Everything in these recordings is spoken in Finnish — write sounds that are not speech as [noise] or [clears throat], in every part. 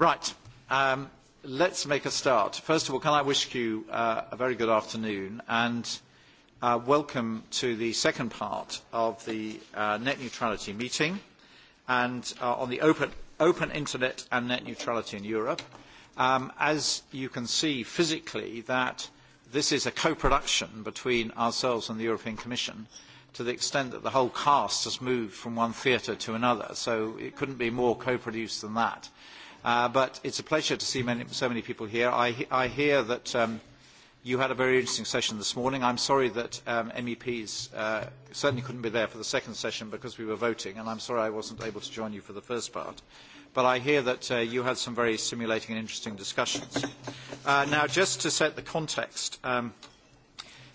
Right. Um, let's make a start. First of all, can I wish you uh, a very good afternoon and uh, welcome to the second part of the uh, net neutrality meeting and uh, on the open, open, internet and net neutrality in Europe. Um, as you can see physically that this is a co-production between ourselves and the European Commission to the extent that the whole cast has moved from one theatre to another. So it couldn't be more co-produced than that. Uh, but it is a pleasure to see many, so many people here. I, I hear that um, you had a very interesting session this morning. I am sorry that um, MEPs uh, certainly couldn't be there for the second session because we were voting, and I am sorry I wasn't able to join you for the first part. But I hear that uh, you had some very stimulating and interesting discussions. Uh, now, just to set the context, um,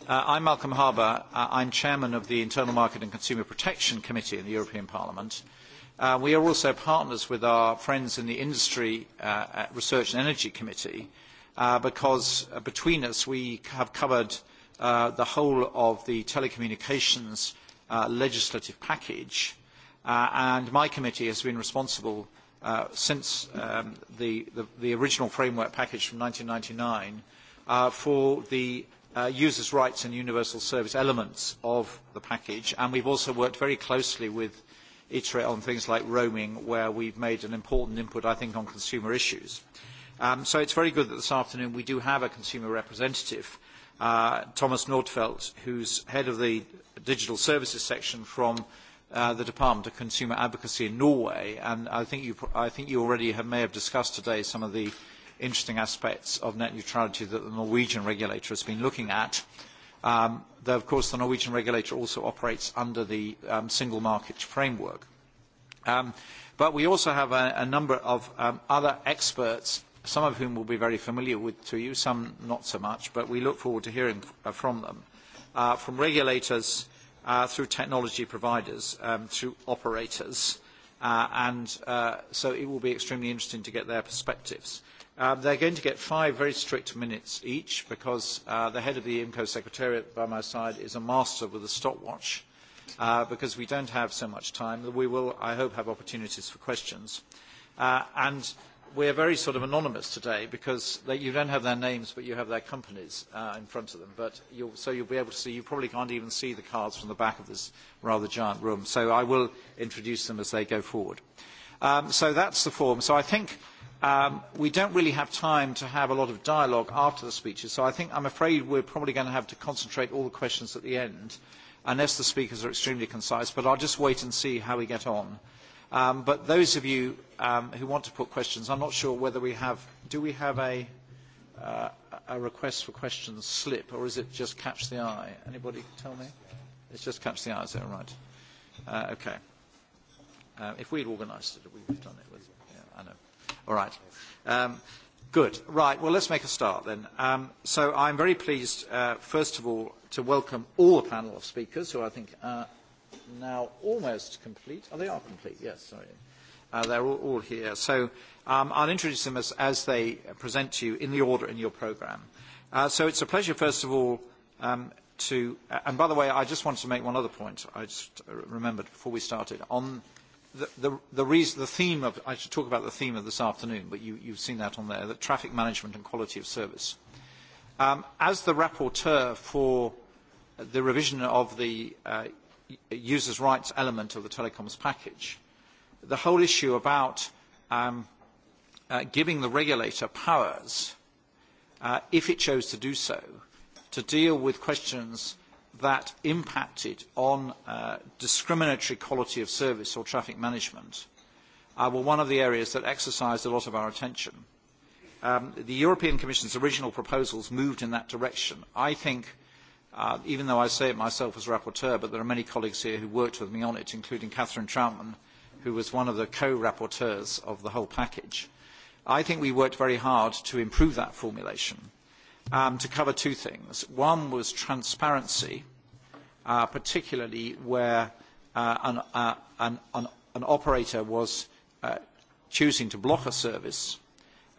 uh, I'm Malcolm Harbour. Uh, I'm chairman of the Internal Market and Consumer Protection Committee in the European Parliament. Uh, Uh, we are also partners with our friends in the Industry uh, Research and Energy Committee uh, because uh, between us we have covered uh, the whole of the telecommunications uh, legislative package and my committee has been responsible since um, the, the, the, original framework package from 1999 uh, for the users' rights and universal service elements of the package and we've also worked very closely with iterate on things like roaming, where we've made an important input, I think, on consumer issues. Um, so it's very good that this afternoon we do have a consumer representative, uh, Thomas Nordfeldt, who's head of the digital services section from uh, the Department of Consumer Advocacy in Norway. And I think you, I think you already have, may have discussed today some of the interesting aspects of net neutrality that the Norwegian regulator has been looking at. Um, though, of course, the Norwegian regulator also operates under the um, single market framework. Um, but we also have a, a number of um, other experts, some of whom will be very familiar with to you, some not so much, but we look forward to hearing uh, from them, uh, from regulators uh, through technology providers, um, through operators, uh, and uh, so it will be extremely interesting to get their perspectives. Uh, they're going to get five very strict minutes each because uh, the head of the IMCO secretariat by my side is a master with a stopwatch uh, because we don't have so much time. We will, I hope, have opportunities for questions. Uh, and we're very sort of anonymous today because they, you don't have their names but you have their companies uh, in front of them. But you'll, so you'll be able to see, you probably can't even see the cards from the back of this rather giant room. So I will introduce them as they go forward. Um, so that's the form. So I think Um, we don't really have time to have a lot of dialogue after the speeches, so I think I'm afraid we're probably going to have to concentrate all the questions at the end, unless the speakers are extremely concise, but I'll just wait and see how we get on. Um, but those of you um, who want to put questions, I'm not sure whether we have, do we have a, uh, a request for questions slip, or is it just catch the eye? Anybody tell me? It's just catch the eye, is that right? Uh, okay. Uh, if we'd organised it, we would have done it. With All right. Um, good. Right. Well, let's make a start then. Um, so I'm very pleased, uh, first of all, to welcome all the panel of speakers who I think are now almost complete. Oh, they are complete. Yes, sorry. Uh, they're all, all here. So um, I'll introduce them as, as they present to you in the order in your program. Uh, so it's a pleasure, first of all, um, to... Uh, and by the way, I just wanted to make one other point. I just remembered before we started. On the, the, the, reason, the theme of, I should talk about the theme of this afternoon, but you, you've seen that on there, that traffic management and quality of service. Um, as the rapporteur for the revision of the uh, users' rights element of the telecoms package, the whole issue about um, uh, giving the regulator powers, uh, if it chose to do so, to deal with questions that impacted on uh, discriminatory quality of service or traffic management uh, were one of the areas that exercised a lot of our attention. Um, the European Commission's original proposals moved in that direction. I think, uh, even though I say it myself as rapporteur, but there are many colleagues here who worked with me on it, including Catherine Troutman, who was one of the co-rapporteurs of the whole package. I think we worked very hard to improve that formulation um, to cover two things. One was transparency, uh, particularly where uh, an, uh, an, an, an, operator was uh, choosing to block a service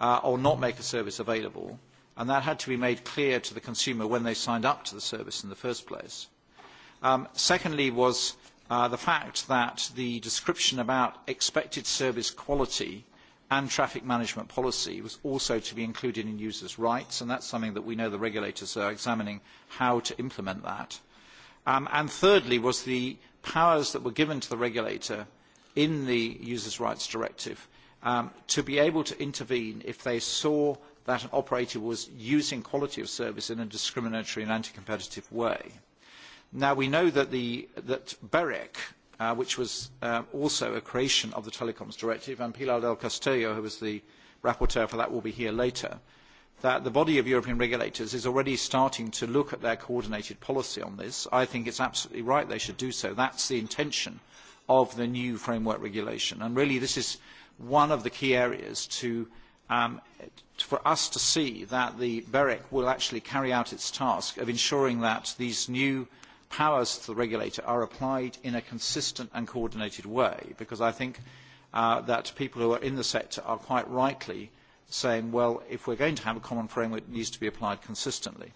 uh, or not make a service available, and that had to be made clear to the consumer when they signed up to the service in the first place. Um, secondly was uh, the fact that the description about expected service quality and traffic management policy was also to be included in users' rights, and that's something that we know the regulators are examining how to implement that. Um, and thirdly was the powers that were given to the regulator in the Users' Rights Directive um, to be able to intervene if they saw that an operator was using quality of service in a discriminatory and anti-competitive way. Now we know that, the, that BEREC uh, which was uh, also a creation of the Telecoms Directive, and Pilar del Castillo, who was the rapporteur for that, will be here later, that the body of European regulators is already starting to look at their coordinated policy on this. I think it's absolutely right they should do so. That's the intention of the new framework regulation. And really this is one of the key areas to, um, for us to see that the BEREC will actually carry out its task of ensuring that these new powers to the regulator are applied in a consistent and coordinated way because I think uh, that people who are in the sector are quite rightly saying, well, if we're going to have a common framework, it needs to be applied consistently.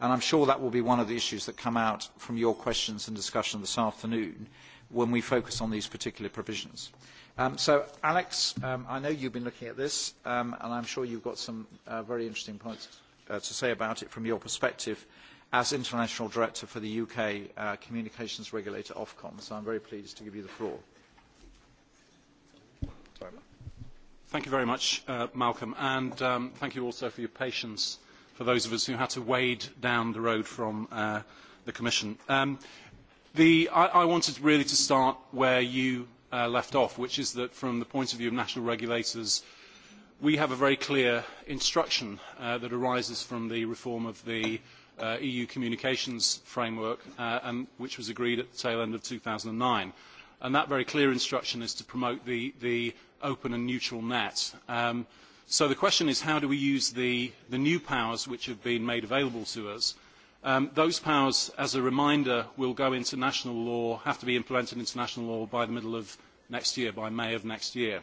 And I'm sure that will be one of the issues that come out from your questions and discussion this afternoon when we focus on these particular provisions. Um, so, Alex, um, I know you've been looking at this, um, and I'm sure you've got some uh, very interesting points uh, to say about it from your perspective as International Director for the UK uh, Communications Regulator Ofcom. So I'm very pleased to give you the floor. Sorry. Thank you very much, uh, Malcolm, and um, thank you also for your patience for those of us who had to wade down the road from uh, the Commission. Um, the, I, I wanted really to start where you uh, left off, which is that from the point of view of national regulators, uh, we have a very clear instruction uh, that arises from the reform of the uh, EU communications framework, uh, and, which was agreed at the tail end of 2009. And that very clear instruction is to promote the, the open and neutral net. Um, so the question is, how do we use the, the new powers which have been made available to us? Um, those powers, as a reminder, will go into national law, have to be implemented into national law by the middle of next year, by May of next year.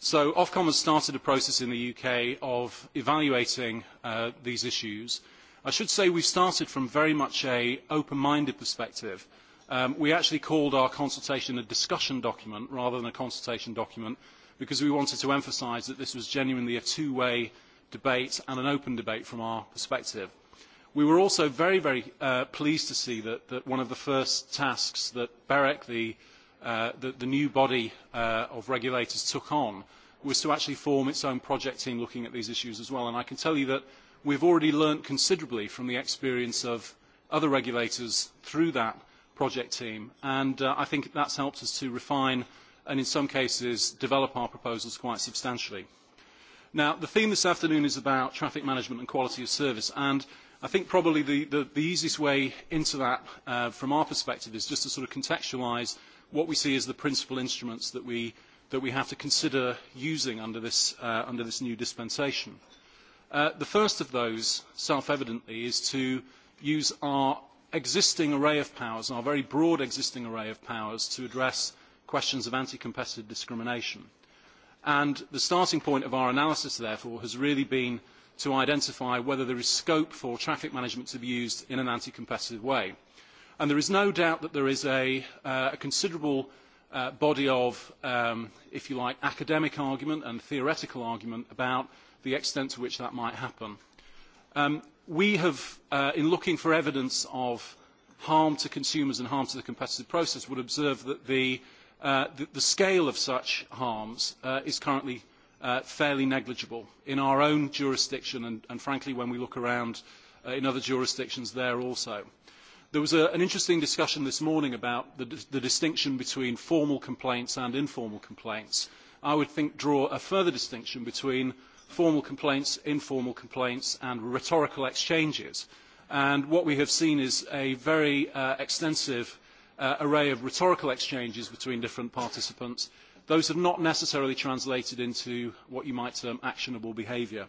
So Ofcom has started a process in the UK of evaluating uh, these issues. I should say we've started from very much an open-minded perspective. Um, we actually called our consultation a discussion document rather than a consultation document because we wanted to emphasise that this was genuinely a two-way debate and an open debate from our perspective. We were also very, very uh, pleased to see that, that one of the first tasks that BEREC, the Uh, that the new body uh, of regulators took on was to actually form its own project team looking at these issues as well. And I can tell you that we've already learned considerably from the experience of other regulators through that project team. And uh, I think that's helped us to refine and in some cases develop our proposals quite substantially. Now, the theme this afternoon is about traffic management and quality of service. And I think probably the, the, the easiest way into that uh, from our perspective is just to sort of contextualise what we see is the principal instruments that we, that we have to consider using under this, uh, under this new dispensation. Uh, the first of those, self-evidently, is to use our existing array of powers, our very broad existing array of powers, to address questions of anti-competitive discrimination. And the starting point of our analysis, therefore, has really been to identify whether there is scope for traffic management to be used in an anti-competitive way. And there is no doubt that there is a, uh, a considerable uh, body of, um, if you like, academic argument and theoretical argument about the extent to which that might happen. Um, we have, uh, in looking for evidence of harm to consumers and harm to the competitive process, would observe that the, uh, the, the scale of such harms uh, is currently uh, fairly negligible in our own jurisdiction and, and frankly when we look around uh, in other jurisdictions there also. Uh, There was a, an interesting discussion this morning about the, the distinction between formal complaints and informal complaints. I would think draw a further distinction between formal complaints, informal complaints and rhetorical exchanges. And what we have seen is a very uh, extensive uh, array of rhetorical exchanges between different participants. Those have not necessarily translated into what you might term actionable behaviour.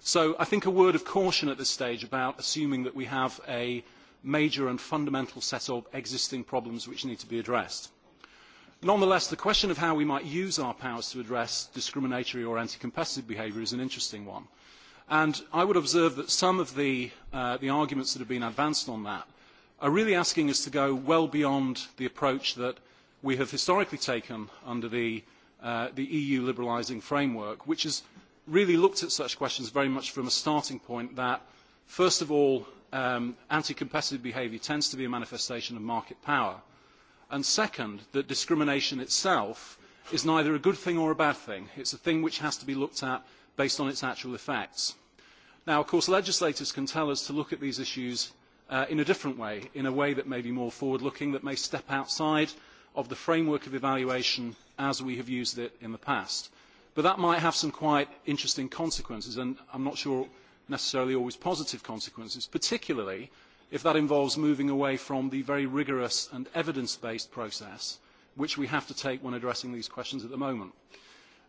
So I think a word of caution at this stage about assuming that we have a major and fundamental set of existing problems which need to be addressed. Nonetheless, the question of how we might use our powers to address discriminatory or anti-competitive behaviour is an interesting one. And I would observe that some of the, uh, the arguments that have been advanced on that are really asking us to go well beyond the approach that we have historically taken under the, uh, the EU liberalising framework, which has really looked at such questions very much from a starting point that, first of all, um, anti-competitive behaviour tends to be a manifestation of market power. And second, that discrimination itself is neither a good thing or a bad thing. It's a thing which has to be looked at based on its actual effects. Now, of course, legislators can tell us to look at these issues uh, in a different way, in a way that may be more forward-looking, that may step outside of the framework of evaluation as we have used it in the past. But that might have some quite interesting consequences, and I'm not sure necessarily always positive consequences, particularly if that involves moving away from the very rigorous and evidence-based process which we have to take when addressing these questions at the moment.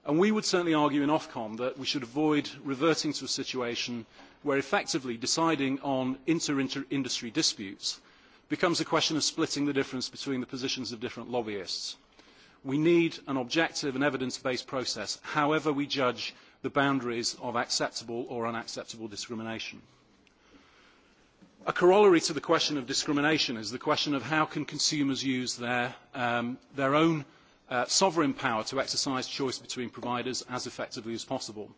And we would certainly argue in Ofcom that we should avoid reverting to a situation where effectively deciding on inter-industry -inter disputes becomes a question of splitting the difference between the positions of different lobbyists. We need an objective and evidence-based process, however we judge the boundaries of acceptable or unacceptable discrimination. A corollary to the question of discrimination is the question of how can consumers use their, um, their own uh, sovereign power to exercise choice between providers as effectively as possible.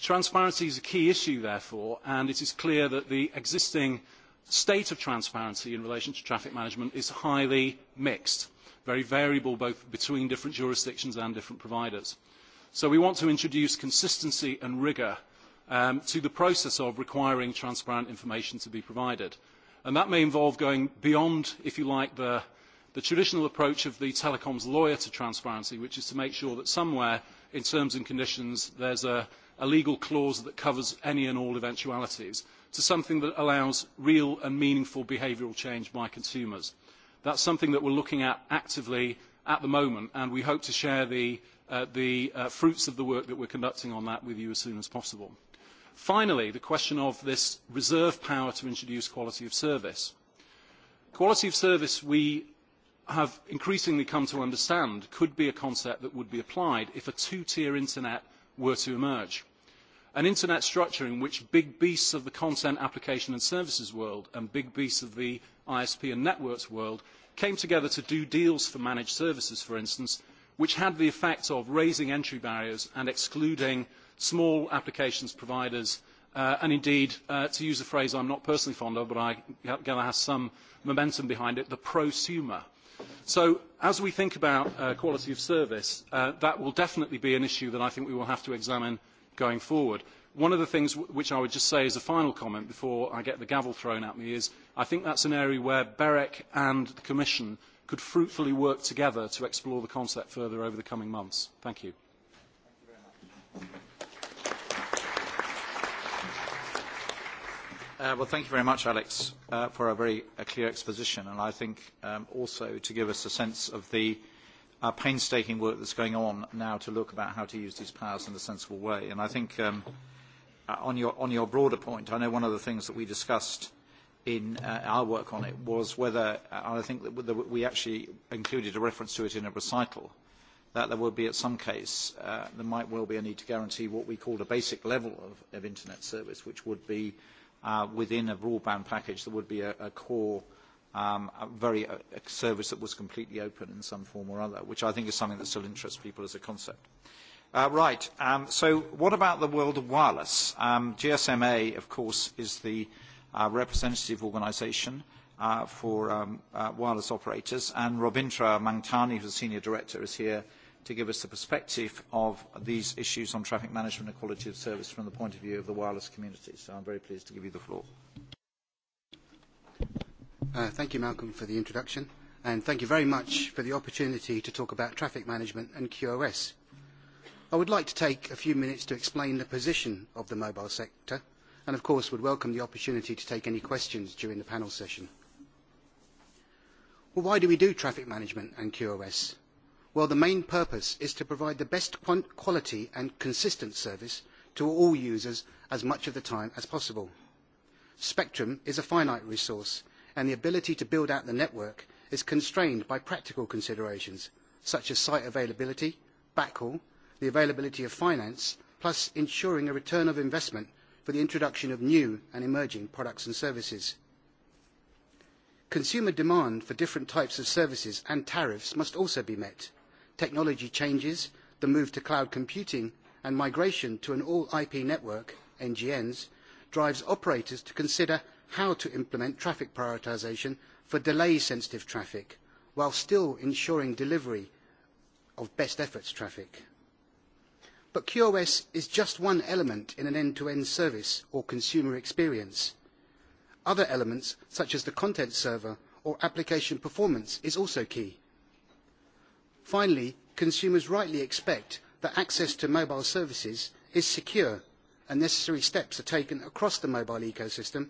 Transparency is a key issue, therefore, and it is clear that the existing state of transparency in relation to traffic management is highly mixed, very variable both between different jurisdictions and different providers. So we want to introduce consistency and rigour um, to the process of requiring transparent information to be provided. And that may involve going beyond, if you like, the, the traditional approach of the telecoms lawyer to transparency, which is to make sure that somewhere in terms and conditions there's a, a legal clause that covers any and all eventualities, to something that allows real and meaningful behavioural change by consumers. That's something that we're looking at actively at the moment, and we hope to share the Uh, the uh, fruits of the work that we're conducting on that with you as soon as possible. Finally, the question of this reserve power to introduce quality of service. Quality of service we have increasingly come to understand could be a concept that would be applied if a two-tier internet were to emerge. An internet structure in which big beasts of the content application and services world and big beasts of the ISP and networks world came together to do deals for managed services, for instance, which had the effect of raising entry barriers and excluding small applications providers uh, and indeed, uh, to use a phrase I'm not personally fond of, but I gather has some momentum behind it, the prosumer. So as we think about uh, quality of service, uh, that will definitely be an issue that I think we will have to examine going forward. One of the things which I would just say as a final comment before I get the gavel thrown at me is I think that's an area where BEREC and the Commission could fruitfully work together to explore the concept further over the coming months. Thank you. Uh, well, thank you very much, Alex, uh, for a very a clear exposition, and I think um, also to give us a sense of the uh, painstaking work that's going on now to look about how to use these powers in a sensible way. And I think um, uh, on, your, on your broader point, I know one of the things that we discussed in uh, our work on it was whether, and I think that we actually included a reference to it in a recital, that there would be at some case, uh, there might well be a need to guarantee what we called a basic level of, internet service, which would be uh, within a broadband package, there would be a, core um, very service that was completely open in some form or other, which I think is something that still interests people as a concept. right, um, so what about the world of wireless? Um, GSMA, of course, is the Uh, representative organisation uh, for um, uh, wireless operators, and Robintra Mangtani, who's the senior director, is here to give us the perspective of these issues on traffic management and quality of service from the point of view of the wireless community. So I'm very pleased to give you the floor. Uh, thank you, Malcolm, for the introduction, and thank you very much for the opportunity to talk about traffic management and QoS. I would like to take a few minutes to explain the position of the mobile sector – and of course would welcome the opportunity to take any questions during the panel session. Well, why do we do traffic management and QoS? Well, the main purpose is to provide the best quality and consistent service to all users as much of the time as possible. Spectrum is a finite resource, and the ability to build out the network is constrained by practical considerations such as site availability, backhaul, the availability of finance, plus ensuring a return of investment for the introduction of new and emerging products and services. Consumer demand for different types of services and tariffs must also be met. Technology changes, the move to cloud computing, and migration to an all-IP network, NGNs, drives operators to consider how to implement traffic prioritisation for delay-sensitive traffic, while still ensuring delivery of best efforts traffic. But QoS is just one element in an end-to-end service or consumer experience. Other elements, such as the content server or application performance, is also key. Finally, consumers rightly expect that access to mobile services is secure and necessary steps are taken across the mobile ecosystem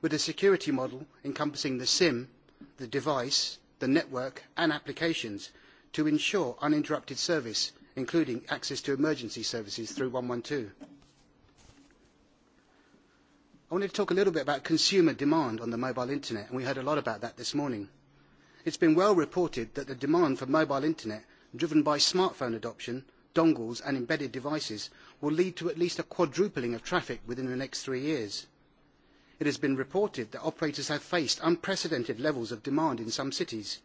with a security model encompassing the SIM, the device, the network and applications to ensure uninterrupted service including access to emergency services through 112. I wanted to talk a little bit about consumer demand on the mobile internet, and we heard a lot about that this morning. It's been well reported that the demand for mobile internet, driven by smartphone adoption, dongles and embedded devices, will lead to at least a quadrupling of traffic within the next three years. It has been reported that operators have faced unprecedented levels of demand in some cities.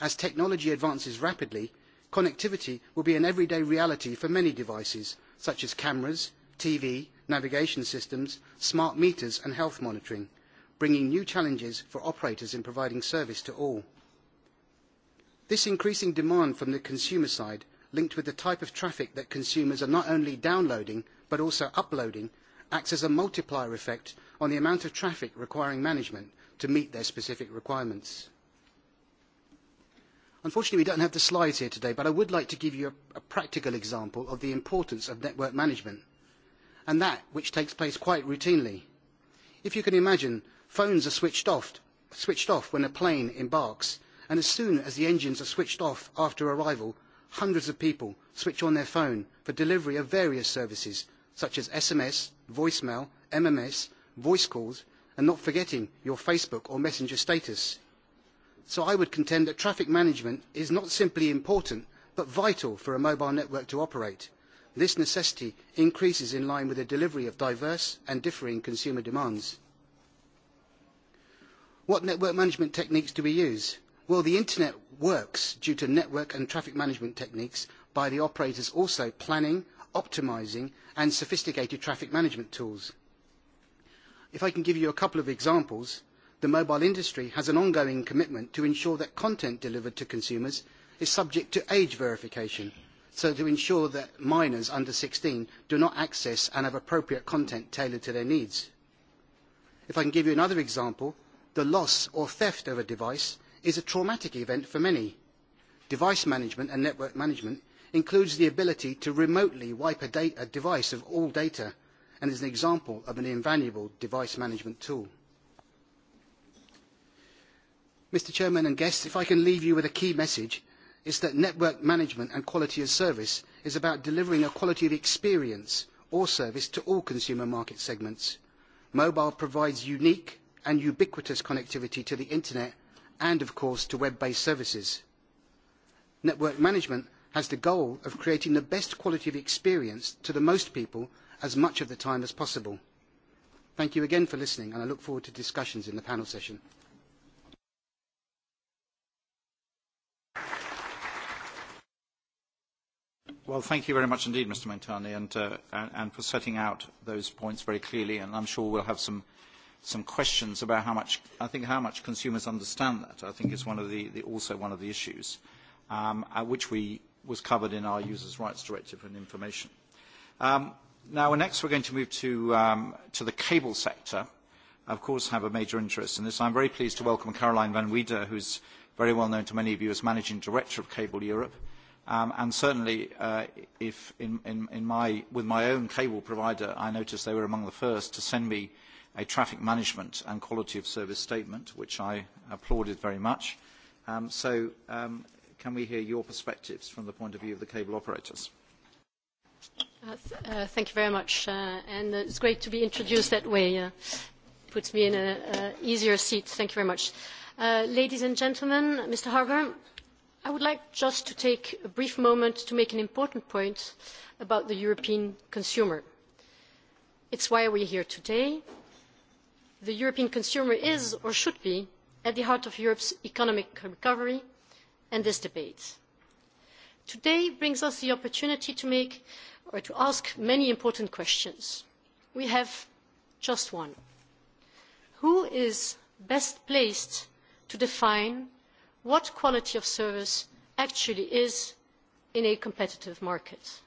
As technology advances rapidly, connectivity will be an everyday reality for many devices such as cameras tv navigation systems smart meters and health monitoring bringing new challenges for operators in providing service to all. this increasing demand from the consumer side linked with the type of traffic that consumers are not only downloading but also uploading acts as a multiplier effect on the amount of traffic requiring management to meet their specific requirements. Unfortunately, we don't have the slides here today, but I would like to give you a, a practical example of the importance of network management, and that which takes place quite routinely. If you can imagine, phones are switched off, switched off when a plane embarks, and as soon as the engines are switched off after arrival, hundreds of people switch on their phone for delivery of various services, such as SMS, voicemail, MMS, voice calls, and not forgetting your Facebook or Messenger status so i would contend that traffic management is not simply important but vital for a mobile network to operate. this necessity increases in line with the delivery of diverse and differing consumer demands. what network management techniques do we use? well the internet works due to network and traffic management techniques by the operators also planning optimising and sophisticated traffic management tools. if i can give you a couple of examples the mobile industry has an ongoing commitment to ensure that content delivered to consumers is subject to age verification, so to ensure that minors under 16 do not access and have appropriate content tailored to their needs. If I can give you another example, the loss or theft of a device is a traumatic event for many. Device management and network management includes the ability to remotely wipe a, a device of all data and is an example of an invaluable device management tool. Mr Chairman and guests, if I can leave you with a key message, it's that network management and quality of service is about delivering a quality of experience or service to all consumer market segments. Mobile provides unique and ubiquitous connectivity to the internet and, of course, to web-based services. Network management has the goal of creating the best quality of experience to the most people as much of the time as possible. Thank you again for listening, and I look forward to discussions in the panel session. Well, thank you very much indeed, Mr. Montani, and, uh, and for setting out those points very clearly. And I'm sure we'll have some, some questions about how much, I think, how much consumers understand that. I think it's one of the, the also one of the issues, um, at uh, which we was covered in our Users' Rights Directive and information. Um, now, next we're going to move to, um, to the cable sector. I, Of course, have a major interest in this. I'm very pleased to welcome Caroline Van Wieder, who's very well known to many of you as Managing Director of Cable Europe. Um, and certainly, uh, if in, in, in my, with my own cable provider, I noticed they were among the first to send me a traffic management and quality of service statement, which I applauded very much. Um, so um, can we hear your perspectives from the point of view of the cable operators? Uh, th uh, thank you very much. Uh, and uh, it's great to be introduced that way. Uh, puts me in an easier seat. Thank you very much. Uh, ladies and gentlemen, Mr. Harbour, I would like just to take a brief moment to make an important point about the European consumer. It's why we are here today. The European consumer is, or should be, at the heart of Europe's economic recovery and this debate. Today brings us the opportunity to make or to ask many important questions. We have just one. Who is best placed to define what quality of service actually is in a competitive market.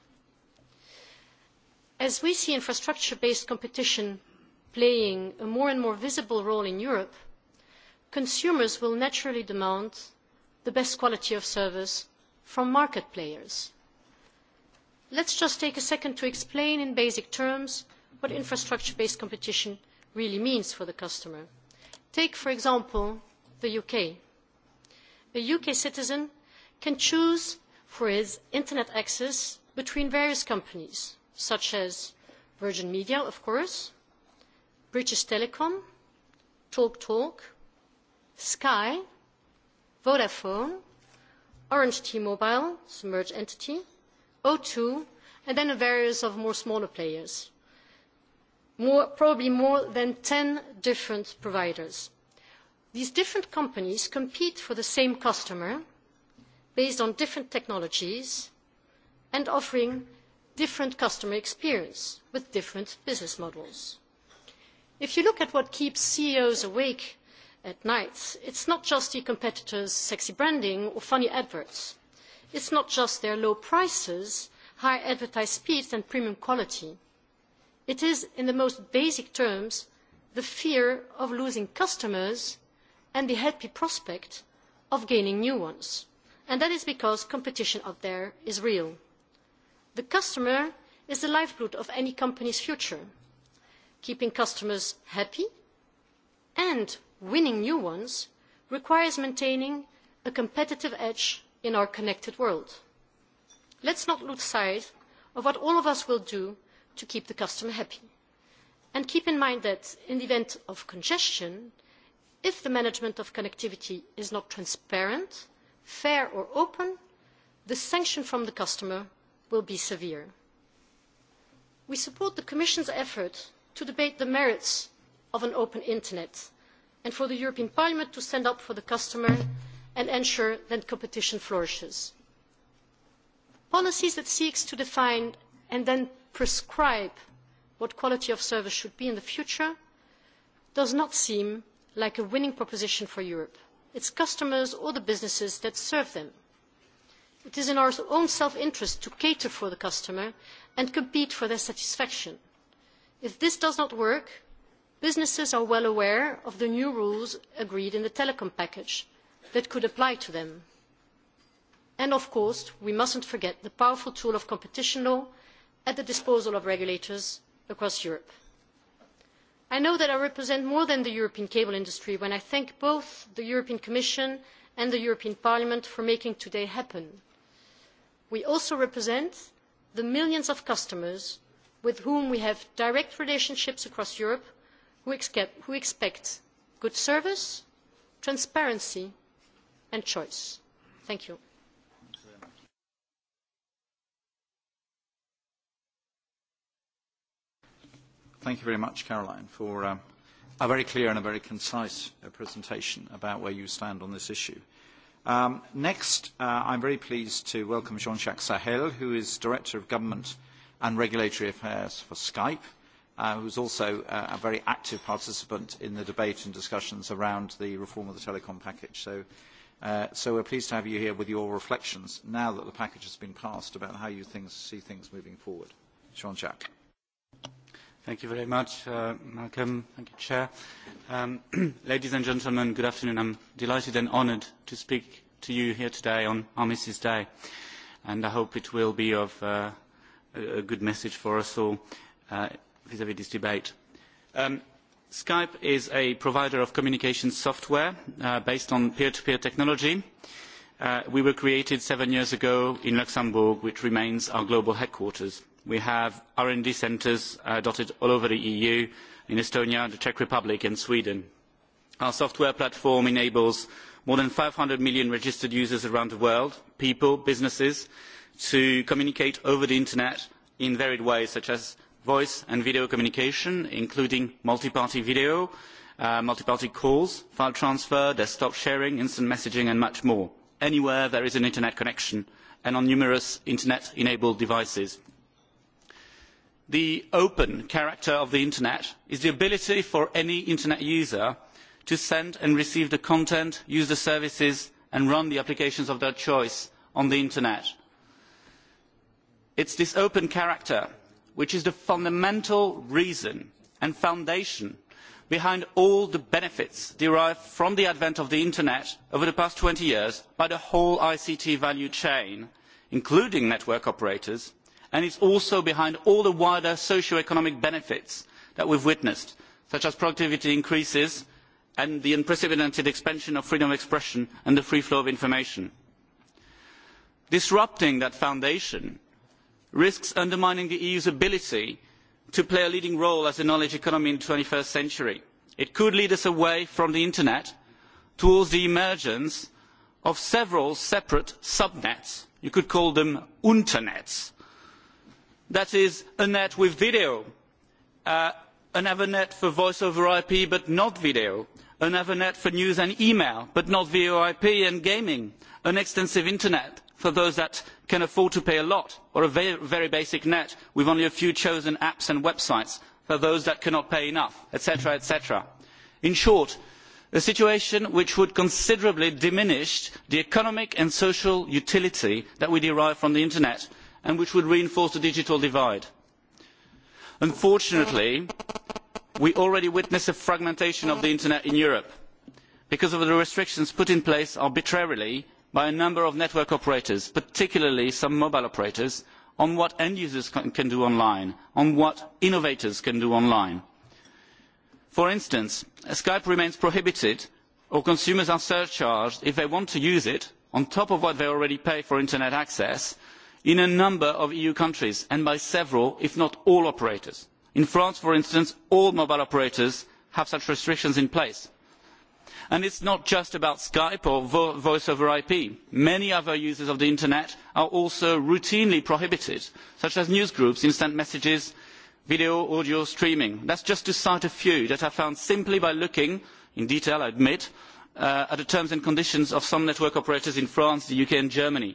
As we see infrastructure-based competition playing a more and more visible role in Europe, consumers will naturally demand the best quality of service from market players. Let's just take a second to explain in basic terms what infrastructure-based competition really means for the customer. Take, for example, the UK a UK citizen can choose for his internet access between various companies, such as Virgin Media, of course, British Telecom, TalkTalk, Talk, Sky, Vodafone, Orange T-Mobile, submerged entity, O2, and then a various of more smaller players. More, probably more than 10 different providers. These different companies compete for the same customer based on different technologies and offering different customer experience with different business models. If you look at what keeps CEOs awake at night, it's not just the competitors' sexy branding or funny adverts. It's not just their low prices, high advertised speeds and premium quality. It is, in the most basic terms, the fear of losing customers and the happy prospect of gaining new ones. And that is because competition out there is real. The customer is the lifeblood of any company's future. Keeping customers happy and winning new ones requires maintaining a competitive edge in our connected world. Let's not lose sight of what all of us will do to keep the customer happy. And keep in mind that in the event of congestion, if the management of connectivity is not transparent, fair or open, the sanction from the customer will be severe. We support the Commission's effort to debate the merits of an open internet and for the European Parliament to stand up for the customer and ensure that competition flourishes. Policies that seek to define and then prescribe what quality of service should be in the future does not seem like a winning proposition for Europe. Its customers or the businesses that serve them. It is in our own self-interest to cater for the customer and compete for their satisfaction. If this does not work, businesses are well aware of the new rules agreed in the telecom package that could apply to them. And of course, we mustn't forget the powerful tool of competition law at the disposal of regulators across Europe. I know that I represent more than the European cable industry when I thank both the European Commission and the European Parliament for making today happen. We also represent the millions of customers with whom we have direct relationships across Europe who, expect good service, transparency and choice. Thank you. thank you very much, Caroline, for um, a very clear and a very concise uh, presentation about where you stand on this issue. Um, next, uh, I'm very pleased to welcome Jean-Jacques Sahel, who is Director of Government and Regulatory Affairs for Skype, uh, who's also uh, a very active participant in the debate and discussions around the reform of the telecom package. So, uh, so we're pleased to have you here with your reflections now that the package has been passed about how you things, see things moving forward. Jean-Jacques. Thank you very much, uh, Malcolm. Thank you, Chair. Um, [clears throat] ladies and gentlemen, good afternoon. I'm delighted and honoured to speak to you here today on Armistice Day, and I hope it will be of uh, a good message for us all uh, vis-à-vis uh, -vis this debate. Um, Skype is a provider of communication software uh, based on peer-to-peer -peer technology. Uh, we were created seven years ago in Luxembourg, which remains our global headquarters we have R&D centres uh, dotted all over the EU, in Estonia, the Czech Republic and Sweden. Our software platform enables more than five hundred million registered users around the world, people, businesses, to communicate over the internet in varied ways such as voice and video communication, including multi-party video, uh, multi-party calls, file transfer, desktop sharing, instant messaging and much more, anywhere there is an internet connection and on numerous internet-enabled devices the open character of the internet is the ability for any internet user to send and receive the content use the services and run the applications of their choice on the internet. it is this open character which is the fundamental reason and foundation behind all the benefits derived from the advent of the internet over the past twenty years by the whole ict value chain including network operators and it is also behind all the wider socio economic benefits that we have witnessed such as productivity increases and the unprecedented expansion of freedom of expression and the free flow of information. disrupting that foundation risks undermining the eu's ability to play a leading role as a knowledge economy in the twenty first century. it could lead us away from the internet towards the emergence of several separate subnets you could call them unternets that is a net with video uh, another net for voice over ip but not video another net for news and email but not voip and gaming an extensive internet for those that can afford to pay a lot or a very, basic net with only a few chosen apps and websites for those that cannot pay enough etc. in short a situation which would considerably diminish the economic and social utility that we derive from the internet and which would reinforce the digital divide. unfortunately we already witness a fragmentation of the internet in europe because of the restrictions put in place arbitrarily by a number of network operators particularly some mobile operators on what end users can do online on what innovators can do online. for instance skype remains prohibited or consumers are surcharged if they want to use it on top of what they already pay for internet access in a number of eu countries and by several if not all operators. in france for instance all mobile operators have such restrictions in place. and it is not just about skype or voice over ip many other uses of the internet are also routinely prohibited such as news groups, instant messages video audio streaming. that is just to cite a few that i found simply by looking in detail i admit uh, at the terms and conditions of some network operators in france the uk and germany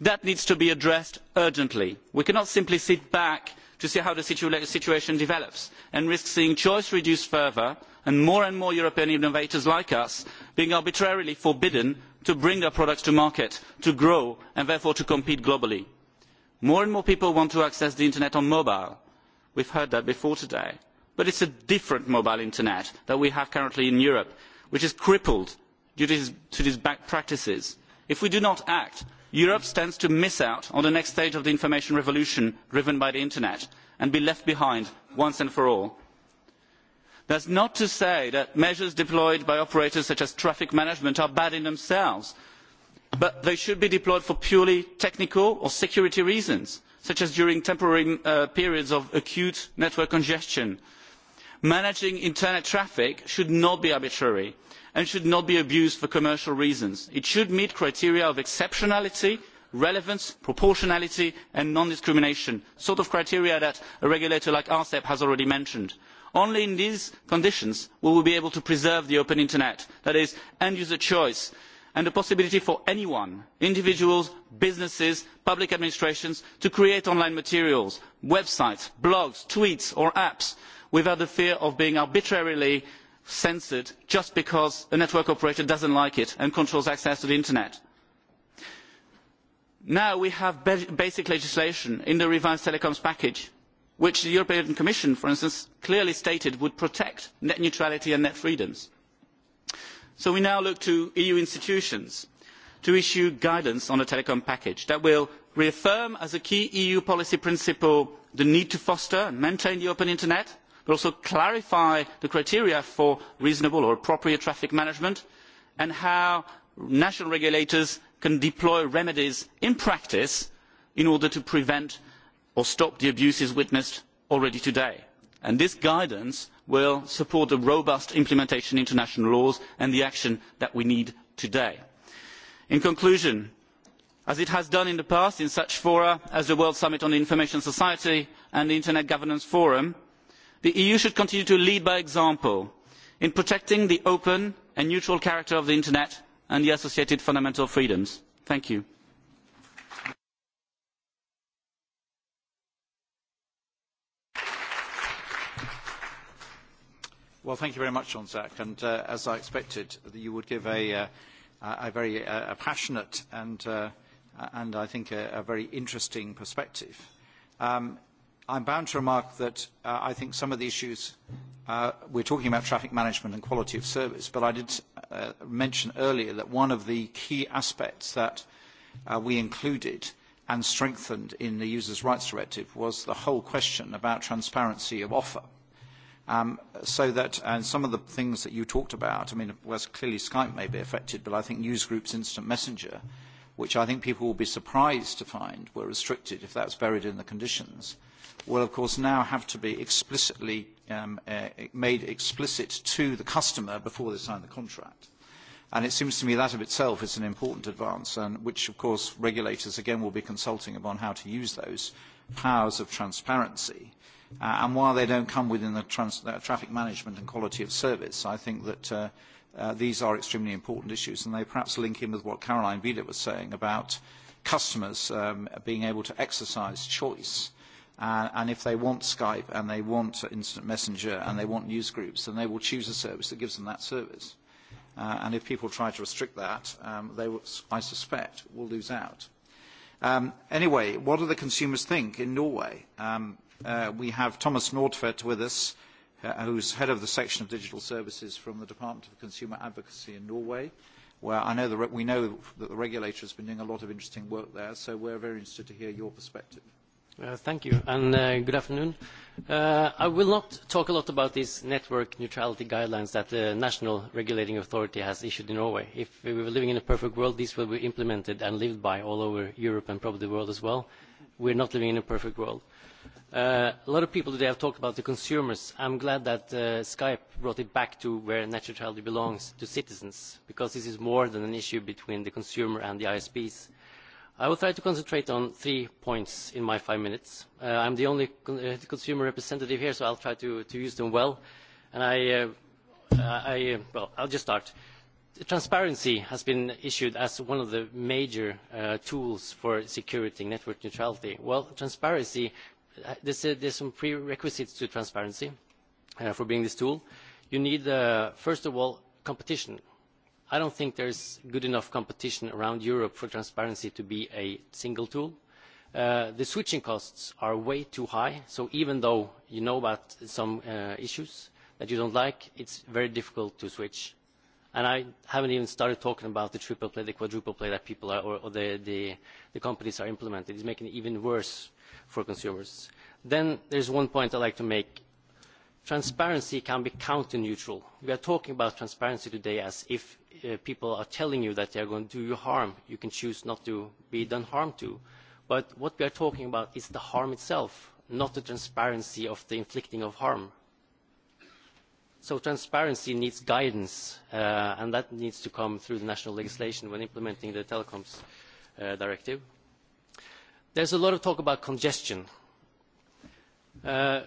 that needs to be addressed urgently. we cannot simply sit back to see how the situation develops and risk seeing choice reduced further and more and more european innovators like us being arbitrarily forbidden to bring their products to market to grow and therefore to compete globally. more and more people want to access the internet on mobile we have heard that before today but it is a different mobile internet that we have currently in europe which is crippled due to these bad practices. if we do not act europe stands to miss out on the next stage of the information revolution driven by the internet and be left behind once and for all. that is not to say that measures deployed by operators such as traffic management are bad in themselves but they should be deployed for purely technical or security reasons such as during temporary uh, periods of acute network congestion. managing internet traffic should not be arbitrary and should not be abused for commercial reasons. it should meet criteria of exceptionality relevance proportionality and non discrimination the sort of criteria that a regulator like arcep has already mentioned. only in these conditions will we be able to preserve the open internet that is end user choice and the possibility for anyone individuals businesses public administrations to create online materials websites blogs tweets or apps without the fear of being arbitrarily censored just because a network operator does not like it and controls access to the internet. now we have basic legislation in the revised telecoms package which the european commission for instance clearly stated would protect net neutrality and net freedoms. so we now look to eu institutions to issue guidance on the telecom package that will reaffirm as a key eu policy principle the need to foster and maintain the open internet but also clarify the criteria for reasonable or appropriate traffic management and how national regulators can deploy remedies in practice in order to prevent or stop the abuses witnessed already today. this guidance will support the robust implementation of international laws and the action that we need today. in conclusion as it has done in the past in such fora as the world summit on the information society and the internet governance forum the eu should continue to lead by example in protecting the open and neutral character of the internet and the associated fundamental freedoms. thank you. thank you very much, Jean-Jacques. And uh, as I expected, you would give a, uh, a very uh, a passionate and, uh, and I think a, a very interesting perspective. Um, I'm bound to remark that uh, I think some of the issues uh, we're talking about traffic management and quality of service, but I did uh, mention earlier that one of the key aspects that uh, we included and strengthened in the Users' Rights Directive was the whole question about transparency of offer. Um, so that, and some of the things that you talked about, I mean, well, clearly Skype may be affected, but I think news groups, instant messenger, which I think people will be surprised to find were restricted if that's buried in the conditions, uh, will of course now have to be explicitly um, uh, made explicit to the customer before they sign the contract. And it seems to me that of itself is an important advance, and which of course regulators again will be consulting upon how to use those powers of transparency. Uh, and while they don't come within the trans uh, traffic management and quality of service, I think that uh, uh, these are extremely important issues, and they perhaps link in with what Caroline Vida was saying about customers um, being able to exercise choice Uh, and if they want Skype and they want Instant Messenger and they want news groups, then they will choose a service that gives them that service. Uh, and if people try to restrict that, um, they, will, I suspect, will lose out. Um, anyway, what do the consumers think in Norway? Um, uh, we have Thomas Nordfett with us, uh, who's head of the section of digital services from the Department of Consumer Advocacy in Norway, where I know the we know that the regulator has been doing a lot of interesting work there, so we're very interested to hear your perspective. Uh, thank you, and uh, good afternoon. Uh, I will not talk a lot about these network neutrality guidelines that the national regulating authority has issued in Norway. If we were living in a perfect world, these will be implemented and lived by all over Europe and probably the world as well. We're not living in a perfect world. a lot of people today have talked about the consumers. I'm glad that Skype brought it back to where net neutrality belongs, to citizens, because this is more than an issue between the consumer and the ISPs I will try to concentrate on three points in my five minutes. Uh, I'm the only con uh, consumer representative here, so I'll try to, to use them well. And I, uh, I, uh, well, I'll just start. Transparency has been issued as one of the major uh, tools for security network neutrality. Well, transparency, uh, there's, uh, there's some prerequisites to transparency uh, for being this tool. You need, uh, first of all, competition I don't think there is good enough competition around Europe for transparency to be a single tool. Uh, the switching costs are way too high, so even though you know about some uh, issues that you don't like, it's very difficult to switch. And I haven't even started talking about the triple play, the quadruple play that people or, the, companies are implementing. It's making it even worse for consumers. Then there is one point would like to make transparency can be counter neutral. We are talking about transparency today as if Uh, people are telling you that they are going to do you harm, you can choose not to be done harm to. But what we are talking about is the harm itself, not the transparency of the inflicting of harm. So transparency needs guidance, uh, and that needs to come through the national legislation when implementing the telecoms uh, directive. There's a lot of talk about congestion. Uh,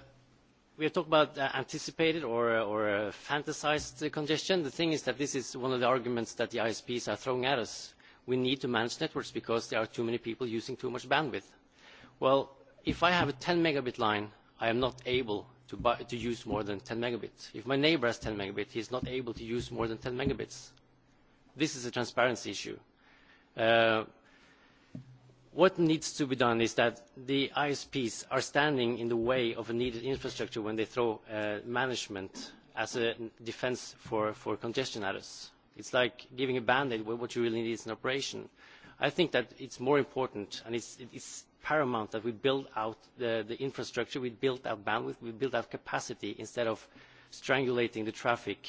we are talking about uh, anticipated or, uh, uh, fantasized congestion. The thing is that this is one of the arguments that the ISPs are throwing at us. We need to manage networks because there are too many people using too much bandwidth. Well, if I have a 10 Mb line, I am not able to, use more than 10 Mb. If my neighbor has 10 Mb, he's not able to use more than 10 Mb. This is a transparency issue what needs to be done is that the isps are standing in the way of needed infrastructure when they throw uh, management as a defence for, for congestion at us. it's like giving a band-aid where what you really need is an operation. i think that it's more important and it's, it's paramount that we build out the, the infrastructure, we build out bandwidth, we build out capacity instead of strangulating the traffic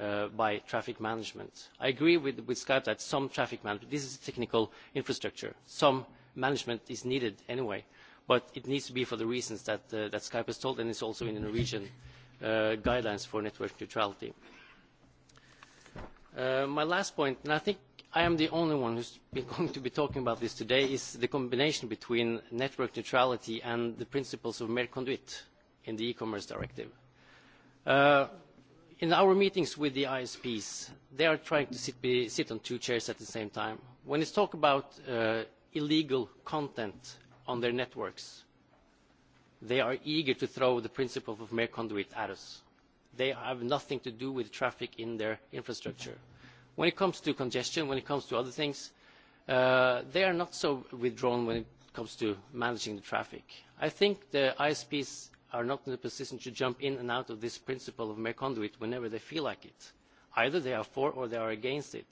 Uh, by traffic management. I agree with, with Skype that some traffic management, this is technical infrastructure, some management is needed anyway, but it needs to be for the reasons that, uh, that Skype has told, and it's also in the Norwegian uh, guidelines for network neutrality. Uh, my last point, and I think I am the only one who's [laughs] been going to be talking about this today, is the combination between network neutrality and the principles of mere conduit in the e-commerce directive. Uh, in our meetings with the ISPs, they are trying to sit, be, sit on two chairs at the same time. When it's talk about uh, illegal content on their networks, they are eager to throw the principle of mere conduit at us. They have nothing to do with traffic in their infrastructure. When it comes to congestion, when it comes to other things, uh, they are not so withdrawn when it comes to managing the traffic. I think the ISPs are not in a position to jump in and out of this principle of mere conduit whenever they feel like it. Either they are for or they are against it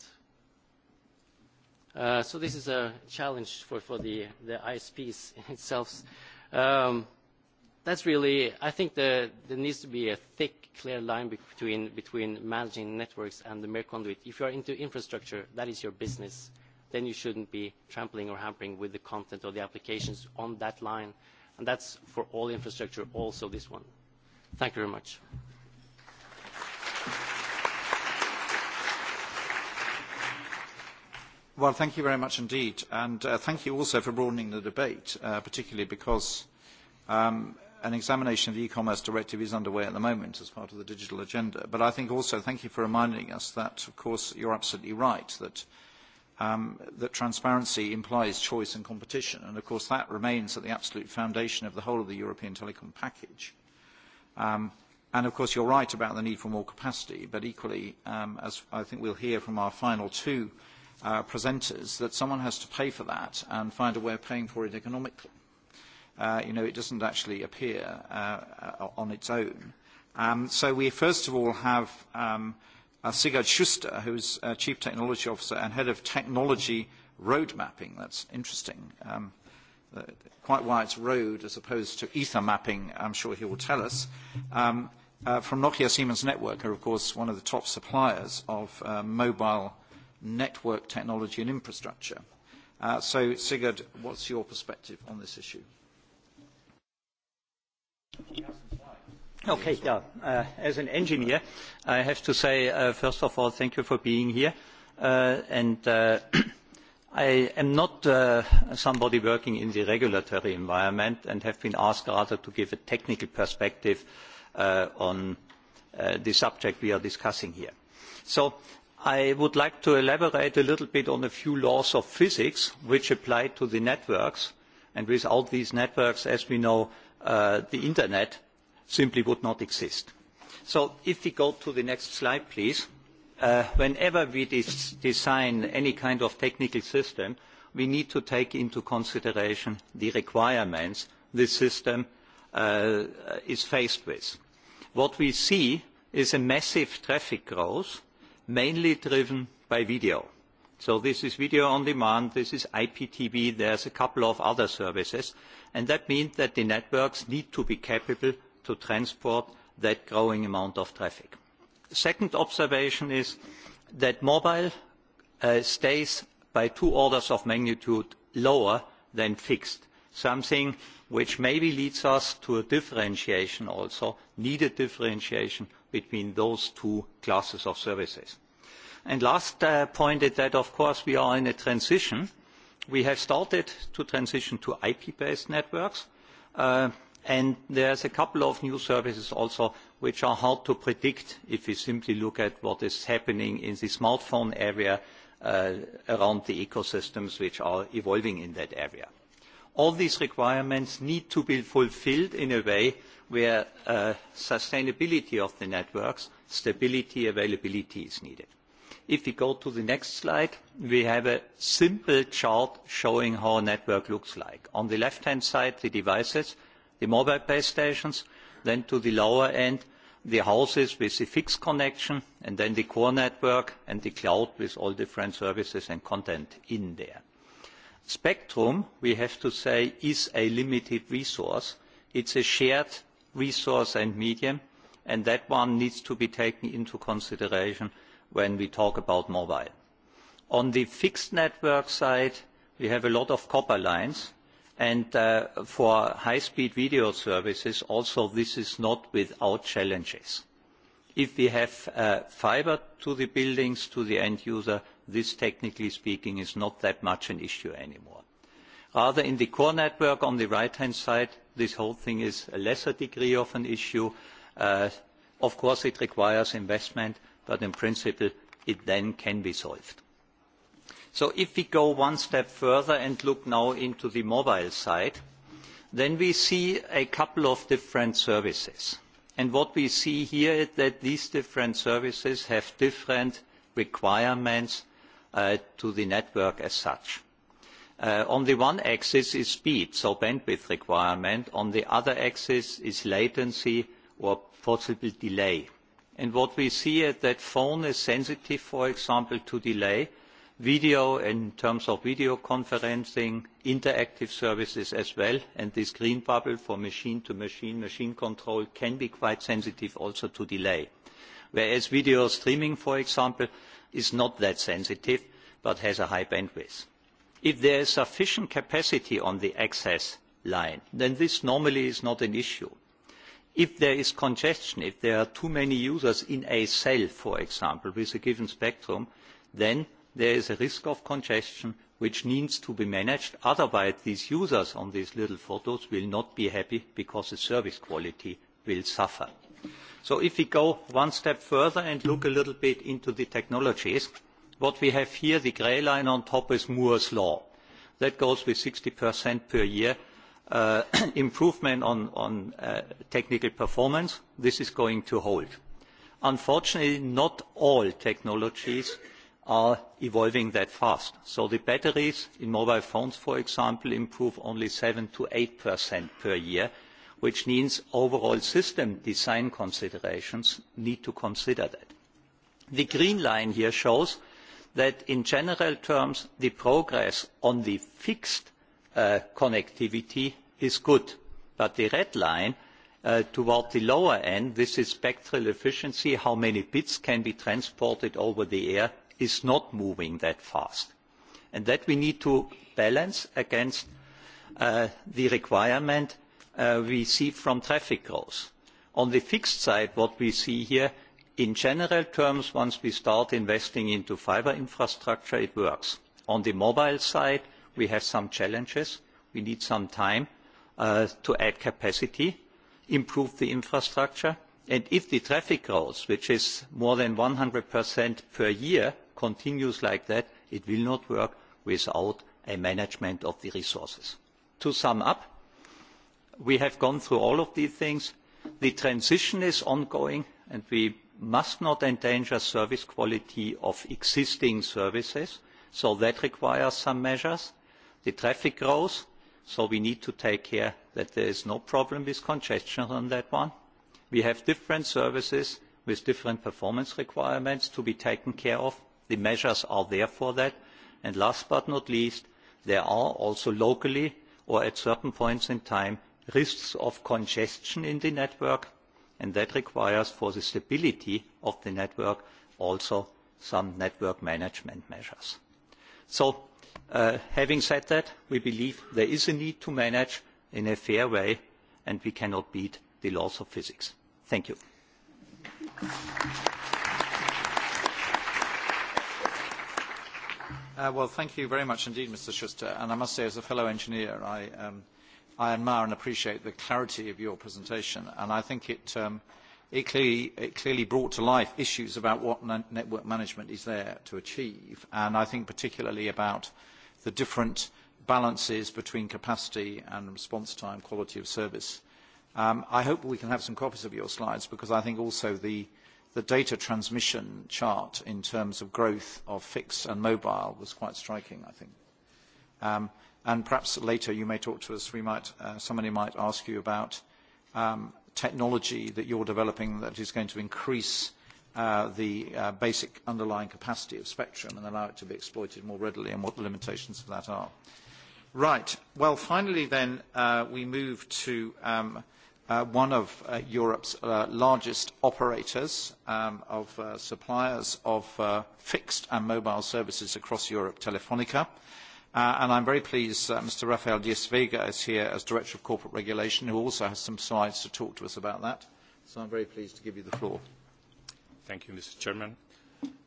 Uh, this is a challenge for, the, ISPs [laughs] itself. Um, that's really, I think there needs to be a thick, clear line between, between managing networks and the mere conduit. If you are into infrastructure, that is your business. Then you shouldn't be trampling or hampering with the content or the applications on that line. And that's for all infrastructure, also this one. Thank you very much. Well, thank you very much indeed. And uh, thank you also for broadening the debate, uh, particularly because um, an examination of the e-commerce directive is underway at the moment as part of the digital agenda. But I think also thank you for reminding us that, of course, you're absolutely right, that, um, that transparency implies choice and competition. And, of course, that remains at the absolute foundation of the whole of the European telecom package. Um, and, of course, you're right about the need for more capacity. But equally, um, as I think we'll hear from our final two uh, presenters that someone has to pay for that and find a way of paying for it economically. Uh, you know, it doesn't actually appear uh, on its own. Um, so we first of all have um, uh, Sigurd Schuster, who's uh, Chief Technology Officer and Head of Technology Road Mapping. That's interesting. Um, uh, quite why it's road as opposed to ether mapping, I'm sure he will tell us. Um, uh, from Nokia Siemens Network are, of course, one of the top suppliers of uh, mobile network technology and infrastructure. Uh, so, Sigurd, what's your perspective on this issue? Okay, yeah. Uh, as an engineer, I have to say, uh, first of all, thank you for being here. Uh, and uh, [clears throat] I am not uh, somebody working in the regulatory environment and have been asked rather to give a technical perspective uh, on uh, the subject we are discussing here. So I would like to elaborate a little bit on a few laws of physics which apply to the networks. And without these networks, as we know, uh, the internet simply would not exist. So if we go to the next slide, please. Uh, whenever we des design any kind of technical system, we need to take into consideration the requirements the system uh, is faced with. What we see is a massive traffic growth mainly driven by video. So this is video on demand, this is IPTV, there's a couple of other services, and that means that the networks need to be capable to transport that growing amount of traffic. Second observation is that mobile uh, stays by two orders of magnitude lower than fixed, something which maybe leads us to a differentiation also, needed differentiation between those two classes of services. And last uh, point is that, of course, we are in a transition. We have started to transition to IP-based networks, uh, and there there's a couple of new services also which are hard to predict if we simply look at what is happening in the smartphone area uh, around the ecosystems which are evolving in that area. All these requirements need to be fulfilled in a way where sustainability of the networks, stability, availability is needed. If we go to the next slide, we have a simple chart showing how a network looks like. On the left-hand side, the devices, the mobile base stations, then to the lower end, the houses with the fixed connection, and then the core network and the cloud with all different services and content in there. Spectrum, we have to say, is a limited resource. It's a shared resource and medium, and that one needs to be taken into consideration when we talk about mobile. On the fixed network side, we have a lot of copper lines, and uh, for high-speed video services also this is not without challenges. If we have uh, fiber to the buildings, to the end user, this technically speaking is not that much an issue anymore. Rather in the core network on the right-hand side, this whole thing is a lesser degree of an issue. Uh, of course, it requires investment, but in principle it then can be solved. if we go one step further and look now into the mobile side, then we see a couple of different services. what we see here is that these different services have different requirements uh, to the network as such. Uh, on the one axis is speed, so bandwidth requirement. On the other axis is latency or possible delay. And what we see is that the phone is sensitive, for example, to delay, video in terms of video conferencing, interactive services as well, and this green bubble for machine to -machine, machine control can be quite sensitive also to delay. Whereas video streaming, for example, is not that sensitive, but has a high bandwidth. If there is sufficient capacity on the access line, then this normally is not an issue if there is congestion, if there are too many users in a cell, for example, with a given spectrum, then there is a risk of congestion which needs to be managed. Otherwise, these users on these little photos will not be happy because the service quality will suffer. So if we go one step further and look a little bit into the technologies, what we have here, the grey line on top is Moore's law. That goes with 60% per year Uh, [clears throat] improvement on, uh, technical performance, this is going to hold. Unfortunately, not all technologies are evolving that fast. So the batteries in mobile phones, for example, improve only 7%-8% per year, which means overall system design considerations need to consider that. The green line here shows that in general terms, the progress on the fixed Uh, connectivity is good. But the red line uh, toward the lower end, this is spectral efficiency, how many bits can be transported over the air, is not moving that fast. And that we need to balance against uh, the requirement uh, we see from traffic growth. On the fixed side, what we see here, in general terms, once we start investing into fiber infrastructure, it works. On the mobile side, we have some challenges. We need some time uh, to add capacity, improve the infrastructure. if the traffic growth, which is more than 100% per year, continues like that, it will not work without a management of the resources. To sum up, we have gone through all of these things. The transition is ongoing, and we must not endanger service quality of existing services, so that requires some measures the traffic grows, so we need to take care that there is no problem with congestion on that one. We have different services with different performance requirements to be taken care of. The measures are there for that. And last but not least, there are also locally or at certain points in time risks of congestion in the network, and that requires for the stability of the network also some network management measures. Uh, having said that, we believe there is a need to manage in a fair way, and we cannot beat the laws of physics. Thank you. Uh, well, thank you very much indeed, Mr. Schuster. And I must say, as a fellow engineer, I, um, I admire and appreciate the clarity of your presentation. And I think it, um, it, clearly, it clearly brought to life issues about what network management is there to achieve. And I think particularly about uh, the different balances between capacity and response time, quality of service. Um, I hope we can have some copies of your slides because I think also the, the data transmission chart in terms of growth of fixed and mobile was quite striking, I think. Um, and perhaps later you may talk to us, we might, uh, somebody might ask you about um, technology that you're developing that is going to increase Uh, the uh, basic underlying capacity of spectrum and allow it to be exploited more readily and what the limitations of that are. Right. Well, finally then, uh, we move to um, uh, one of uh, Europe's uh, largest operators um, of uh, suppliers of uh, fixed and mobile services across Europe, Telefonica. Uh, and I'm very pleased uh, Mr. Rafael Diaz-Vega is here as Director of Corporate Regulation, who also has some slides to talk to us about that. So I'm very pleased to give you the floor. Thank you, Mr. Chairman.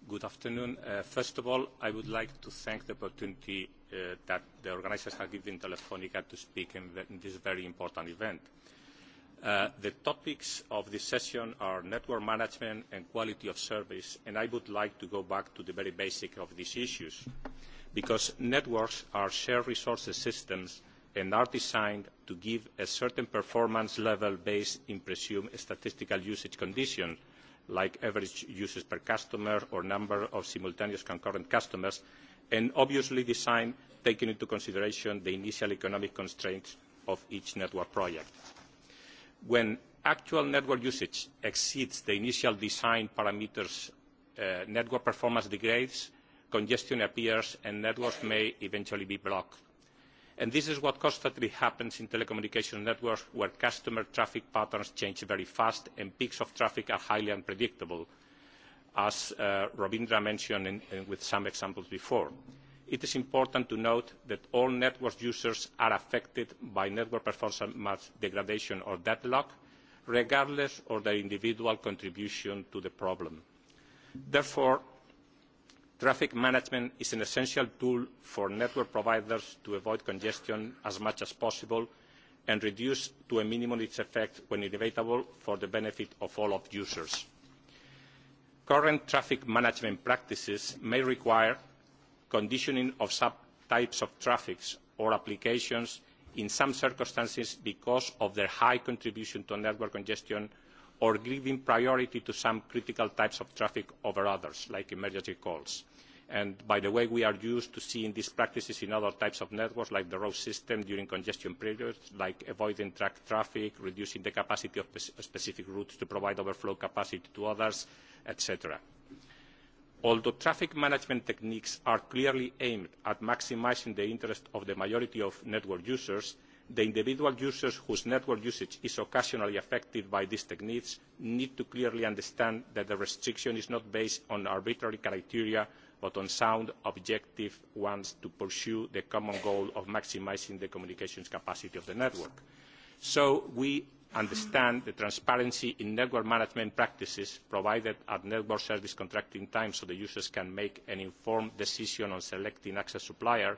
Good afternoon. Uh, first of all, I would like to thank the opportunity uh, that the organisers have given telefnica to speak in, this very important event. Uh, the topics of this session are network management and quality of service, and I would like to go back to the very basic of these issues, because networks are shared resources systems and are designed to give a certain performance level based in presumed statistical usage conditions, like average users per customer or number of simultaneous concurrent customers, and obviously design taking into consideration the initial economic constraints of each network project. When actual network usage exceeds the initial design parameters, uh, network performance degrades, congestion appears, and networks may eventually be blocked and this is what constantly happens in telecommunication networks where customer traffic patterns change very fast and peaks of traffic are highly unpredictable as uh, Robindra mentioned in, in with some examples before. It is important to note that all network users are affected by network performance degradation or deadlock, regardless of their individual contribution to the problem. Therefore, Traffic management is an essential tool for network providers to avoid congestion as much as possible and reduce to a minimum its effect when inevitable for the benefit of all of users. Current traffic management practices may require conditioning of subtypes of traffic or applications in some circumstances because of their high contribution to network congestion or giving priority to some critical types of traffic over others, like emergency calls. And by the way, we are used to seeing these practices in other types of networks, like the road system during congestion periods, like avoiding truck traffic, reducing the capacity of specific routes to provide overflow capacity to others, etc. Although traffic management techniques are clearly aimed at maximising the interest of the majority of network users, the individual users whose network usage is occasionally affected by these techniques need to clearly understand that the restriction is not based on arbitrary criteria but on sound objective ones to pursue the common goal of maximising the communications capacity of the network. so we understand the transparency in network management practices provided at network service contracting time so that users can make an informed decision on selecting access supplier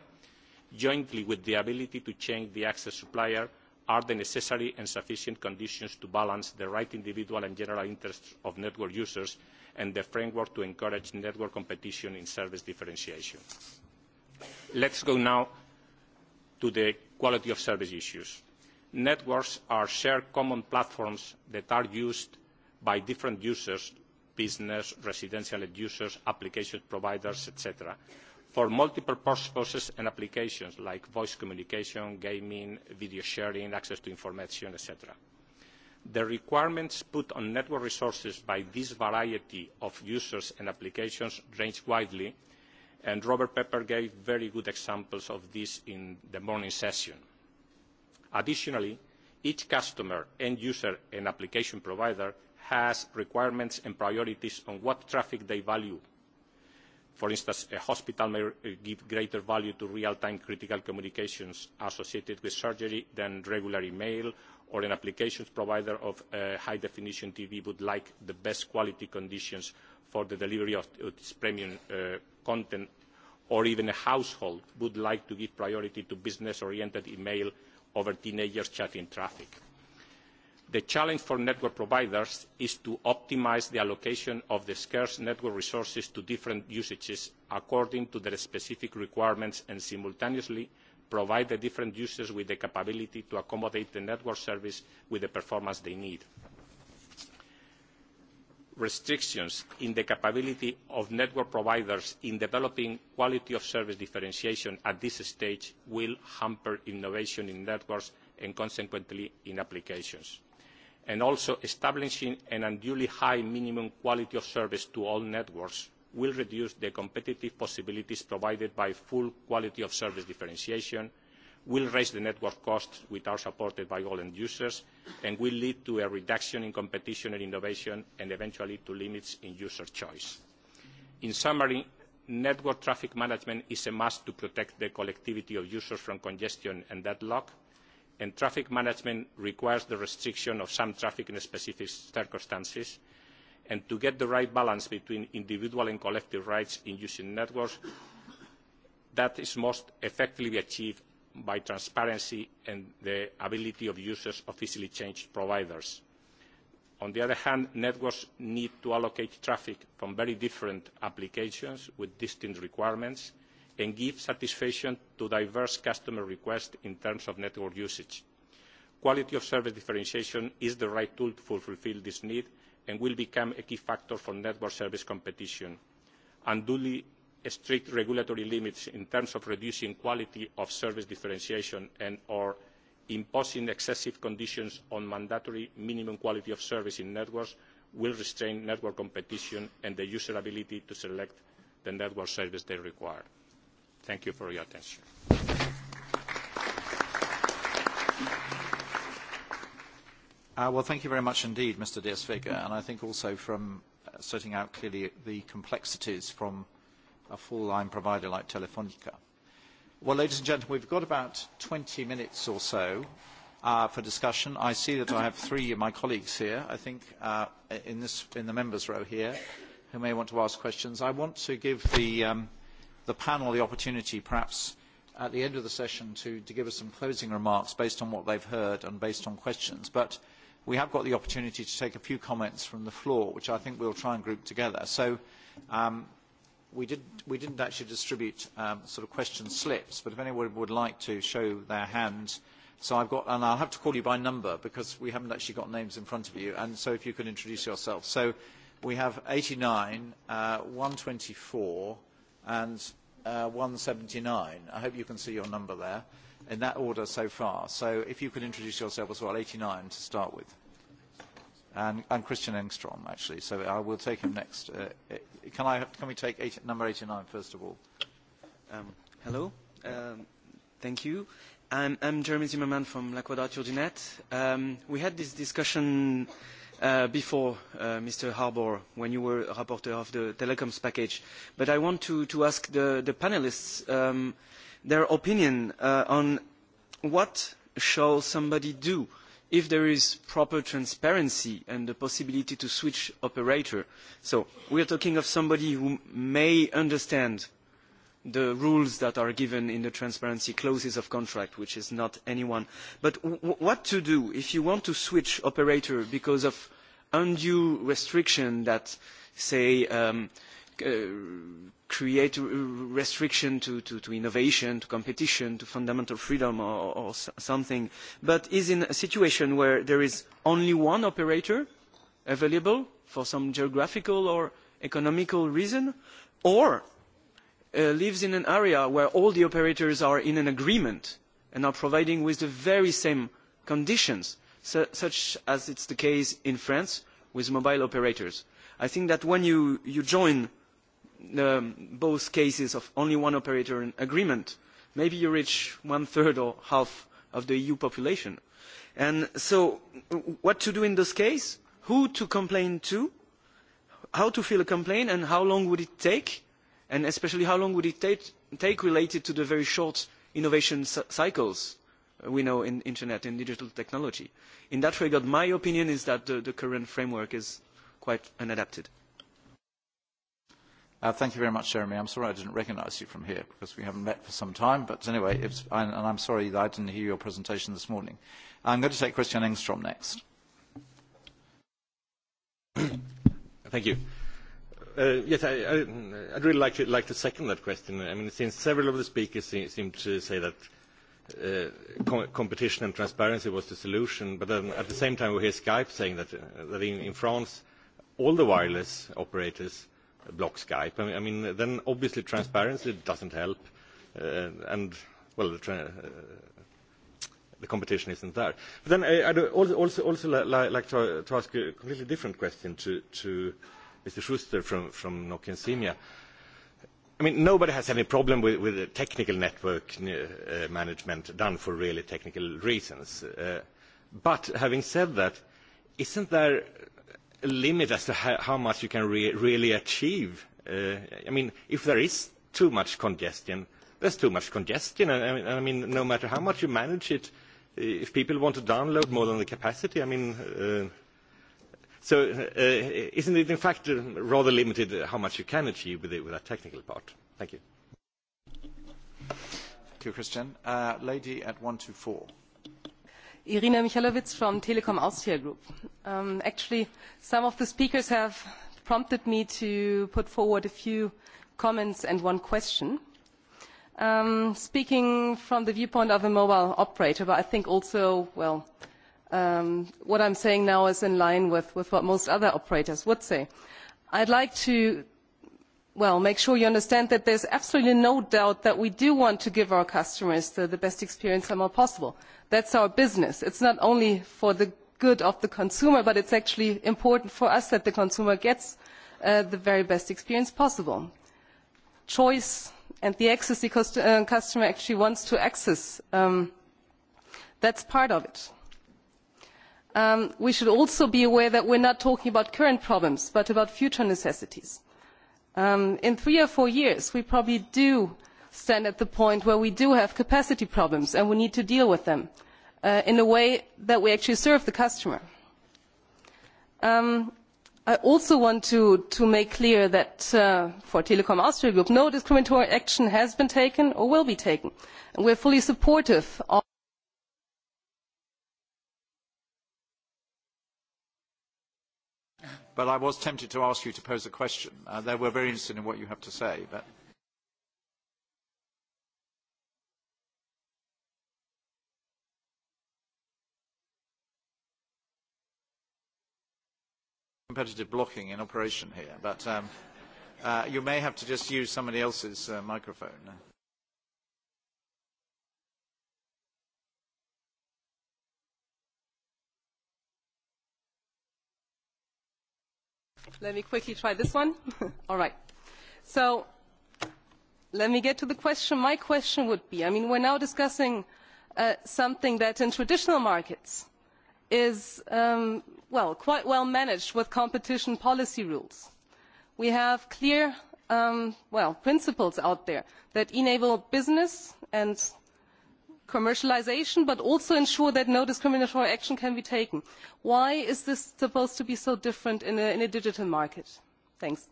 jointly with the ability to change the access supplier are the necessary and sufficient conditions to balance the right individual and general interests of network users and the framework to encourage network competition in service differentiation. let us go now to the quality of service issues. networks are shared common platforms that are used by different users business residential end users application providers etc for multiple purposes and applications like voice communication, gaming, video sharing, access to information, etc. The requirements put on network resources by this variety of users and applications range widely, and Robert Pepper gave very good examples of this in the morning session. Additionally, each customer, end user and application provider has requirements and priorities on what traffic they value For instance, a hospital may uh, give greater value to real-time critical communications associated with surgery than regular email, or an applications provider of uh, high-definition TV would like the best quality conditions for the delivery of its premium uh, content, or even a household would like to give priority to business-oriented email over teenagers chatting traffic the challenge for network providers is to optimise the allocation of the scarce network resources to different usages according to their specific requirements and simultaneously provide the different users with the capability to accommodate the network service with the performance they need. restrictions in the capability of network providers in developing quality of service differentiation at this stage will hamper innovation in networks and consequently in applications and also establishing an unduly high minimum quality of service to all networks will reduce the competitive possibilities provided by full quality of service differentiation will raise the network costs which are supported by all end users and will lead to a reduction in competition and innovation and eventually to limits in user choice. in summary network traffic management is a must to protect the collectivity of users from congestion and deadlock and traffic management requires the restriction of some traffic in specific circumstances and to get the right balance between individual and collective rights in using networks that is most effectively achieved by transparency and the ability of users to easily change providers. On the other hand, networks need to allocate traffic from very different applications with distinct requirements and give satisfaction to diverse customer requests in terms of network usage. Quality of service differentiation is the right tool to fulfil this need and will become a key factor for network service competition. Unduly strict regulatory limits in terms of reducing quality of service differentiation and or imposing excessive conditions on mandatory minimum quality of service in networks will restrain network competition and the user ability to select the network service they require. Thank you for your attention. Uh, well, thank you very much indeed, Mr. Dias Vega, and I think also from uh, setting out clearly the complexities from a full-line provider like Telefonica. Well, ladies and gentlemen, we've got about 20 minutes or so uh, for discussion. I see that I have three of my colleagues here, I think, uh, in, this, in the members' row here, who may want to ask questions. I want to give the... Um, the panel the opportunity perhaps at the end of the session to, to give us some closing remarks based on what they've heard and based on questions. But we have got the opportunity to take a few comments from the floor, which I think we'll try and group together. So um, we, did, we didn't actually distribute um, sort of question slips, but if anyone would like to show their hand, so I've got, and I'll have to call you by number because we haven't actually got names in front of you, and so if you could introduce yourself. So we have 89, uh, 124, and uh, 179. I hope you can see your number there, in that order so far. So if you could introduce yourself as well, 89 to start with. And, and Christian Engstrom, actually. So I will take him next. Uh, uh can, I can we take eight, number 89 first of all? Um, hello. Um, thank you. I'm, I'm Jeremy Zimmerman from La Quadrature du Net. Um, we had this discussion Uh, before, uh, Mr. Harbour, when you were rapporteur of the telecoms package. But I want to, to ask the, the panelists um, their opinion uh, on what shall somebody do if there is proper transparency and the possibility to switch operator. So we are talking of somebody who may understand the rules that are given in the transparency clauses of contract, which is not anyone. But what to do if you want to switch operator because of undue restriction that, say, um, uh, create restriction to, to, to, innovation, to competition, to fundamental freedom or, or something, but is in a situation where there is only one operator available for some geographical or economical reason, or Uh, lives in an area where all the operators are in an agreement and are providing with the very same conditions, such as it's the case in France with mobile operators. I think that when you, you join um, both cases of only one operator in agreement, maybe you reach one-third or half of the EU population. And so what to do in this case? Who to complain to? How to fill a complaint and how long would it take? and especially how long would it take, related to the very short innovation cycles uh, we know in internet and digital technology. In that regard, my opinion is that the, the current framework is quite unadapted. Uh, thank you very much, Jeremy. I'm sorry I didn't recognise you from here because we haven't met for some time. But anyway, it's, and I'm sorry that I didn't hear your presentation this morning. I'm going to take Christian Engstrom next. [coughs] thank you. Uh, yes, I, I, I'd really like to, like to second that question. I mean, since several of the speakers seem, seem to say that uh, competition and transparency was the solution, but then at the same time we hear Skype saying that, uh, that in, in France all the wireless operators block Skype. I mean, I mean then obviously transparency doesn't help, uh, and well, the, tra- uh, the competition isn't there. But then I, I'd also, also, also li- li- like to, to ask a completely different question to. to Mr. Schuster from, from Nokia and Simya. I mean, nobody has any problem with, with technical network uh, uh, management done for really technical reasons. Uh, but having said that, isn't there a limit as to how, much you can really achieve? I mean, if there is too much congestion, there's too much congestion. And, I, mean, no matter how much you manage it, if people want to download more than the capacity, I mean, So uh, isn't it in fact rather limited how much you can achieve with, that technical part? Thank you. Thank you, Christian. Uh, lady at 124. Irina Michalowicz from Telekom Austria Group. Um, actually, some of the speakers have prompted me to put forward a few comments and one question. Um, speaking from the viewpoint of a mobile operator, but I think also, well, uh, Um, what I'm saying now is in line with, with what most other operators would say. I'd like to well, make sure you understand that there's absolutely no doubt that we do want to give our customers the, the best experience somehow possible. That's our business. It's not only for the good of the consumer, but it's actually important for us that the consumer gets uh, the very best experience possible. Choice and the access the uh, customer actually wants to access, um, that's part of it Um, we should also be aware that we are not talking about current problems but about future necessities. Um, in three or four years we probably do stand at the point where we do have capacity problems and we need to deal with them uh, in a way that we actually serve the customer. Um, I also want to, make clear that uh, for Telekom Austria Group, no discriminatory action has been taken or will be taken. And we are fully supportive but I was tempted to ask you to pose a question. Uh, they were very interested in what you have to say. But competitive blocking in operation here, but um, uh, you may have to just use somebody else's uh, microphone. Let me quickly try this one. [laughs] All right. So let me get to the question. My question would be, I mean, we're now discussing uh, something that in traditional markets is, um, well, quite well managed with competition policy rules. We have clear, um, well, principles out there that enable business and commercialisation but also ensure that no discriminatory action can be taken. why is this supposed to be so different in a, digital market? thanks.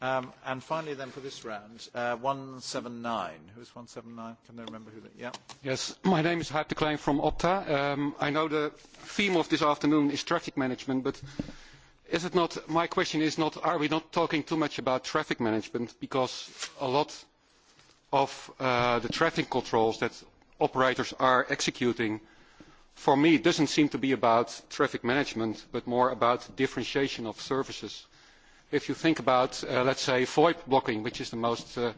Um, and finally then for this round, 179? Uh, can they remember who Yeah. Yes, my name is Huip de Klein from Opta. Um, I know the theme of this afternoon is traffic management, but is it not, my question is not, are we not talking too much about traffic management? Because a lot of uh, the traffic controls that operators are executing for me doesn't seem to be about traffic management but more about differentiation of services. If you think about, uh, let's say, VoIP blocking, which is the most uh,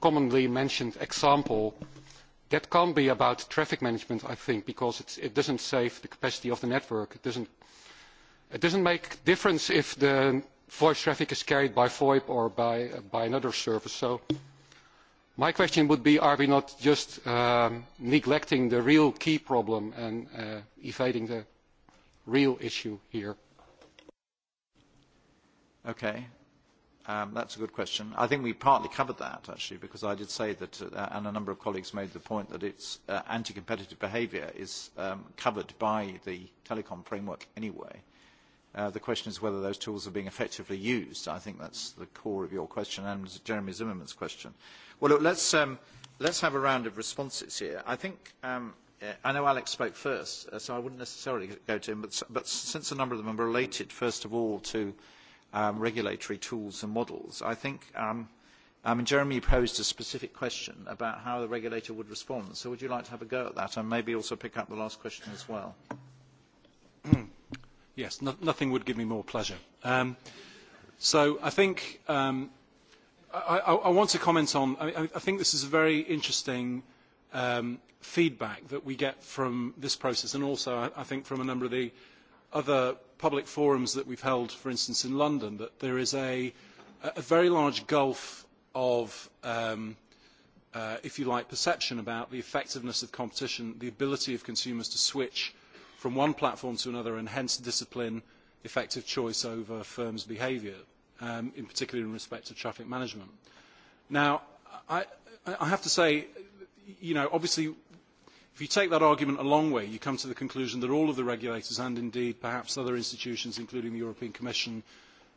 commonly mentioned example, that can't be about traffic management, I think, because it's, it doesn't save the capacity of the network. It doesn't, it doesn't make difference if the voice traffic is carried by VoIP or by, uh, by another service. So my question would be are we not just um, neglecting the real key problem and uh, evading the real issue here? Okay. Um, that's a good question. I think we partly covered that, actually, because I did say that, uh, and a number of colleagues made the point that its uh, anti-competitive behaviour is um, covered by the telecom framework anyway Uh, the question is whether those tools are being effectively used. I think that's the core of your question and Jeremy Zimmerman's question. Well, look, let's, um, let's have a round of responses here. I think um, uh, I know Alex spoke first, uh, so I wouldn't necessarily go to him, but, but since a number of them are related, first of all, to um, regulatory tools and models, I think um, I mean, Jeremy posed a specific question about how the regulator would respond. So would you like to have a go at that and maybe also pick up the last question as well? [clears throat] Yes, no, nothing would give me more pleasure. Um, so I think um, I, I, I want to comment on, I, I think this is a very interesting um, feedback that we get from this process and also I, I think from a number of the other public forums that we've held, for instance, in London, that there is a, a very large gulf of, um, uh, if you like, perception about the effectiveness of competition, the ability of consumers to switch from one platform to another and hence discipline effective choice over firms' behaviour, um, in particular in respect to traffic management. Now, I, I have to say, you know, obviously, if you take that argument a long way, you come to the conclusion that all of the regulators and indeed perhaps other institutions, including the European Commission,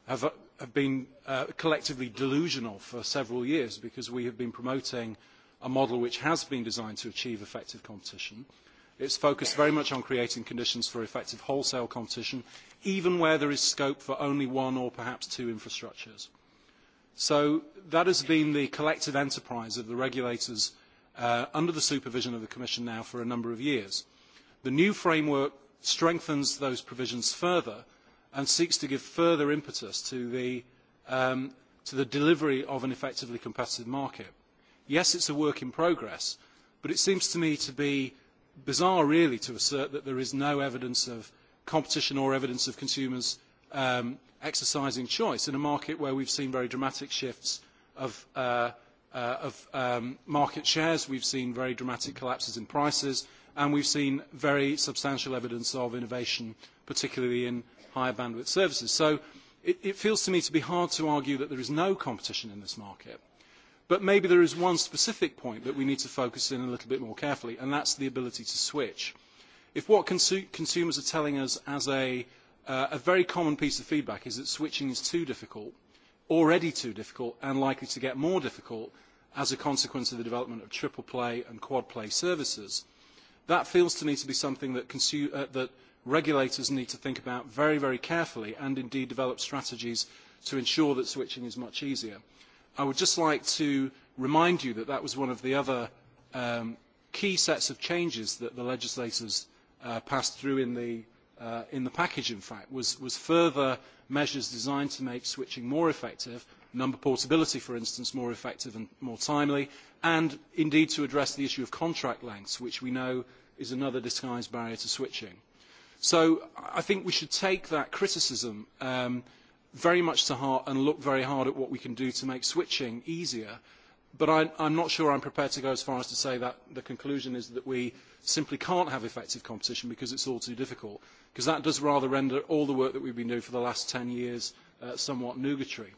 have, have been uh, collectively delusional for several years because we have been promoting a model which has been designed to achieve effective competition. Uh, It's focused very much on creating conditions for effective wholesale competition, even where there is scope for only one or perhaps two infrastructures. So that has been the collective enterprise of the regulators uh, under the supervision of the Commission now for a number of years. The new framework strengthens those provisions further and seeks to give further impetus to the, um, to the delivery of an effectively competitive market. Yes, it's a work in progress, but it seems to me to be bizarre, really, to assert that there is no evidence of competition or evidence of consumers um, exercising choice in a market where we've seen very dramatic shifts of, uh, uh, of um, market shares, we've seen very dramatic collapses in prices, and we've seen very substantial evidence of innovation, particularly in higher bandwidth services. So it, it feels to me to be hard to argue that there is no competition in this market. But maybe there is one specific point that we need to focus in a little bit more carefully, and that's the ability to switch. If what consu consumers are telling us as a, uh, a very common piece of feedback is that switching is too difficult, already too difficult, and likely to get more difficult as a consequence of the development of triple play and quad play services, that feels to me to be something that, uh, that regulators need to think about very, very carefully and indeed develop strategies to ensure that switching is much easier. I would just like to remind you that that was one of the other um, key sets of changes that the legislators uh, passed through in the, uh, in the package, in fact, was, was further measures designed to make switching more effective, number portability, for instance, more effective and more timely, and indeed to address the issue of contract lengths, which we know is another disguised barrier to switching. So I think we should take that criticism um, – very much to heart and look very hard at what we can do to make switching easier. But I, I'm not sure I'm prepared to go as far as to say that the conclusion is that we simply can't have effective competition because it's all too difficult, because that does rather render all the work that we've been doing for the last 10 years uh, somewhat nugatory.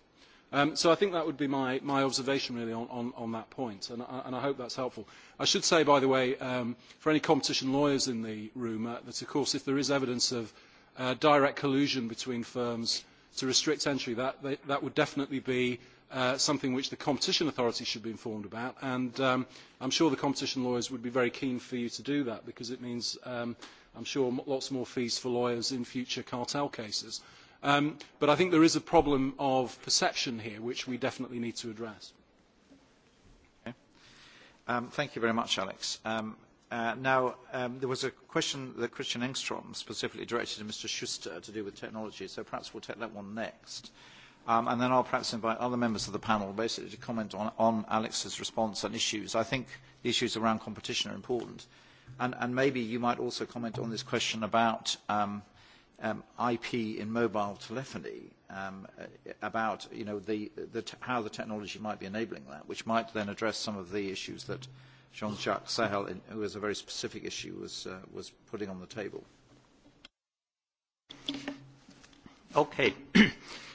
Um, so I think that would be my, my observation really on, on, on that point, and I, and I hope that's helpful. I should say, by the way, um, for any competition lawyers in the room, uh, that of course if there is evidence of uh, direct collusion between firms to restrict entry, that, they, that would definitely be uh, something which the competition authority should be informed about. And um, I'm sure the competition lawyers would be very keen for you to do that because it means, um, I'm sure, lots more fees for lawyers in future cartel cases. Um, but I think there is a problem of perception here which we definitely need to address. Okay. Um, thank you very much, Alex. Um, Uh, now, um, there was a question that Christian Engstrom specifically directed to Mr. Schuster to do with technology, so perhaps we'll take that one next. Um, and then I'll perhaps invite other members of the panel basically to comment on, on Alex's response and issues. I think the issues around competition are important. And, and maybe you might also comment on this question about um, um, IP in mobile telephony, um, uh, about you know, the, the t how the technology might be enabling that, which might then address some of the issues that Jean-Jacques Sahel, who has a very specific issue, was, uh, was putting on the table. Okay. [clears throat]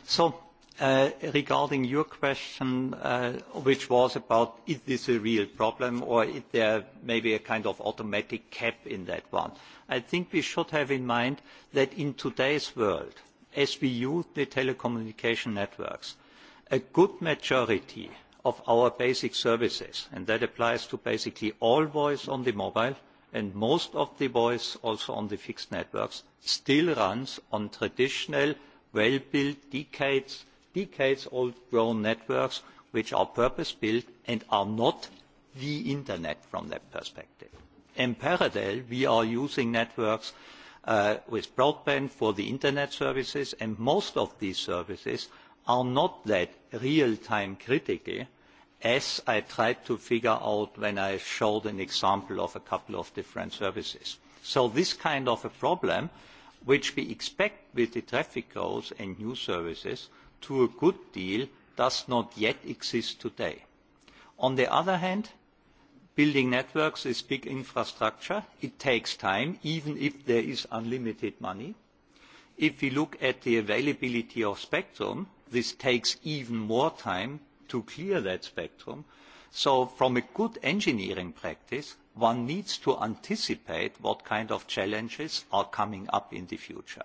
so uh, regarding your question, uh, which was about is this a real problem or is there maybe a kind of automatic cap in that one? I think we should have in mind that in today's world, as we use the telecommunication networks, a good majority of our basic services, and that applies to basically all voice on the mobile and most of the voice also on the fixed networks, still runs on traditional, well-built, decades, decades-old grown networks, which are purpose-built and are not the internet from that perspective. In parallel, we are using networks uh, with broadband for the internet services, and most of these services are not that real-time critical as I tried to figure out when I showed an example of a couple of different services. So this kind of a problem, which we expect with the traffic growth and new services, to a good deal, does not yet exist today. On the other hand, building networks is big infrastructure. It takes time, even if there is unlimited money. If we look at the availability of spectrum, this takes even more time to clear that spectrum. So from a good engineering practice, one needs to anticipate what kind of challenges are coming up in the future.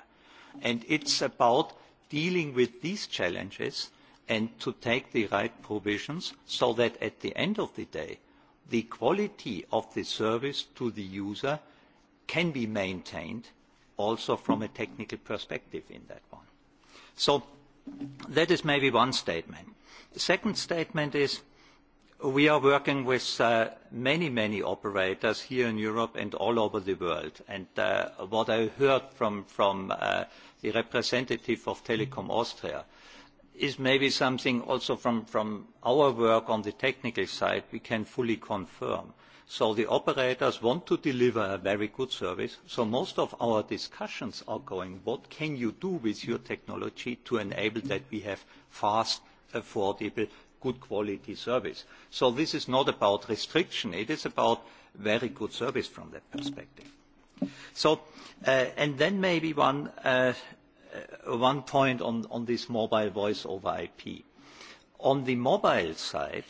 And it's about dealing with these challenges and to take the right provisions so that at the end of the day, the quality of the service to the user can be maintained also from a technical perspective in that one. So That is maybe one statement. The second statement is we are working with uh, many, many operators here in Europe and all over the world. And uh, what I heard from, from uh, the representative of Telecom Austria is maybe something also from, from our work on the technical side we can fully confirm. So the operators want to deliver a very good service. So most of our discussions are going, what can you do with your technology to enable that we have fast, affordable, good quality service? So this is not about restriction. It is about very good service from that perspective. So, uh, and then maybe one, uh, uh one point on, on this mobile voice over IP. On the mobile side,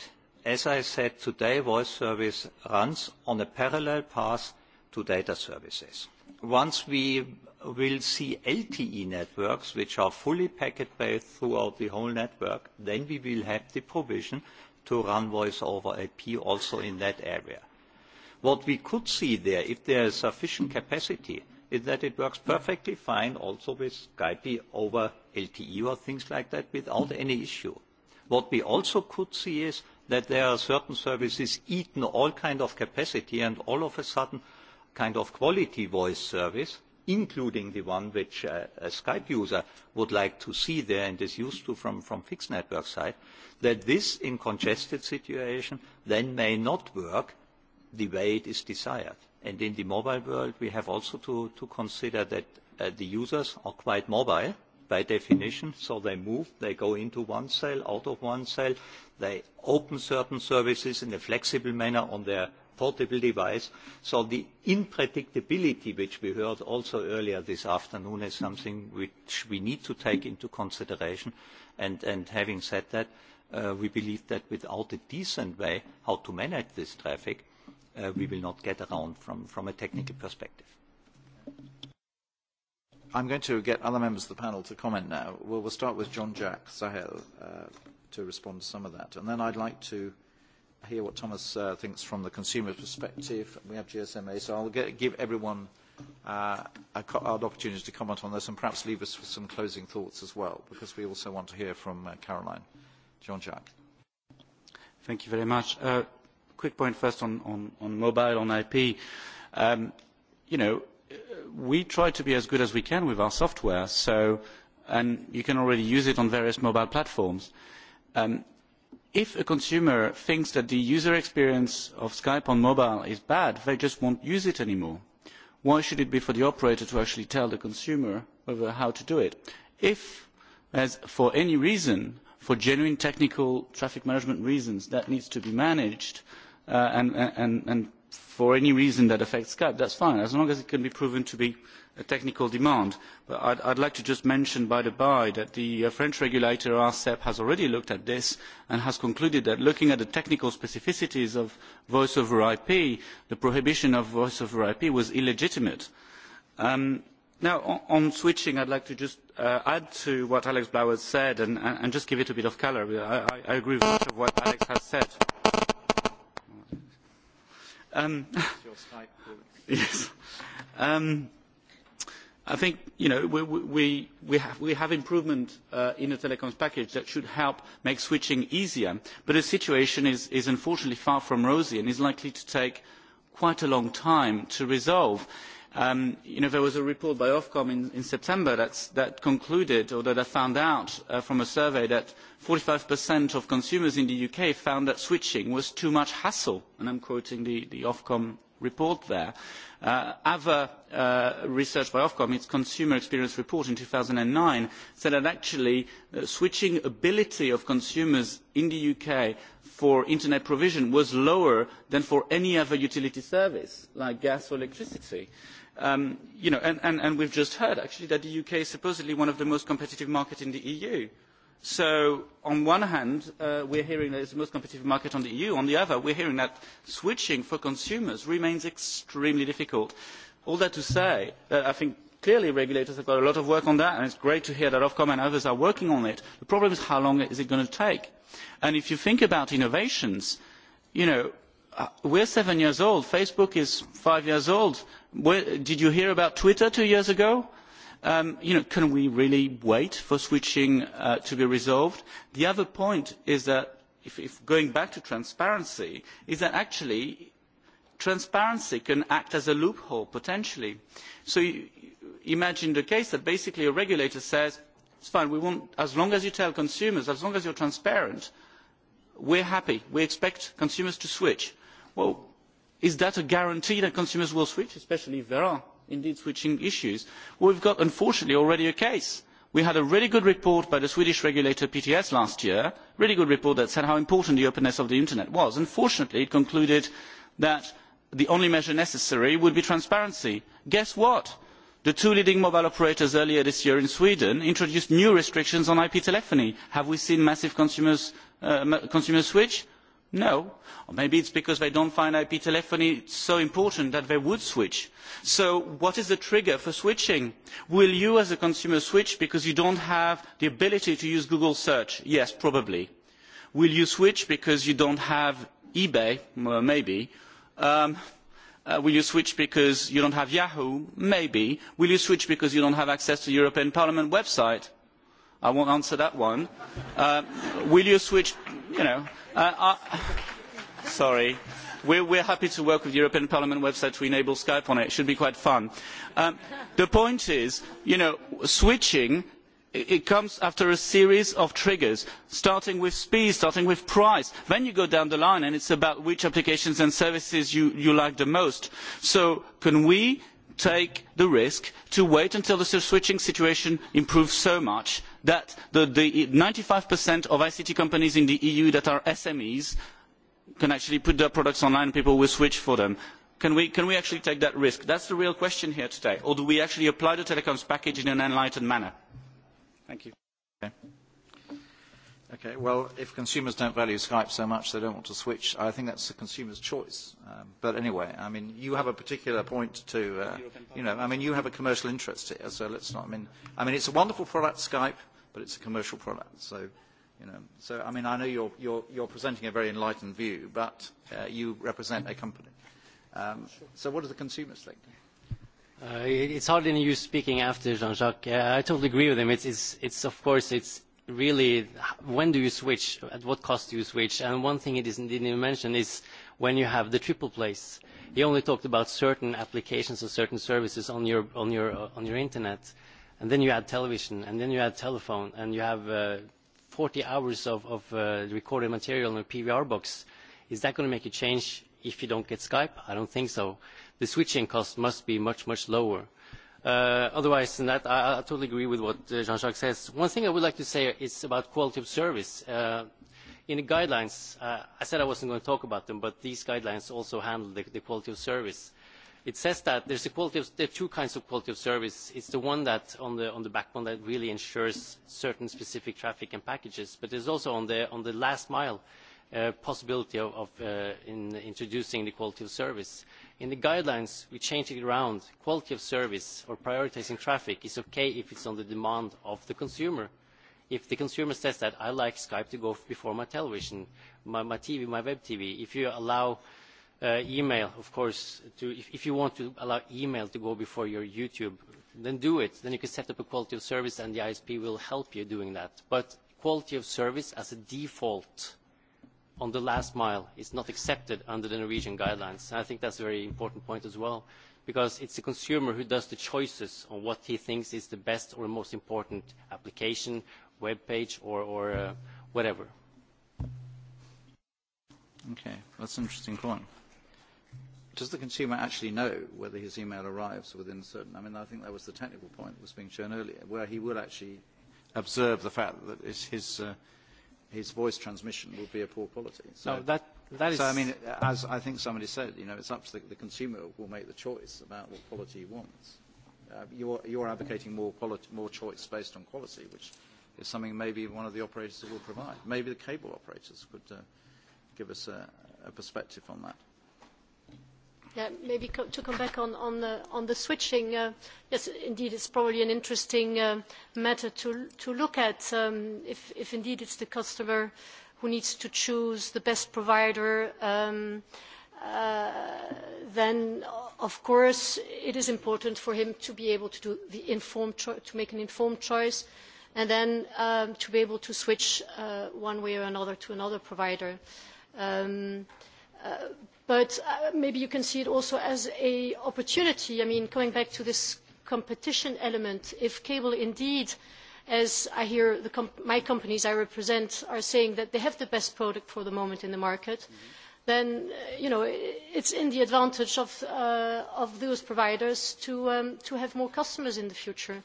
as I said today, voice service runs on a parallel path to data services. Once we will see LTE networks, which are fully packet-based throughout the whole network, then we will have the provision to run voice over IP e also in that area. What we could see there, if there is sufficient capacity, is that it works perfectly fine also with Skype over LTE or things like that without any issue. What we also could see is that there are certain services eating all kind of capacity and all of a sudden kind of quality voice service, including the one which uh, a Skype user would like to see there and is used to from, from fixed network side, that this in congested situation then may not work the way it is desired. And in the mobile world, we have also to, to consider that uh, the users are quite mobile by definition. So they move, they go into one cell, out of one cell, they open certain services in a flexible manner on their portable device. So the unpredictability, which we heard also earlier this afternoon, is something which we need to take into consideration. And, and having said that, uh, we believe that without a decent way how to manage this traffic, uh, we will not get around from, from a technical perspective. I'm going to get other members of the panel to comment now. We'll, we'll start with Jean-Jacques Sahel uh, to respond to some of that. And then I'd like to hear what Thomas uh, thinks from the consumer perspective. We have GSMA, so I'll get, give everyone uh, a, an opportunity to comment on this and perhaps leave us with some closing thoughts as well, because we also want to hear from uh, Caroline. Jean-Jacques. Thank you very much. Uh, quick point first on, on, on mobile, on IP. Um, you know, we try to be as good as we can with our software, so, and you can already use it on various mobile platforms. Um, if a consumer thinks that the user experience of Skype on mobile is bad, they just won't use it anymore. Why should it be for the operator to actually tell the consumer how to do it? If, for any reason, for genuine technical traffic management reasons, that needs to be managed uh, and for any reason that affects cap that is fine as long as it can be proven to be a technical demand. but i would like to just mention by the by that the uh, french regulator arcep has already looked at this and has concluded that looking at the technical specificities of voice over ip the prohibition of voice over ip was illegitimate. Um, now on, on switching i would like to just uh, add to what alex blauer said and, and just give it a bit of colour. i, I agree with much of what alex has said. Um, [laughs] yes. Um, I think you know, we, we, we, have, we have improvement uh, in the telecoms package that should help make switching easier, but the situation is, is unfortunately far from rosy and is likely to take quite a long time to resolve. Um, there was a report by Ofcom in, September that concluded or that found out uh, from a survey that five of consumers in the UK found that switching was too much hassle, and am quoting the, the Ofcom report there. Uh, other uh, research by Ofcom, its consumer experience report in 2009, said that actually the uh, switching ability of consumers in the UK for internet provision was lower than for any other utility service, like gas or electricity. we um, you know, and, we've just heard actually that the UK is supposedly one of the most competitive markets in the EU So on one hand, uh, are hearing that it is the most competitive market in the EU. On the other, we are hearing that switching for consumers remains extremely difficult. All that to say that I think clearly regulators have got a lot of work on that, and it is great to hear that Ofcom and others are working on it. The problem is how long is it going to take? And if you think about innovations, you know, uh, we're seven years old. Facebook is five years old. Where, did you hear about Twitter two years ago? Um, can we really wait for switching uh, to be resolved? The other point going back to transparency, is that actually transparency can act as a loophole potentially. So imagine the case that basically a regulator says, it's fine, as long as you tell consumers, as long as you are transparent, we are happy, we expect consumers to switch. Well, is that a guarantee that consumers will switch, especially if there are indeed switching issues we've got unfortunately already a case we had a really good report by the swedish regulator pts last year a really good report that said how important the openness of the internet was. unfortunately it concluded that the only measure necessary would be transparency. guess what? the two leading mobile operators earlier this year in sweden introduced new restrictions on ip telephony. have we seen massive consumer uh, switching? switch? No. Or maybe it is because they do not find IP telephony so important that they would switch. So what is the trigger for switching? Will you as a consumer switch because you do not have the ability to use Google search? Yes, probably. Will you switch because you do not have eBay? Well, maybe. Um, uh, will you switch because you do not have Yahoo? Maybe. Will you switch because you do not have access to the European Parliament website? I won't answer that one. Uh, will you switch? You know, uh, uh, sorry. We're, we're happy to work with the European Parliament website to enable Skype on it. It should be quite fun. Um, the point is, you know, switching it comes after a series of triggers starting with speed starting with price then you go down the line and it's about which applications and services you, you like the most. so can we take the risk to wait until the switching situation improves so much that the ninety five of ict companies in the eu that are smes can actually put their products online and people will switch for them. Can we, actually take that risk? that is the real question here today. Or do we actually apply the telecoms package in an enlightened manner? Okay, well, if consumers don't value Skype so much they don't want to switch, I think that's the consumer's choice. Um, but anyway, I mean, you have a particular point to, uh, you know, I mean, you have a commercial interest here, so let's not, I mean, I mean, it's a wonderful product, Skype, but it's a commercial product, so, you know, so, I mean, I know you're, you're, you're presenting a very enlightened view, but uh, you represent a company. Um, so what do the consumers think? Uh, it's hardly any use speaking after Jean-Jacques. Uh, I totally agree with him. It's, it's, it's of course, it's really when do you switch, at what cost do you switch? And one thing he didn't even mention is when you have the triple plays. He only talked about certain applications or certain services on your, on your, on your internet. And then you add television, and then you add telephone, and you have uh, 40 hours of, of uh, recorded material in a PVR box. Is that going to make a change if you don't get Skype? I don't think so. The switching cost must be much, much lower Uh, otherwise than that, I, I totally agree with what uh, Jean-Jacques says. One thing I would like to say is about quality of service. Uh, in the guidelines, uh, I said I wasn't going to talk about them, but these guidelines also handle the, the quality of service. It says that there's a quality of, there are two kinds of quality of service. It's the one that on the, on the backbone that really ensures certain specific traffic and packages, but there's also on the, on the last mile uh, possibility of, of uh, in introducing the quality of service in the guidelines we change it around quality of service or prioritising traffic is okay if it's on the demand of the consumer if the consumer says that i like skype to go before my television my, my tv my web tv if you allow uh, email of course to if, if you want to allow email to go before your youtube then do it then you can set up a quality of service and the isp will help you doing that but quality of service as a default on the last mile is not accepted under the Norwegian guidelines. I think that's a very important point as well, because it's the consumer who does the choices on what he thinks is the best or most important application, web page, or, or uh, whatever. Okay, that's an interesting point. Does the consumer actually know whether his email arrives within a certain... I mean, I think that was the technical point that was being shown earlier, where he will actually observe the fact that it's his... Uh, his voice transmission would be a poor quality. No, so, no, that, that is... so I mean, as I think somebody said, you know, it's up to the, the consumer who will make the choice about what quality he wants. Uh, you're, you're advocating more, quality, more choice based on quality, which is something maybe one of the operators will provide. Maybe the cable operators could uh, give us a, a perspective on that maybe to come back on, the switching, uh, yes, indeed, it's probably an interesting uh, matter to, look at um, if, if indeed it's the customer who needs to choose the best provider. Um, uh, then, of course, it is important for him to be able to make an informed choice, and then um, to be able to switch one way or another to another provider but uh, maybe you can see it also as an opportunity. I mean, coming back to this competition element, if cable indeed, as I hear the comp my companies I represent are saying that they have the best product for the moment in the market, mm -hmm then uh, you know it's in the advantage of, uh, of those providers to, um, to have more customers in the future.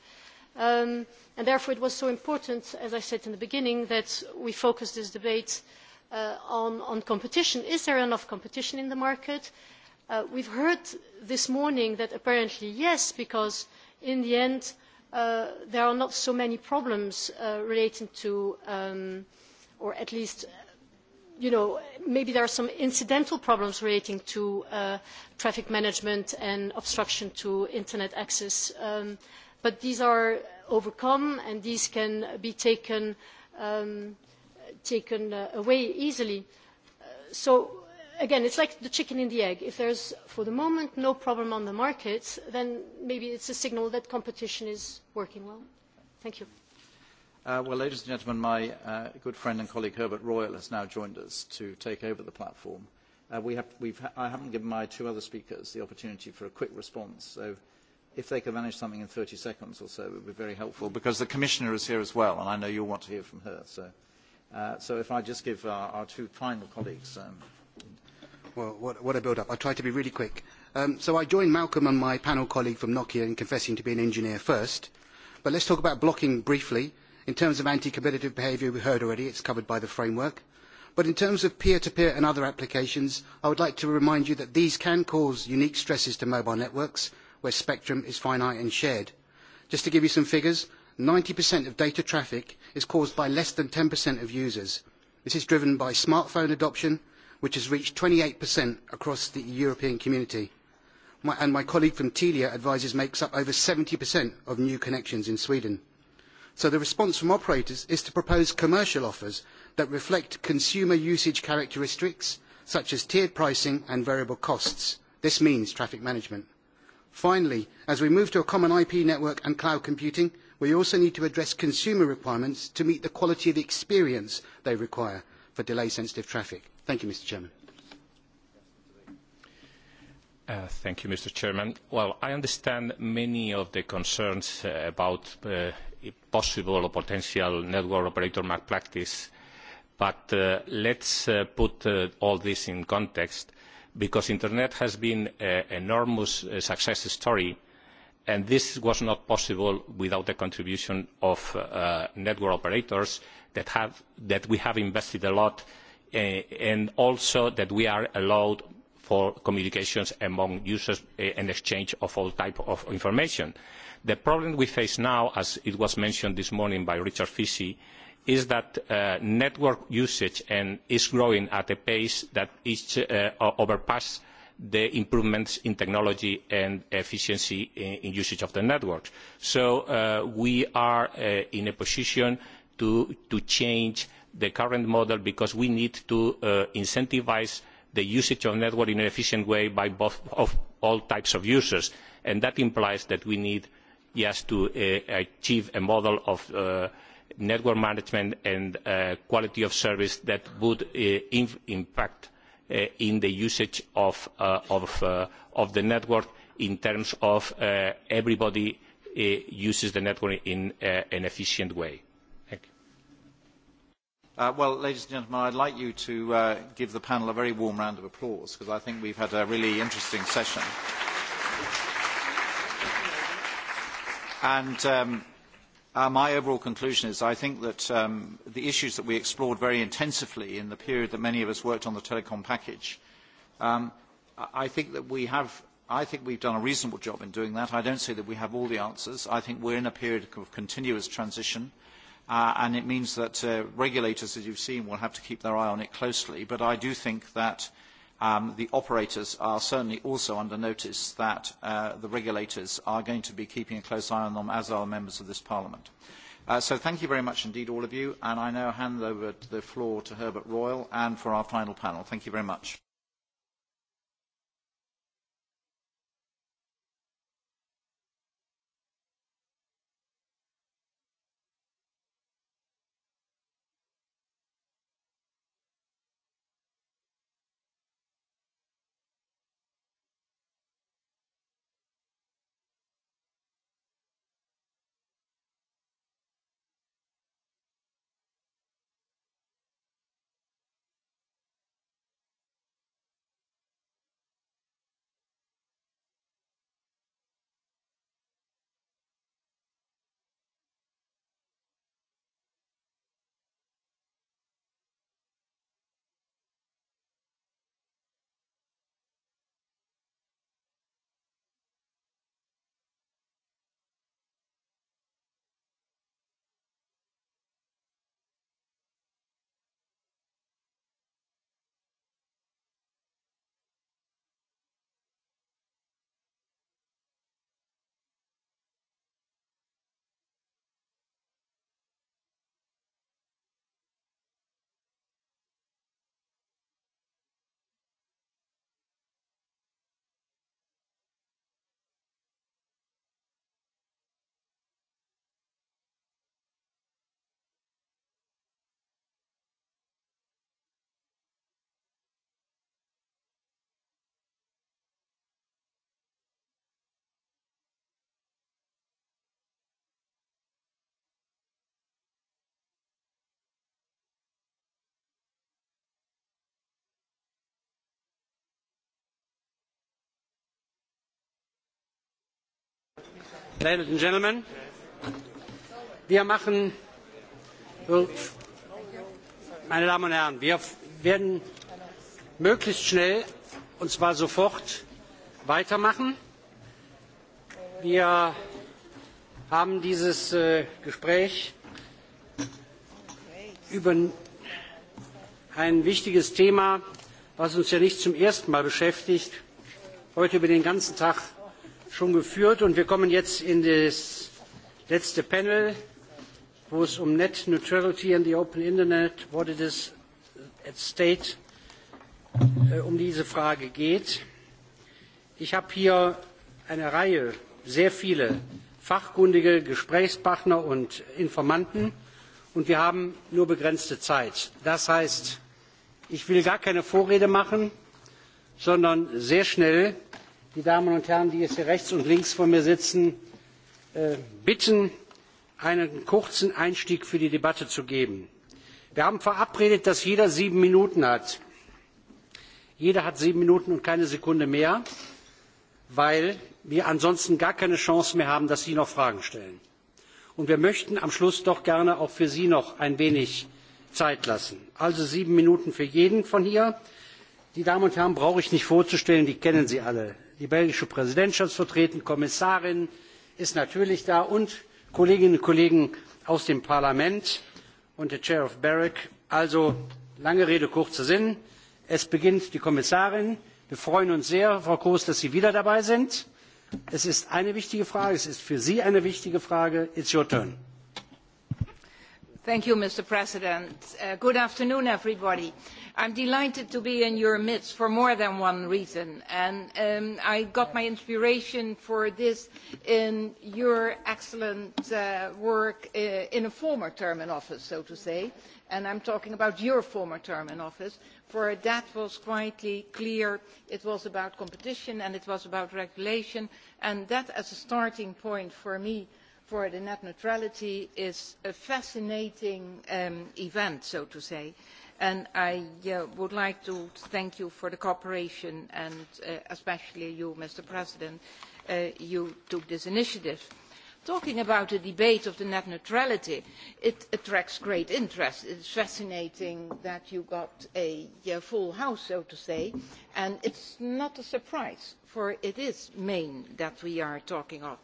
Um, and therefore it was so important, as I said in the beginning, that we focus this debate uh, uh, on, on competition. Is there enough competition in the market? Uh, we've heard this morning that apparently yes, because in the end uh, there are not so many problems uh, relating to, um, or at least, you know, maybe there are some incidental problems relating to uh, traffic management and obstruction to internet access. Um, but these are overcome and these can be taken um, taken uh, away easily. Uh, so again, it's like the chicken and the egg. If there's, for the moment, no problem on the markets, then maybe it's a signal that competition is working well. Thank you. Uh, well, ladies and gentlemen, my uh, good friend and colleague Herbert Royal has now joined us to take over the platform. Uh, we have, we've, I haven't given my two other speakers the opportunity for a quick response, so if they could manage something in 30 seconds or so, it would be very helpful, because the Commissioner is here as well, and I know you'll want to hear from her. So Uh, so if I just give our, uh, our two final colleagues. Um... Well, what, what a build-up. I'll try to be really quick. Um, so I joined Malcolm and my panel colleague from Nokia in confessing to being an engineer first. But let's talk about blocking briefly. In terms of anti-competitive behaviour, we heard already, it's covered by the framework. But in terms of peer to -peer and other applications, I would like to remind you that these can cause unique stresses to mobile networks where spectrum is finite and shared. Just to give you some figures, 90% of data traffic is caused by less than 10% of users. This is driven by smartphone adoption, which has reached 28% across the European community. My, and my colleague from Telia Advisors makes up over 70% of new connections in Sweden. So the response from operators is to propose commercial offers that reflect consumer usage characteristics, such as tiered pricing and variable costs. This means traffic management. Finally, as we move to a common IP network and cloud computing, We also need to address consumer requirements to meet the quality of experience they require for delay-sensitive traffic. Thank you, Mr Chairman. Uh, thank you, Mr Chairman. Well, I understand many of the concerns uh, about uh, possible or potential network operator malpractice, but uh, let's uh, put uh, all this in context because Internet has been an uh, enormous uh, success story uh, and this was not possible without the contribution of uh, network operators that, have, we have invested a lot eh, and also that we are allowed for communications among users eh, and exchange of all type of information. The problem we face now, as it was mentioned this morning by Richard Fisi, is that uh, network usage is growing at a pace that is uh, overpass the improvements in technology and efficiency in, the usage of the networks. So uh, we are uh, in a position to, change the current model because we need to uh, incentivise the usage of network in an efficient way by both of all types of users. And that implies that we need to achieve a model of network management and quality of service that would impact Uh, in the usage uh, uh, of, the network in terms of everybody uses the network in an efficient way. Uh, well, ladies and gentlemen, I'd like you to uh, give the panel a very warm round of applause because I think we've had a really interesting session. And um, Uh, my overall conclusion is I think that um, the issues that we explored very intensively in the period that many of us worked on the telecom package, um, I think that we have I think we've done a reasonable job in doing that. I don't say that we have all the answers. I think we're in a period of continuous transition, uh, and it means that uh, regulators, as you've seen, will have to keep their eye on it closely. But I do think that uh, Um, the operators are certainly also under notice that uh, the regulators are going to be keeping a close eye on them, as are members of this Parliament. Uh, so thank you very much indeed, all of you, and I now hand over the floor to Herbert Royal and for our final panel. Thank you very much. Ladies and Gentlemen, wir machen, äh, meine Damen und Herren, wir werden möglichst schnell und zwar sofort weitermachen. Wir haben dieses äh, Gespräch über ein wichtiges Thema, das uns ja nicht zum ersten Mal beschäftigt, heute über den ganzen Tag schon geführt und wir kommen jetzt in das letzte Panel, wo es um Net Neutrality and the Open Internet, what it is at stake, äh, um diese Frage geht. Ich habe hier eine Reihe, sehr viele fachkundige Gesprächspartner und Informanten und wir haben nur begrenzte Zeit. Das heißt, ich will gar keine Vorrede machen, sondern sehr schnell die Damen und Herren, die jetzt hier rechts und links von mir sitzen, äh, bitten, einen kurzen Einstieg für die Debatte zu geben. Wir haben verabredet, dass jeder sieben Minuten hat. Jeder hat sieben Minuten und keine Sekunde mehr, weil wir ansonsten gar keine Chance mehr haben, dass Sie noch Fragen stellen. Und wir möchten am Schluss doch gerne auch für Sie noch ein wenig Zeit lassen. Also sieben Minuten für jeden von hier die damen und herren brauche ich nicht vorzustellen die kennen sie alle. die belgische präsidentschaft vertreten die kommissarin ist natürlich da und kolleginnen und kollegen aus dem parlament und der chair of berec. also lange rede kurzer sinn es beginnt die kommissarin. wir freuen uns sehr frau kroes dass sie wieder dabei sind. es ist eine wichtige frage es ist für sie eine wichtige frage. it's your turn. mr president uh, good afternoon everybody i am delighted to be in your midst for more than one reason and um, i got my inspiration for this in your excellent uh, work uh, in a former term in office so to say and i am talking about your former term in office for that was quite clear it was about competition and it was about regulation and that as a starting point for me for the net neutrality is a fascinating um, event so to say and I uh, would like to thank you for the cooperation and uh, especially you, Mr. President, who uh, you took this initiative. Talking about the debate of the net neutrality, it attracts great interest. It is fascinating that you got a full house, so to say, and it's not a surprise, for it is Maine that we are talking of.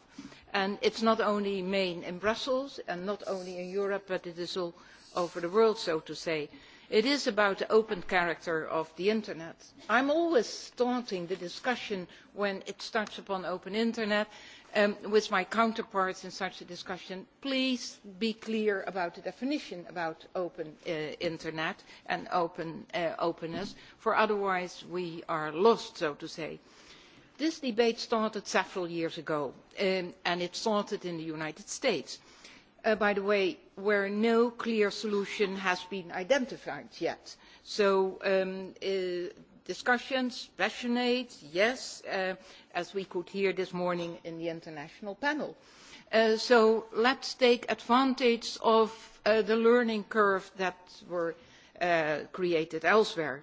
And it's not only Maine in Brussels and not only in Europe, but it is all over the world, so to say it is about the open character of the internet. i am always starting the discussion when it starts upon the open internet um, with my counterparts in such a discussion please be clear about the definition of the open uh, internet and uh, openness for otherwise we are lost so to say. this debate started several years ago um, and it started in the united states. Uh, by the way where no clear solution has been identified yet. So um, uh, discussions, passionate, yes, uh, as we could hear this morning in the international panel. Uh, so let's take advantage of uh, the learning curve that were uh, created elsewhere.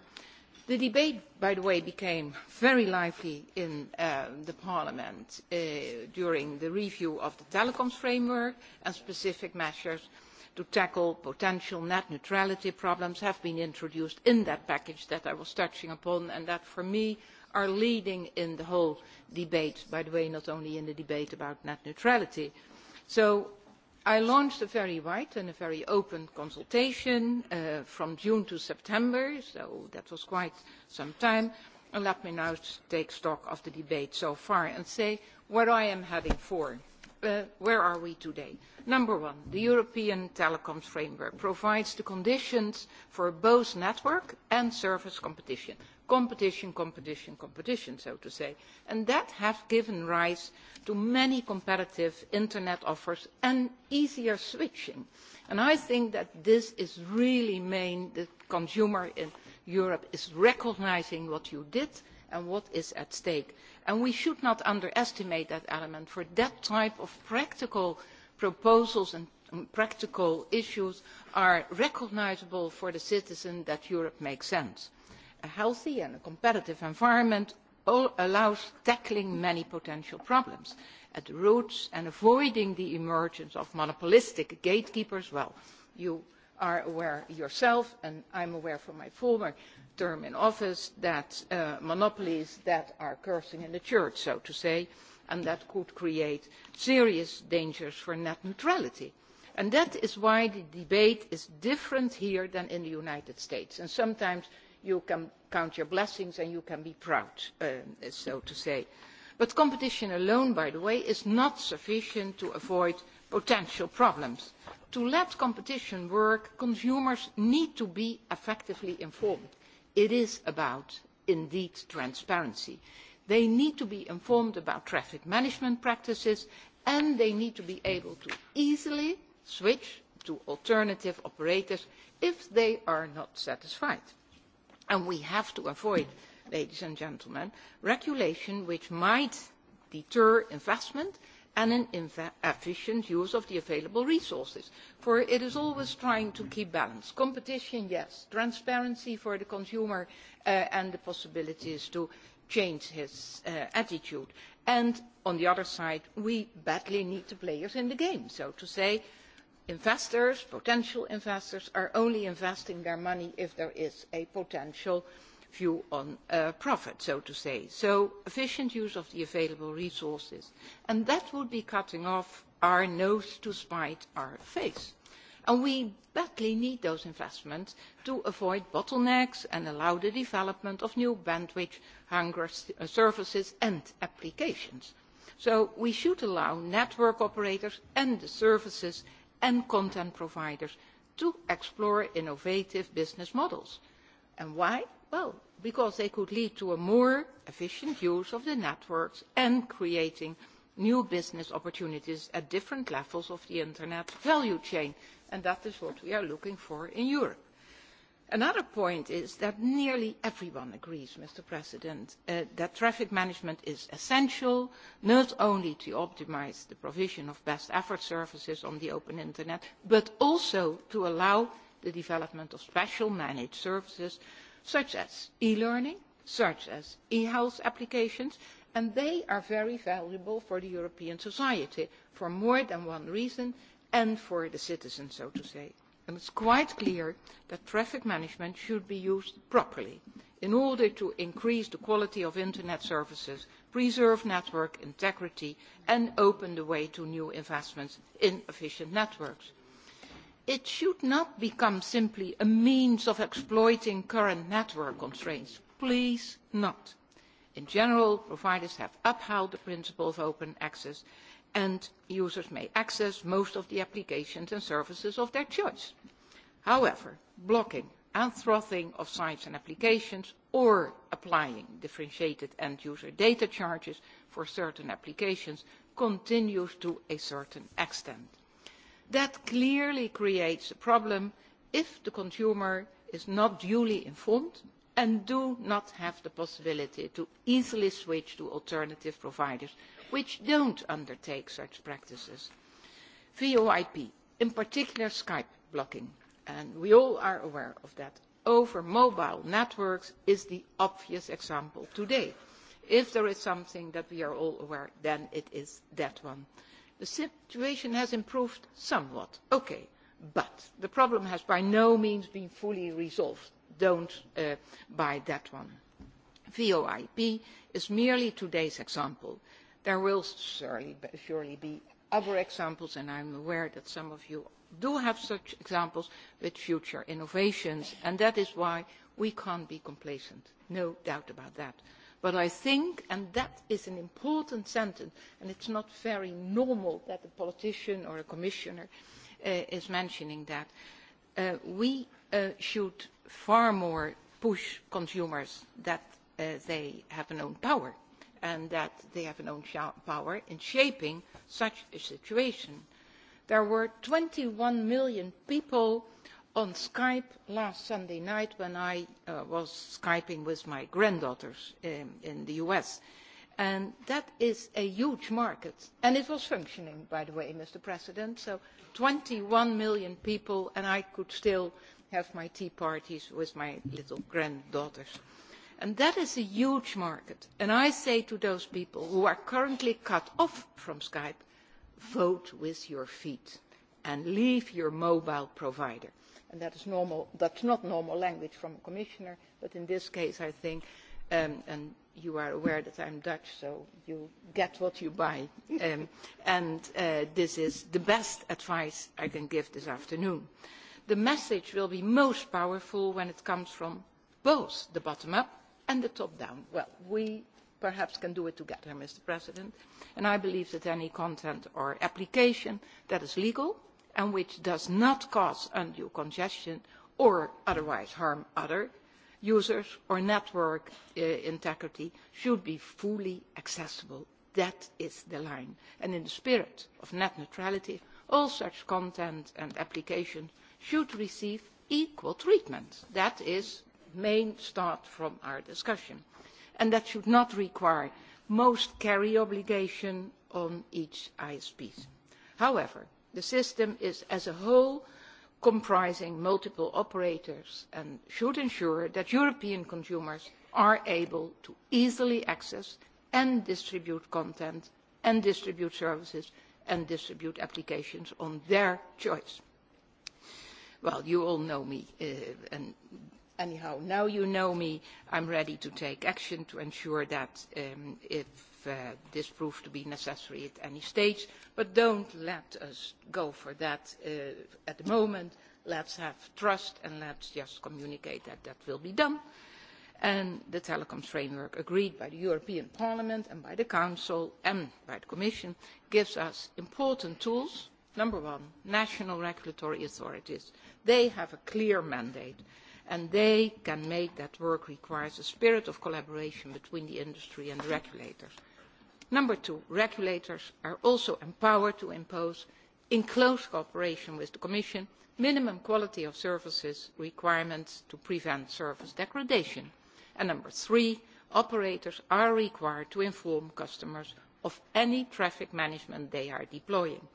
The debate, by the way, became very lively in uh, the Parliament uh, during the review of the telecoms framework and specific measures to tackle potential net neutrality problems have been introduced in that package that I was touching upon and that for me are leading in the whole debate, by the way, not only in the debate about net neutrality. So I launched a very wide and a very open consultation uh, from June to September, so that was quite some time. And let me now take stock of the debate so far and say what I am heading for. Uh, where are we today? Number one, the European Telecoms Framework provides the conditions for both network and service competition. Competition, competition, competition, so to say. And that has given rise to many competitive internet offers and easier switching. And I think that this is really main, the consumer in Europe is recognizing what you did and what is at stake. And we should not underestimate that element. For that type of practical proposals and practical issues are recognisable for the citizen that Europe makes sense. A healthy and competitive environment allows tackling many potential problems at the roots and avoiding the emergence of monopolistic gatekeepers. Well, you are aware yourself, and i am aware from my former term in office, that uh, monopolies that are cursing in the church, so to say, and that could create serious dangers for net neutrality. that is why the debate is different here than in the United States. And sometimes you can count your blessings and you can be proud, uh, so to say. But competition alone, by the way, is not sufficient to avoid potential problems. To let competition work, consumers need to be effectively informed. It is about, indeed, transparency. They need to be informed about traffic management practices and they need to be able to easily switch to alternative operators if they are not satisfied. And we have to avoid, ladies and gentlemen, regulation which might deter investment and an efficient use of the available resources for it is always trying to keep balance competition yes transparency for the consumer uh, and the possibilities to change his uh, attitude and on the other side we badly need the players in the game so to say investors potential investors are only investing their money if there is a potential view on uh, profit, so to say. So efficient use of the available resources. And that would be cutting off our nose to spite our face. And we badly need those investments to avoid bottlenecks and allow the development of new bandwidth-hungry uh, services and applications. So we should allow network operators and the services and content providers to explore innovative business models. And why? Well, because they could lead to a more efficient use of the networks and creating new business opportunities at different levels of the internet value chain. And that is what we are looking for in Europe. Another point is that nearly everyone agrees, Mr. President, uh, that traffic management is essential, not only to optimise the provision of best effort services on the open internet, but also to allow the development of special managed services such as e-learning, such as e-health applications, and they are very valuable for the European society for more than one reason and for the citizens, so to say. And it's quite clear that traffic management should be used properly in order to increase the quality of internet services, preserve network integrity and open the way to new investments in efficient networks it should not become simply a means of exploiting current network constraints. Please not. In general, providers have upheld the principle of open access and users may access most of the applications and services of their choice. However, blocking and throttling of sites and applications or applying differentiated end-user data charges for certain applications continues to a certain extent that clearly creates a problem if the consumer is not duly informed and does not have the possibility to easily switch to alternative providers which do not undertake such practices. voip in particular skype blocking and we all are aware of that over mobile networks is the obvious example today. if there is something that we are all aware of then it is that one the situation has improved somewhat but the problem has by no means been fully resolved do not uh, buy that one. voip is merely today's example. there will surely, surely be other examples and i am aware that some of you do have such examples with future innovations and that is why we cannot be complacent no doubt about that but i think and that is an important sentence and it is not very normal that a politician or a commissioner uh, is mentioning that uh, we uh, should far more push consumers that they have their own power and that they have their own power in shaping such a situation. there were twenty one million people on skype last sunday night when i uh, was skyping with my granddaughters in, um, in the us and that is a huge market and it was functioning by the way mr president so twenty one million people and i could still have my tea parties with my little granddaughters and that is a huge market and i say to those people who are currently cut off from skype vote with your feet and leave your mobile provider and that is normal, that is not normal language from a commissioner, but in this case I think, um, and you are aware that i am Dutch, so you get what you buy, um, and uh, this is the best advice I can give this afternoon. The message will be most powerful when it comes from both the bottom up and the top down. Well, we perhaps can do it together, Mr. President, and I believe that any content or application that is legal and which does not cause undue congestion or otherwise harm other users or network uh, integrity should be fully accessible. That is the line. And in the spirit of net neutrality, all such content and applications should receive equal treatment. That is the main start from our discussion. And that should not require most carry obligation on each isp. However, the system is as a whole comprising multiple operators and should ensure that european consumers are able to easily access and distribute content and distribute services and distribute applications on their choice. well you all know me uh, and anyhow now you know me i am ready to take action to ensure that um, if Uh, this proved to be necessary at any stage. But don't let us go for that uh, at the moment. Let's have trust and let's just communicate that that will be done. And the telecoms framework agreed by the European Parliament and by the Council and by the Commission gives us important tools. Number one, national regulatory authorities. They have a clear mandate and they can make that work requires a spirit of collaboration between the industry and the regulators number two regulators are also empowered to impose in close cooperation with the commission minimum quality of services requirements to prevent service degradation and number three operators are required to inform customers of any traffic management they are deploying.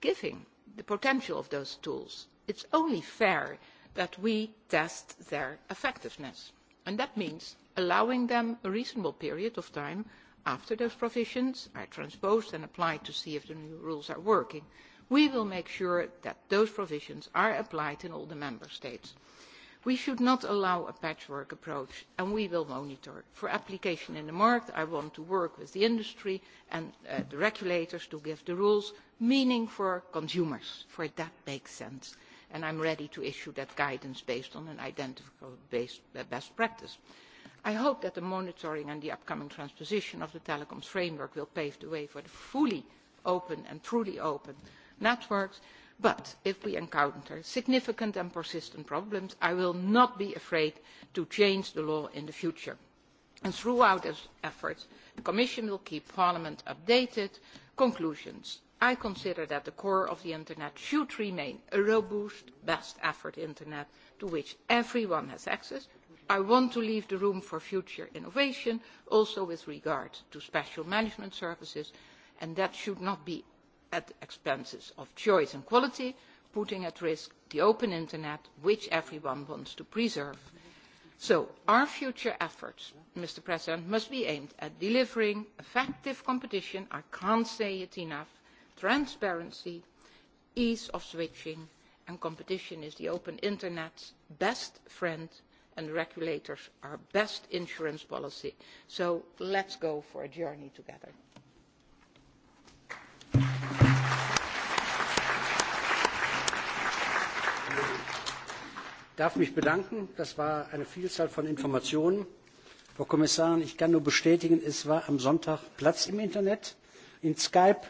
given the potential of those tools it is only fair that we test their effectiveness and that means allowing them a reasonable period of time after those provisions are transposed and applied to see if the new rules are working. We will make sure that those provisions are applied in all the member states. We should not allow a patchwork approach, and we will monitor. For application in the market, I want to work with the industry and uh, the regulators to give the rules meaning for consumers, for that makes sense. And I'm ready to issue that guidance based on an identical based, uh, best practice i hope that the monitoring and the upcoming transposition of the telecoms framework will pave the way for the fully open and truly open networks but if we encounter significant and persistent problems i will not be afraid to change the law in the future. throughout its efforts the commission will keep parliament updated. conclusions i consider that the core of the internet should remain a robust best effort internet to which everyone has access I want to leave the room for future innovation, also with regard to special management services, and that should not be at the expense of choice and quality, putting at risk the open internet, which everyone wants to preserve. So our future efforts, Mr. President, must be aimed at delivering effective competition, I cannot say it enough, transparency, ease of switching, and competition is the open internet's best friend and regulators our best insurance policy so let us go for a journey together. ich darf mich bedanken. das war eine vielzahl von informationen. frau kommissarin ich kann nur bestätigen es war am sonntag platz im internet in skype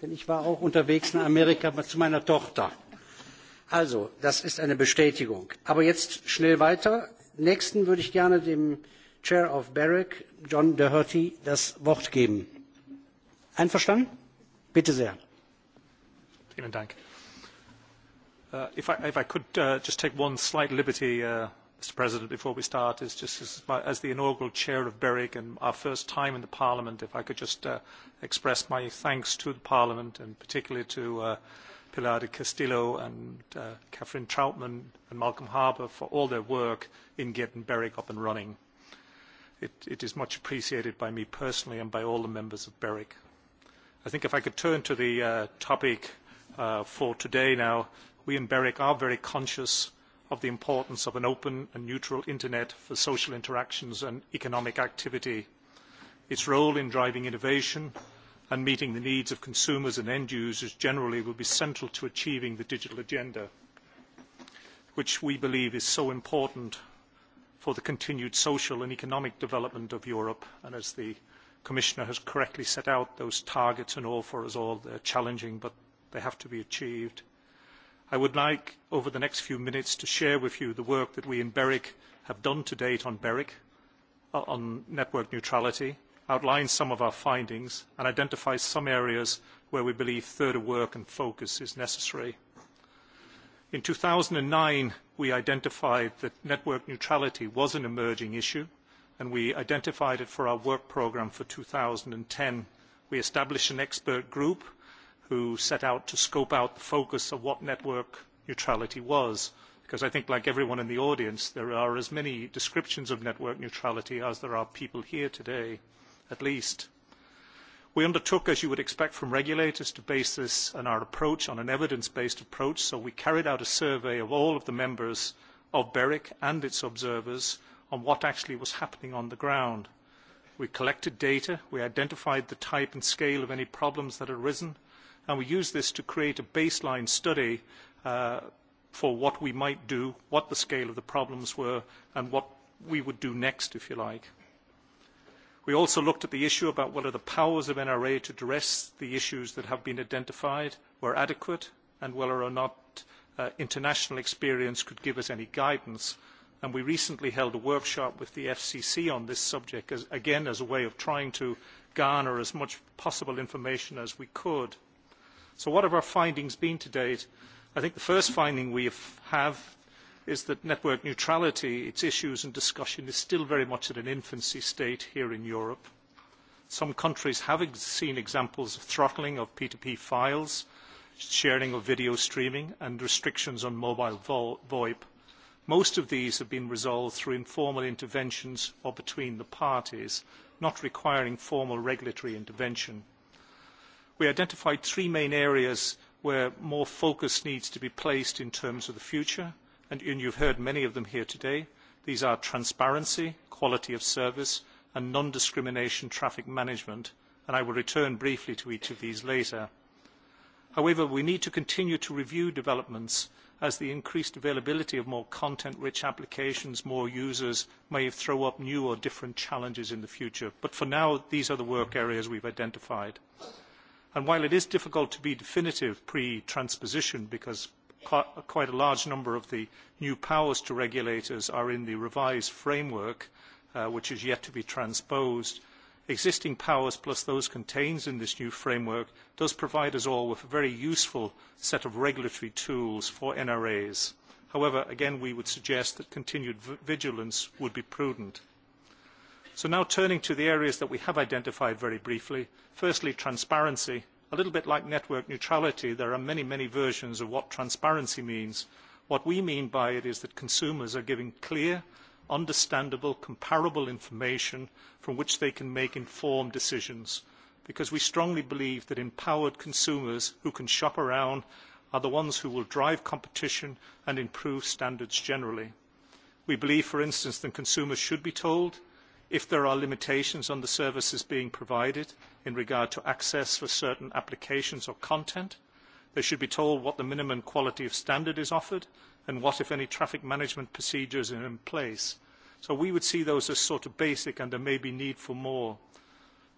denn ich war auch unterwegs in amerika [laughs] zu meiner tochter. also das ist eine bestätigung. aber jetzt schnell weiter nächsten würde ich gerne dem Chair of BEREC, John Doherty, das Wort geben. Einverstanden? Bitte sehr. Vielen Dank. Uh, if, I, if I could uh, just take one slight liberty, uh, Mr. President, before we start, is just as, my, as the inaugural chair of BEREC and our first time in the Parliament, if I could just uh, express my thanks to the Parliament and particularly to uh, Pilar de Castillo and uh, Catherine Troutman and Malcolm Harbour for all their work in getting BEREC up and running. It, it is much appreciated by me personally and by all the members of BEREC. I think if I could turn to the uh, topic uh, for today now, we in BEREC are very conscious of the importance of an open and neutral internet for social interactions and economic activity, its role in driving innovation, and meeting the needs of consumers and end users generally will be central to achieving the digital agenda, which we believe is so important for the continued social and economic development of Europe. And as the Commissioner has correctly set out, those targets and all for us all, they're challenging, but they have to be achieved. I would like, over the next few minutes, to share with you the work that we in BEREC have done to date on BEREC, uh, on network neutrality, outlines some of our findings and identifies some areas where we believe further work and focus is necessary. In 2009, we identified that network neutrality was an emerging issue, and we identified it for our work programme for 2010. We established an expert group who set out to scope out the focus of what network neutrality was, because I think, like everyone in the audience, there are as many descriptions of network neutrality as there are people here today at least. We undertook, as you would expect from regulators, to base this and our approach on an evidence-based approach, so we carried out a survey of all of the members of BEREC and its observers on what actually was happening on the ground. We collected data, we identified the type and scale of any problems that had arisen, and we used this to create a baseline study uh, for what we might do, what the scale of the problems were, and what we would do next, if you like. We also looked at the issue about whether the powers of NRA to address the issues that have been identified were adequate and whether or not uh, international experience could give us any guidance. And we recently held a workshop with the FCC on this subject, as, again as a way of trying to garner as much possible information as we could. So what have our findings been to date? I think the first finding we have is that network neutrality, its issues and discussion is still very much at an infancy state here in Europe. Some countries have seen examples of throttling of P2P files, sharing of video streaming and restrictions on mobile vo VoIP. Most of these have been resolved through informal interventions or between the parties, not requiring formal regulatory intervention. We identified three main areas where more focus needs to be placed in terms of the future – and you have heard many of them here today these are transparency quality of service and non discrimination traffic management and i will return briefly to each of these later. however we need to continue to review developments as the increased availability of more content rich applications and more users may throw up new or different challenges in the future but for now these are the work areas we have identified. while it is difficult to be definitive pre transposition because quite a large number of the new powers to regulators are in the revised framework, uh, which is yet to be transposed. Existing powers plus those contained in this new framework does provide us all with a very useful set of regulatory tools for NRAs. However, again, we would suggest that continued vigilance would be prudent. So now turning to the areas that we have identified very briefly. Firstly, transparency little bit like network neutrality there are many many versions of what transparency means. what we mean by it is that consumers are given clear understandable comparable information from which they can make informed decisions because we strongly believe that empowered consumers who can shop around are the ones who will drive competition and improve standards generally. We believe, for instance, that consumers should be told if there are limitations on the services being provided in regard to access for certain applications or content. They should be told what the minimum quality of standard is offered and what, if any, traffic management procedures are in place. So we would see those as sort of basic and there may be need for more.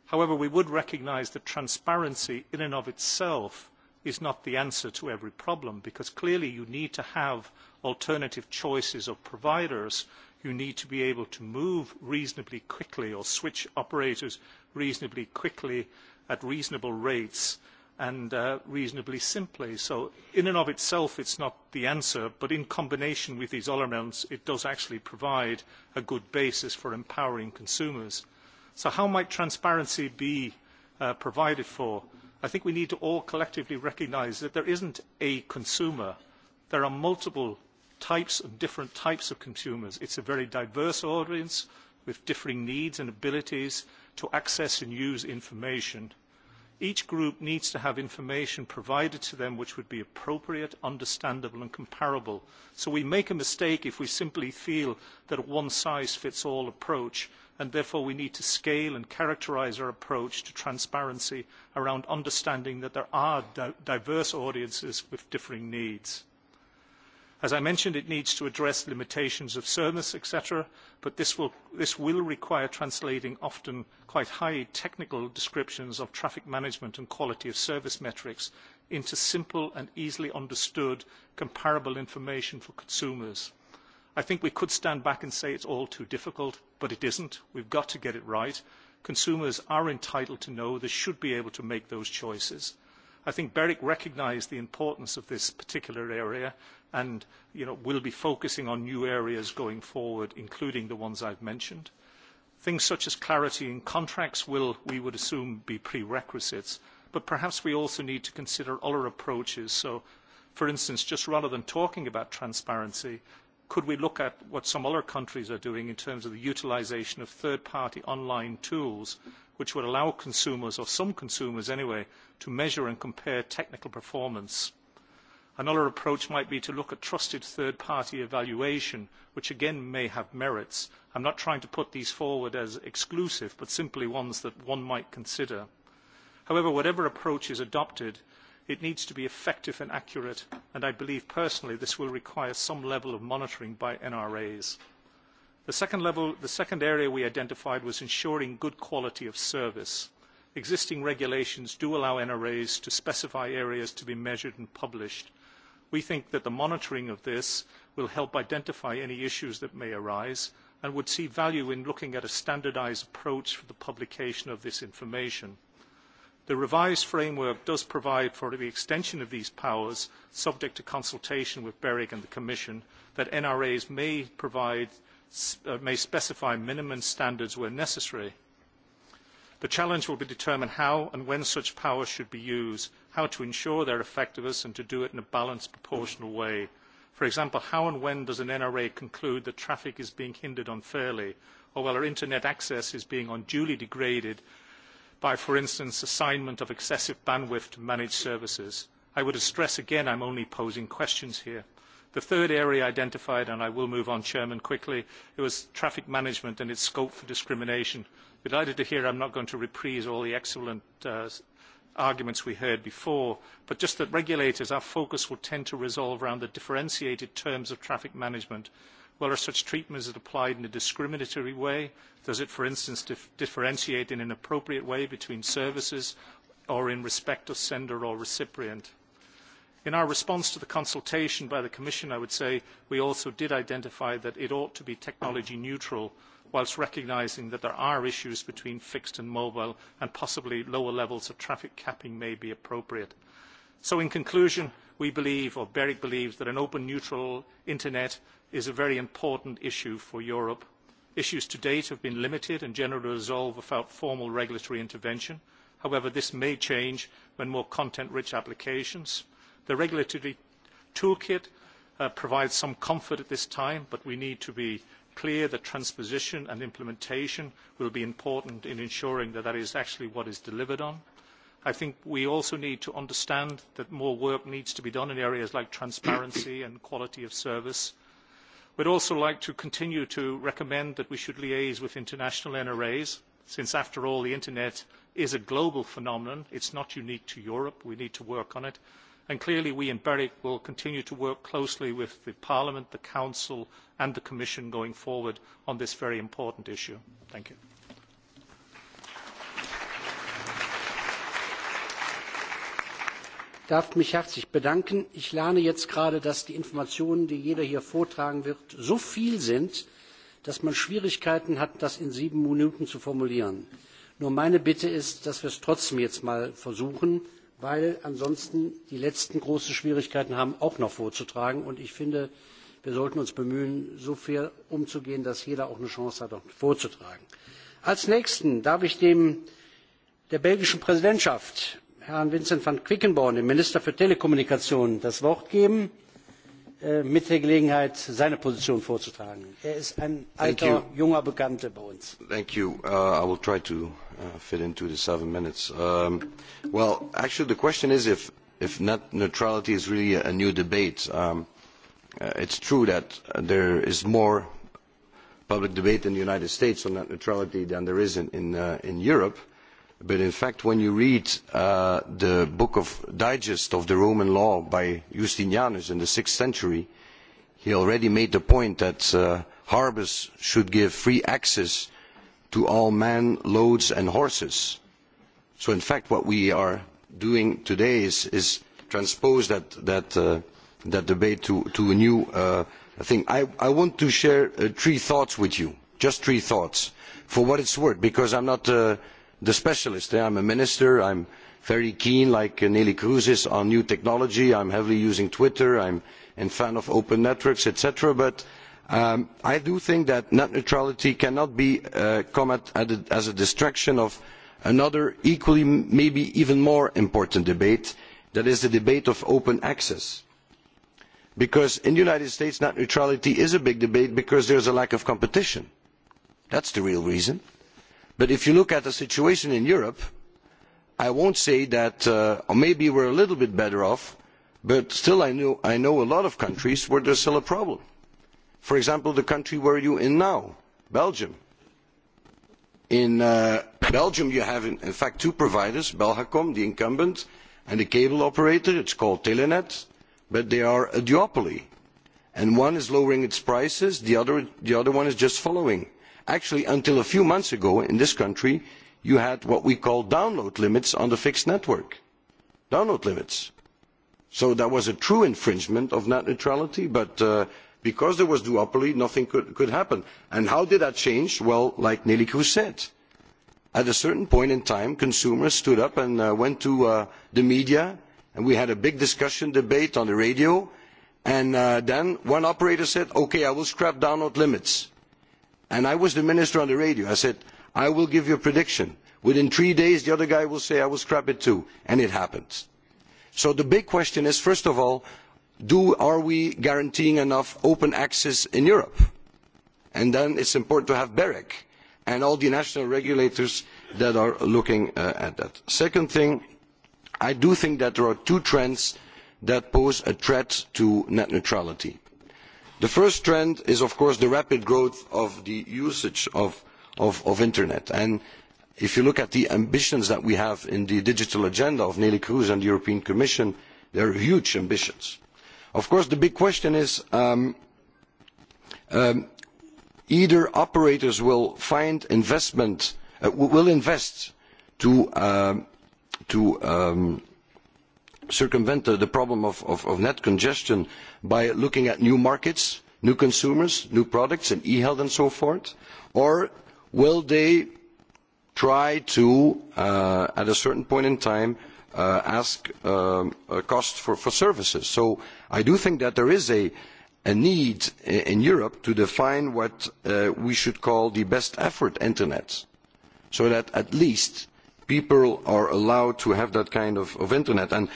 However, we would recognise that transparency in and of itself is not the answer to every problem because clearly you need to have alternative choices of providers. You need to be able to move reasonably quickly or switch operators reasonably quickly at reasonable rates and uh, reasonably simply. So in and of itself, it's not the answer, but in combination with these other elements, it does actually provide a good basis for empowering consumers. So how might transparency be uh, provided for? I think we need to all collectively recognise that there isn't a consumer. There are multiple types and different types of consumers. It's a very diverse audience with differing needs and abilities to access and use information. Each group needs to have information provided to them which would be appropriate, understandable and comparable. So we make a mistake if we simply feel that a one-size-fits-all approach and therefore we need to scale and characterise our approach to transparency around understanding that there are diverse audiences with differing needs as i mentioned it needs to address limitations of service etc but this will, require translating often quite high technical descriptions of traffic management and quality of service metrics into simple and easily understood comparable information for consumers. i think we could stand back and say it is all too difficult but it is not we have got to get it right. consumers are entitled to know they should be able to make those choices. I think BEREC recognised the importance of this particular area and you know, will be focusing on new areas going forward, including the ones I've mentioned. Things such as clarity in contracts will, we would assume, be prerequisites, but perhaps we also need to consider other approaches. So, for instance, just rather than talking about transparency, could we look at what some other countries are doing in terms of the utilisation of third-party online tools which would allow consumers, or some consumers anyway, to measure and compare technical performance? Another approach might be to look at trusted third-party evaluation, which again may have merits. I'm not trying to put these forward as exclusive, but simply ones that one might consider. However, whatever approach is adopted, It needs to be effective and accurate, and I believe personally this will require some level of monitoring by NRAs. The second, level, the second area we identified was ensuring good quality of service. Existing regulations do allow NRAs to specify areas to be measured and published. We think that the monitoring of this will help identify any issues that may arise and would see value in looking at a standardised approach for the publication of this information the revised framework does provide for the extension of these powers subject to consultation with berec and the commission that nras may provide uh, may specify minimum standards where necessary. the challenge will be to determine how and when such powers should be used how to ensure their effectiveness and to do it in a balanced proportional way. for example how and when does an nra conclude that traffic is being hindered unfairly or whether internet access is being unduly degraded by, for instance, assignment of excessive bandwidth to managed services. I would stress again I'm only posing questions here. The third area identified, and I will move on, Chairman, quickly, it was traffic management and its scope for discrimination. Delighted to hear I'm not going to reprise all the excellent uh, arguments we heard before, but just that regulators, our focus will tend to resolve around the differentiated terms of traffic management Well, are such treatments applied in a discriminatory way? Does it, for instance, dif differentiate in an appropriate way between services or in respect of sender or recipient? In our response to the consultation by the Commission, I would say we also did identify that it ought to be technology neutral whilst recognising that there are issues between fixed and mobile and possibly lower levels of traffic capping may be appropriate so in conclusion we believe or berec believes that an open neutral internet is a very important issue for europe. issues to date have been limited and generally resolved without formal regulatory intervention. however this may change when more content rich applications. the regulatory toolkit uh, provides some comfort at this time but we need to be clear that transposition and implementation will be important in ensuring that that is actually what is delivered on I think we also need to understand that more work needs to be done in areas like transparency and quality of service. We'd also like to continue to recommend that we should liaise with international NRAs, since after all the internet is a global phenomenon. It's not unique to Europe. We need to work on it. And clearly we in BEREC will continue to work closely with the Parliament, the Council and the Commission going forward on this very important issue. Thank you. darf mich herzlich bedanken. Ich lerne jetzt gerade, dass die Informationen, die jeder hier vortragen wird, so viel sind, dass man Schwierigkeiten hat, das in sieben Minuten zu formulieren. Nur meine Bitte ist, dass wir es trotzdem jetzt mal versuchen, weil ansonsten die letzten große Schwierigkeiten haben, auch noch vorzutragen. Und ich finde, wir sollten uns bemühen, so fair umzugehen, dass jeder auch eine Chance hat, vorzutragen. Als nächsten darf ich dem, der belgischen Präsidentschaft herrn vincent van quickenborne dem minister für telekommunikation das wort geben äh, mit der Gelegenheit, seine Position vorzutragen. Er ist ein alter, junger Bekannter bei uns. Thank you. Uh, I will try to uh, fit into the seven minutes. Um, well, actually, the question is if, net neutrality is really a, new debate. Um, uh, true that there is more public debate in the United States on net neutrality than there is in uh, Europe but in fact when you read uh, the book of digest of the roman law by justinianus in the sixth century he already made the point that uh, harbours should give free access to all men loads and horses so in fact what we are doing today is, is transpose that, uh, debate to, a new thing. I, want to share three thoughts with you, just three thoughts, for what it is worth, because i am not the specialist. Eh, i am a minister i am very keen like uh, neelie kroes is on new technology i am heavily using twitter i am a fan of open networks etc. but um, i do think that net neutrality cannot be uh, come at, as a distraction of another equally maybe even more important debate that is the debate of open access because in the united states net neutrality is a big debate because there is a lack of competition. that is the real reason but if you look at the situation in europe i will not say that uh, maybe we are a little bit better off but still I know, a lot of countries where there is still a problem for example the country where you are in now belgium in uh, belgium you have in, fact two providers belgacom the incumbent and a cable operator it's called telenet but they are a duopoly and one is lowering its prices the other one is just following actually until a few months ago in this country you had what we call download limits on the fixed network download limits so that was a true infringement of net neutrality but uh, because there was duopoly nothing could, could happen and how did that change well like Nelly Cruz said at a certain point in time consumers stood up and uh, went to uh, the media and we had a big discussion debate on the radio and uh, then one operator said okay I will scrap download limits and I was the minister on the radio. I said, I will give you a prediction. Within three days, the other guy will say, I will scrap it too. And it happened. So the big question is, first of all, do, are we guaranteeing enough open access in Europe? And then it's important to have BEREC and all the national regulators that are looking uh, at that. Second thing, I do think that there are two trends that pose a threat to net neutrality the first trend is of course the rapid growth of the usage of, the internet and if you look at the ambitions that we have in the digital agenda of Neelie Kroes and the European Commission, they are huge ambitions. Of course, the big question is um, um, either operators will find investment, uh, will invest to um, circumvent the, the problem of, of, of net congestion by looking at new markets, new consumers, new products, and e-health and so forth? Or will they try to, uh, at a certain point in time, uh, ask um, a cost for, for services? So I do think that there is a, a need in Europe to define what uh, we should call the best effort internet, so that at least people are allowed to have that kind of, of internet. And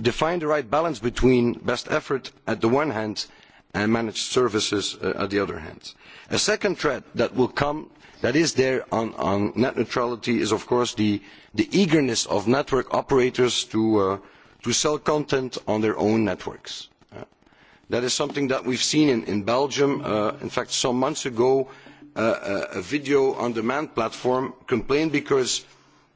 define the right balance between best effort on the one hand and managed services on uh, the other hand. A second threat that will come that is there on, on net neutrality is of course the, the eagerness of network operators to, uh, to, sell content on their own networks. Uh, that is something that we've seen in, in Belgium. Uh, in fact, some months ago, a video on demand platform complained because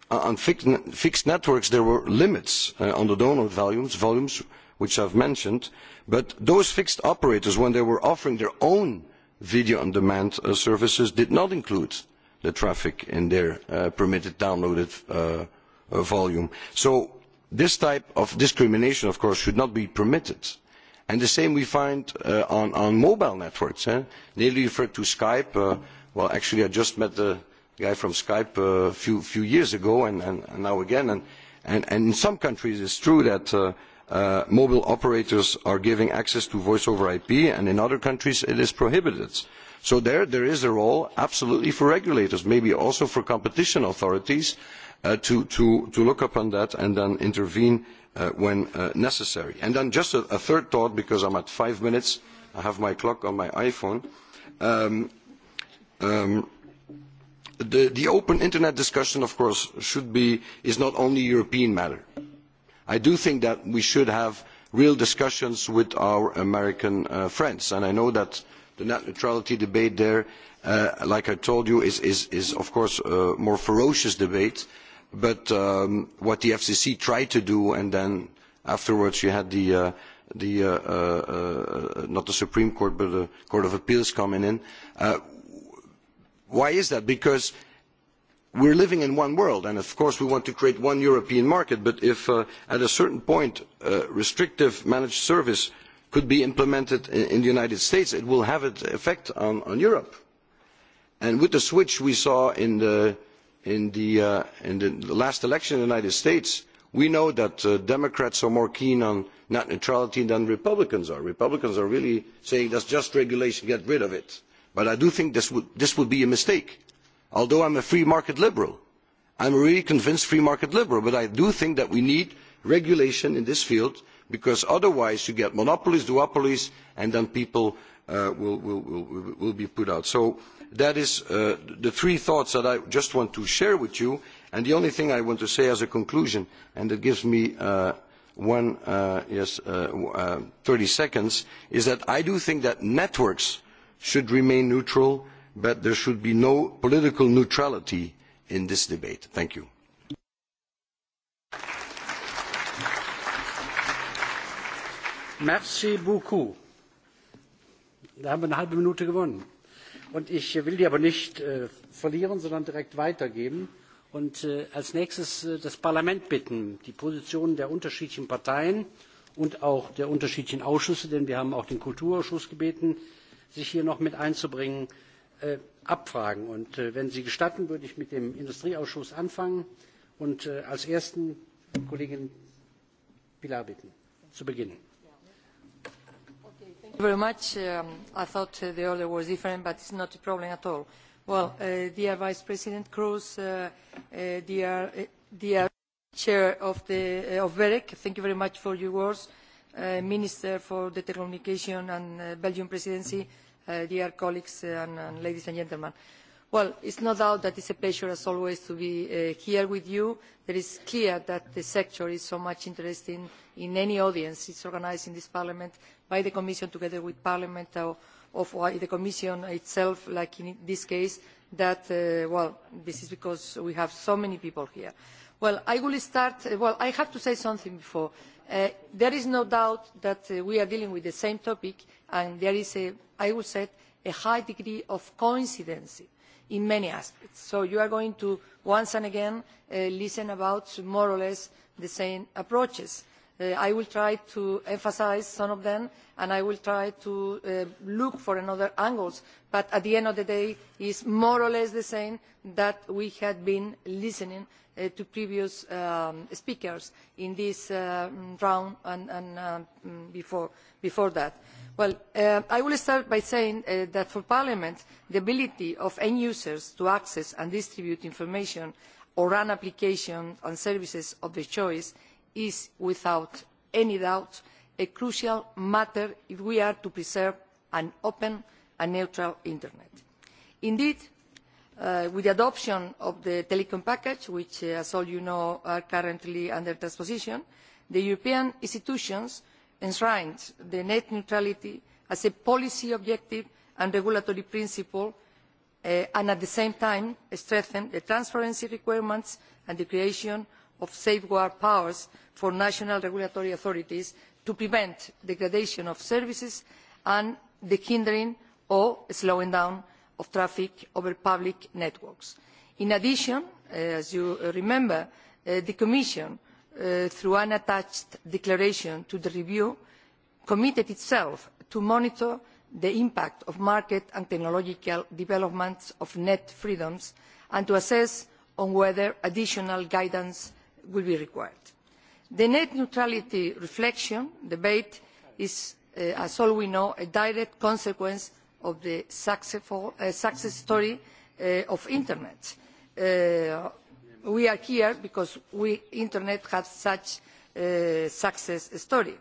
Uh, on fixed, fixed networks, there were limits uh, on the download volumes, volumes which I've mentioned, but those fixed operators, when they were offering their own video on demand uh, services, did not include the traffic in their uh, permitted downloaded uh, uh, volume. So this type of discrimination, of course, should not be permitted. And the same we find uh, on, on mobile networks. Eh? They refer to Skype. Uh, well, actually, I just met the guy from Skype a uh, few few years ago, and, and, and now again. And, and, and in some countries, it's true that uh, uh, mobile operators are giving access to voice over IP, and in other countries, it is prohibited. So there, there is a role absolutely for regulators, maybe also for competition authorities, uh, to, to, to look upon that and then intervene uh, when uh, necessary. And then just a, a third thought, because I'm at five minutes, I have my clock on my iPhone. Um, um, the, open internet discussion, of course, is not only a European matter. I do think that we should have real discussions with our American uh, friends, and I know that the net neutrality debate there, uh, like I told you, is, of course a uh, more ferocious debate, but um, what the FCC tried to do, and then afterwards you had the, not the Supreme Court, but the Court of Appeals coming in, Why is that? Because we're living in one world, and of course we want to create one European market, but if uh, at a certain point a uh, restrictive managed service could be implemented in, in the United States, it will have an effect on, on Europe. And with the switch we saw in the, in, the, uh, in the last election in the United States, we know that uh, Democrats are more keen on net neutrality than Republicans are. Republicans are really saying that's just regulation, get rid of it but i do think this would, be a mistake. although i am a free market liberal i am a really convinced free market liberal but i do think that we need regulation in this field because otherwise you get monopolies duopolies and then people uh, will, be put out. so that is uh, the three thoughts that i just want to share with you and the only thing i want to say as a conclusion and it gives me uh, one, uh, yes, 30 seconds is that i do think that networks should remain neutral, but there should be no political neutrality in this debate. Thank you. Merci beaucoup. Wir haben eine halbe Minute gewonnen. Und ich äh, will die aber nicht äh, verlieren, sondern direkt weitergeben und äh, als nächstes äh, das Parlament bitten, die Positionen der unterschiedlichen Parteien und auch der unterschiedlichen Ausschüsse, denn wir haben auch den Kulturausschuss gebeten, sich hier noch mit einzubringen, äh, abfragen. Und äh, wenn Sie gestatten, würde ich mit dem Industrieausschuss anfangen und äh, als ersten Kollegin Pilar bitten, zu beginnen. Thank you very much. Um, I thought uh, the order was different, but it's not a problem at all. Well, uh, dear Vice President Cruz, uh, uh, dear, uh, dear Chair of, the, uh, of BEREC, thank you very much for your words. Uh, Uh, Minister for the Telecommunication and uh, Belgian Presidency, uh, dear colleagues and, ladies and gentlemen. Well, it's no doubt that it's a pleasure, as always, to be here with you. It is clear that the sector is so much interesting in any audience. It's organised in this Parliament by the Commission together with Parliament or, by the Commission itself, like in this case, that, well, this is because we have so many people here. Well, I will start, well, I have to say something before. Uh, there is no doubt that uh, we are dealing with the same topic and there is i would say a high degree of coincidence in many aspects so you are going to once and again uh, listen about more or less the same approaches. Uh, i will try to emphasise some of them and i will try to uh, look for other angles but at the end of the day it is more or less the same that we had been listening uh, to previous um, speakers in this round and, before, before that. Well, i will start by saying that for parliament the ability of end users to access and distribute information or run applications and services of their choice is without any doubt a crucial matter if we are to preserve an open and neutral internet. indeed uh, with the adoption of the telecoms package which uh, as all you know is currently under transposition the european institutions enshrined net neutrality as a policy objective and regulatory principle uh, and at the same time strengthened the transparency requirements and the creation of safeguard powers for national regulatory authorities to prevent degradation of services and the hindering or slowing down of traffic over public networks. in addition eh, as you eh, remember eh, the commission through an attached declaration to the review committed itself to monitor the impact of market and technological developments on net freedoms and to assess whether additional guidance will be required. the net neutrality reflection debate is uh, as all we know a direct consequence of the uh, success story uh, of the internet. we are here because the internet has such a success story.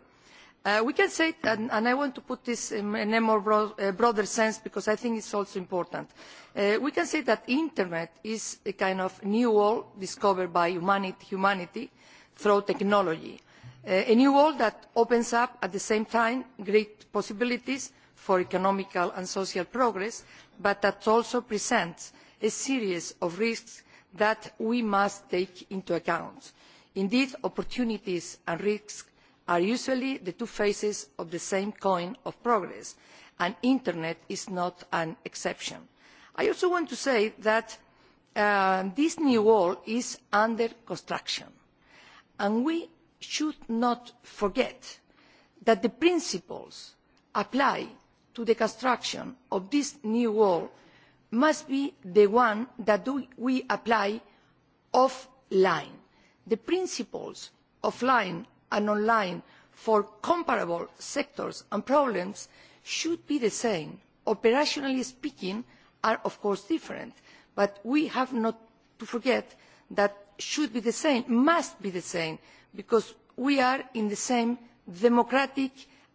Uh, we can say and, i want to put this in a uh, broader sense because i think it is also important uh, we can say that the internet is a kind of new world discovered by humanity through technology a new world that opens up at the same time great possibilities for economic and social progress but that also presents a series of risks that we must take into account. indeed opportunities and risks are usually the two faces of the same coin of progress and the internet is not an exception. i also want to say that uh, this new wall is under construction and we should not forget that the principles applied to the construction of this new wall must be the ones that we apply offline. the principles offline and online for comparable sectors and problems should be the same. operationally speaking are of course different but we have not to forget that should be the same must be the same because we are in the same democratic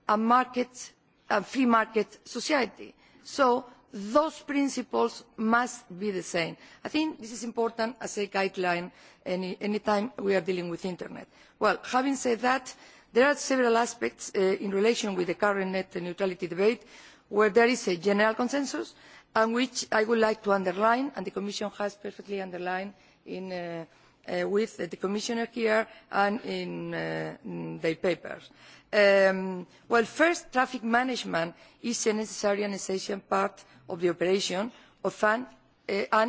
and, market, and free market society. so those principles must be the same. i think this is important as a guideline any, time we are dealing with the internet. Well, having said that there are several aspects uh, in relation with the current net neutrality debate where there is a general consensus and which i would like to underline and the commission has perfectly underlined uh, uh, with the commissioner here and in, in their papers. Um, well, first, traffic management is a necessary and essential part of the operation of an, uh,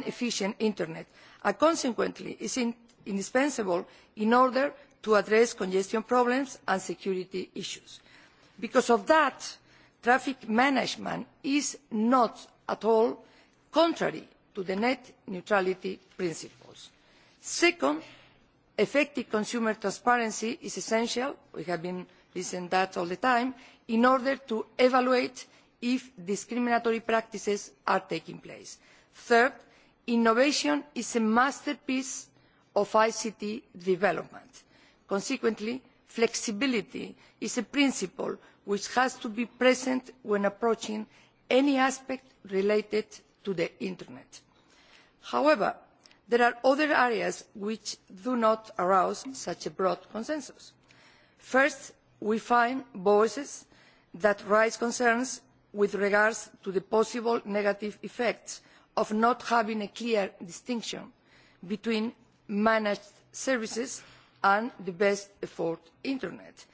efficient Internet, and consequently is indispensable in order to address congestion problems and security issues. Because of that, traffic management is not at all contrary to the net neutrality principles. Second, effective consumer transparency is essential. We have been this and that all the time in order to evaluate if discriminatory practices are taking place. third innovation is a masterpiece of ict development. consequently flexibility is a principle which has to be present when approaching any aspect related to the internet. however there are other areas which do not arouse such a broad consensus. first we find voices that raise concerns with regard to the possible negative effects of not having a clear distinction between managed services and the best effort internet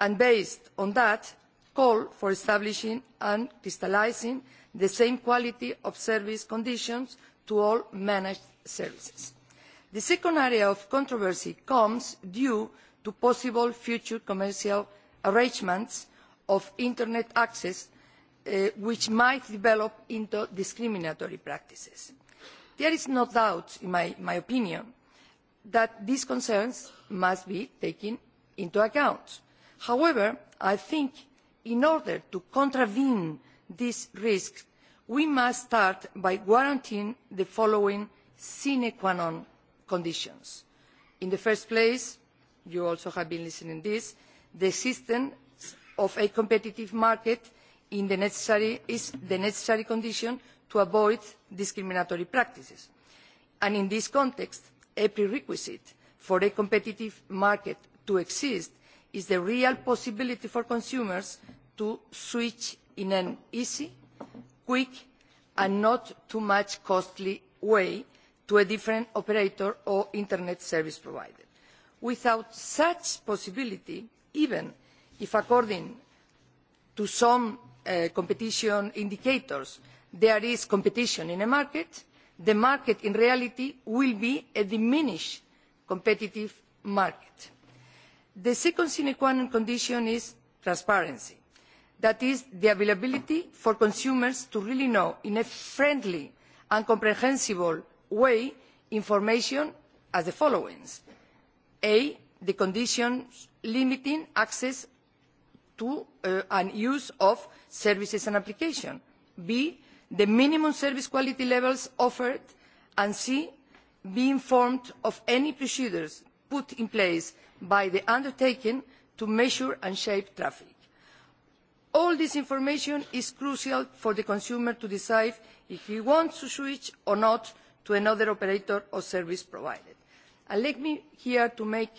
and based on that call for establishing and crystallising the same quality of service conditions to all managed services. the second area of controversy comes due to possible future commercial arrangements of internet access uh, which might develop into discriminatory practices. there is no doubt in my, my opinion that these concerns must be taken into account. however i think in order to contravene these risks we must start by guaranteeing the following sine qua non conditions in the first place you also have been listening to this the existence of a competitive market is the necessary condition to avoid discriminatory practices and in this context a prerequisite for a competitive market to exist is the real possibility for consumers to switch in an easy quick and not too much costly way to a different operator or internet service provider without such possibility even if according to some uh, competition indicators there is competition in a market the market in reality will be a diminished competitive market. the second sine qua non condition is transparency that is the availability for consumers to really know in a friendly and comprehensible way information as the following a the conditions limiting access to uh, and use of services and applications b the minimum service quality levels offered and c be informed of any procedures put in place by the undertaking to measure and shape traffic. all this information is crucial for the consumer to decide if he wants to switch or not to another operator or service provider allow me here to make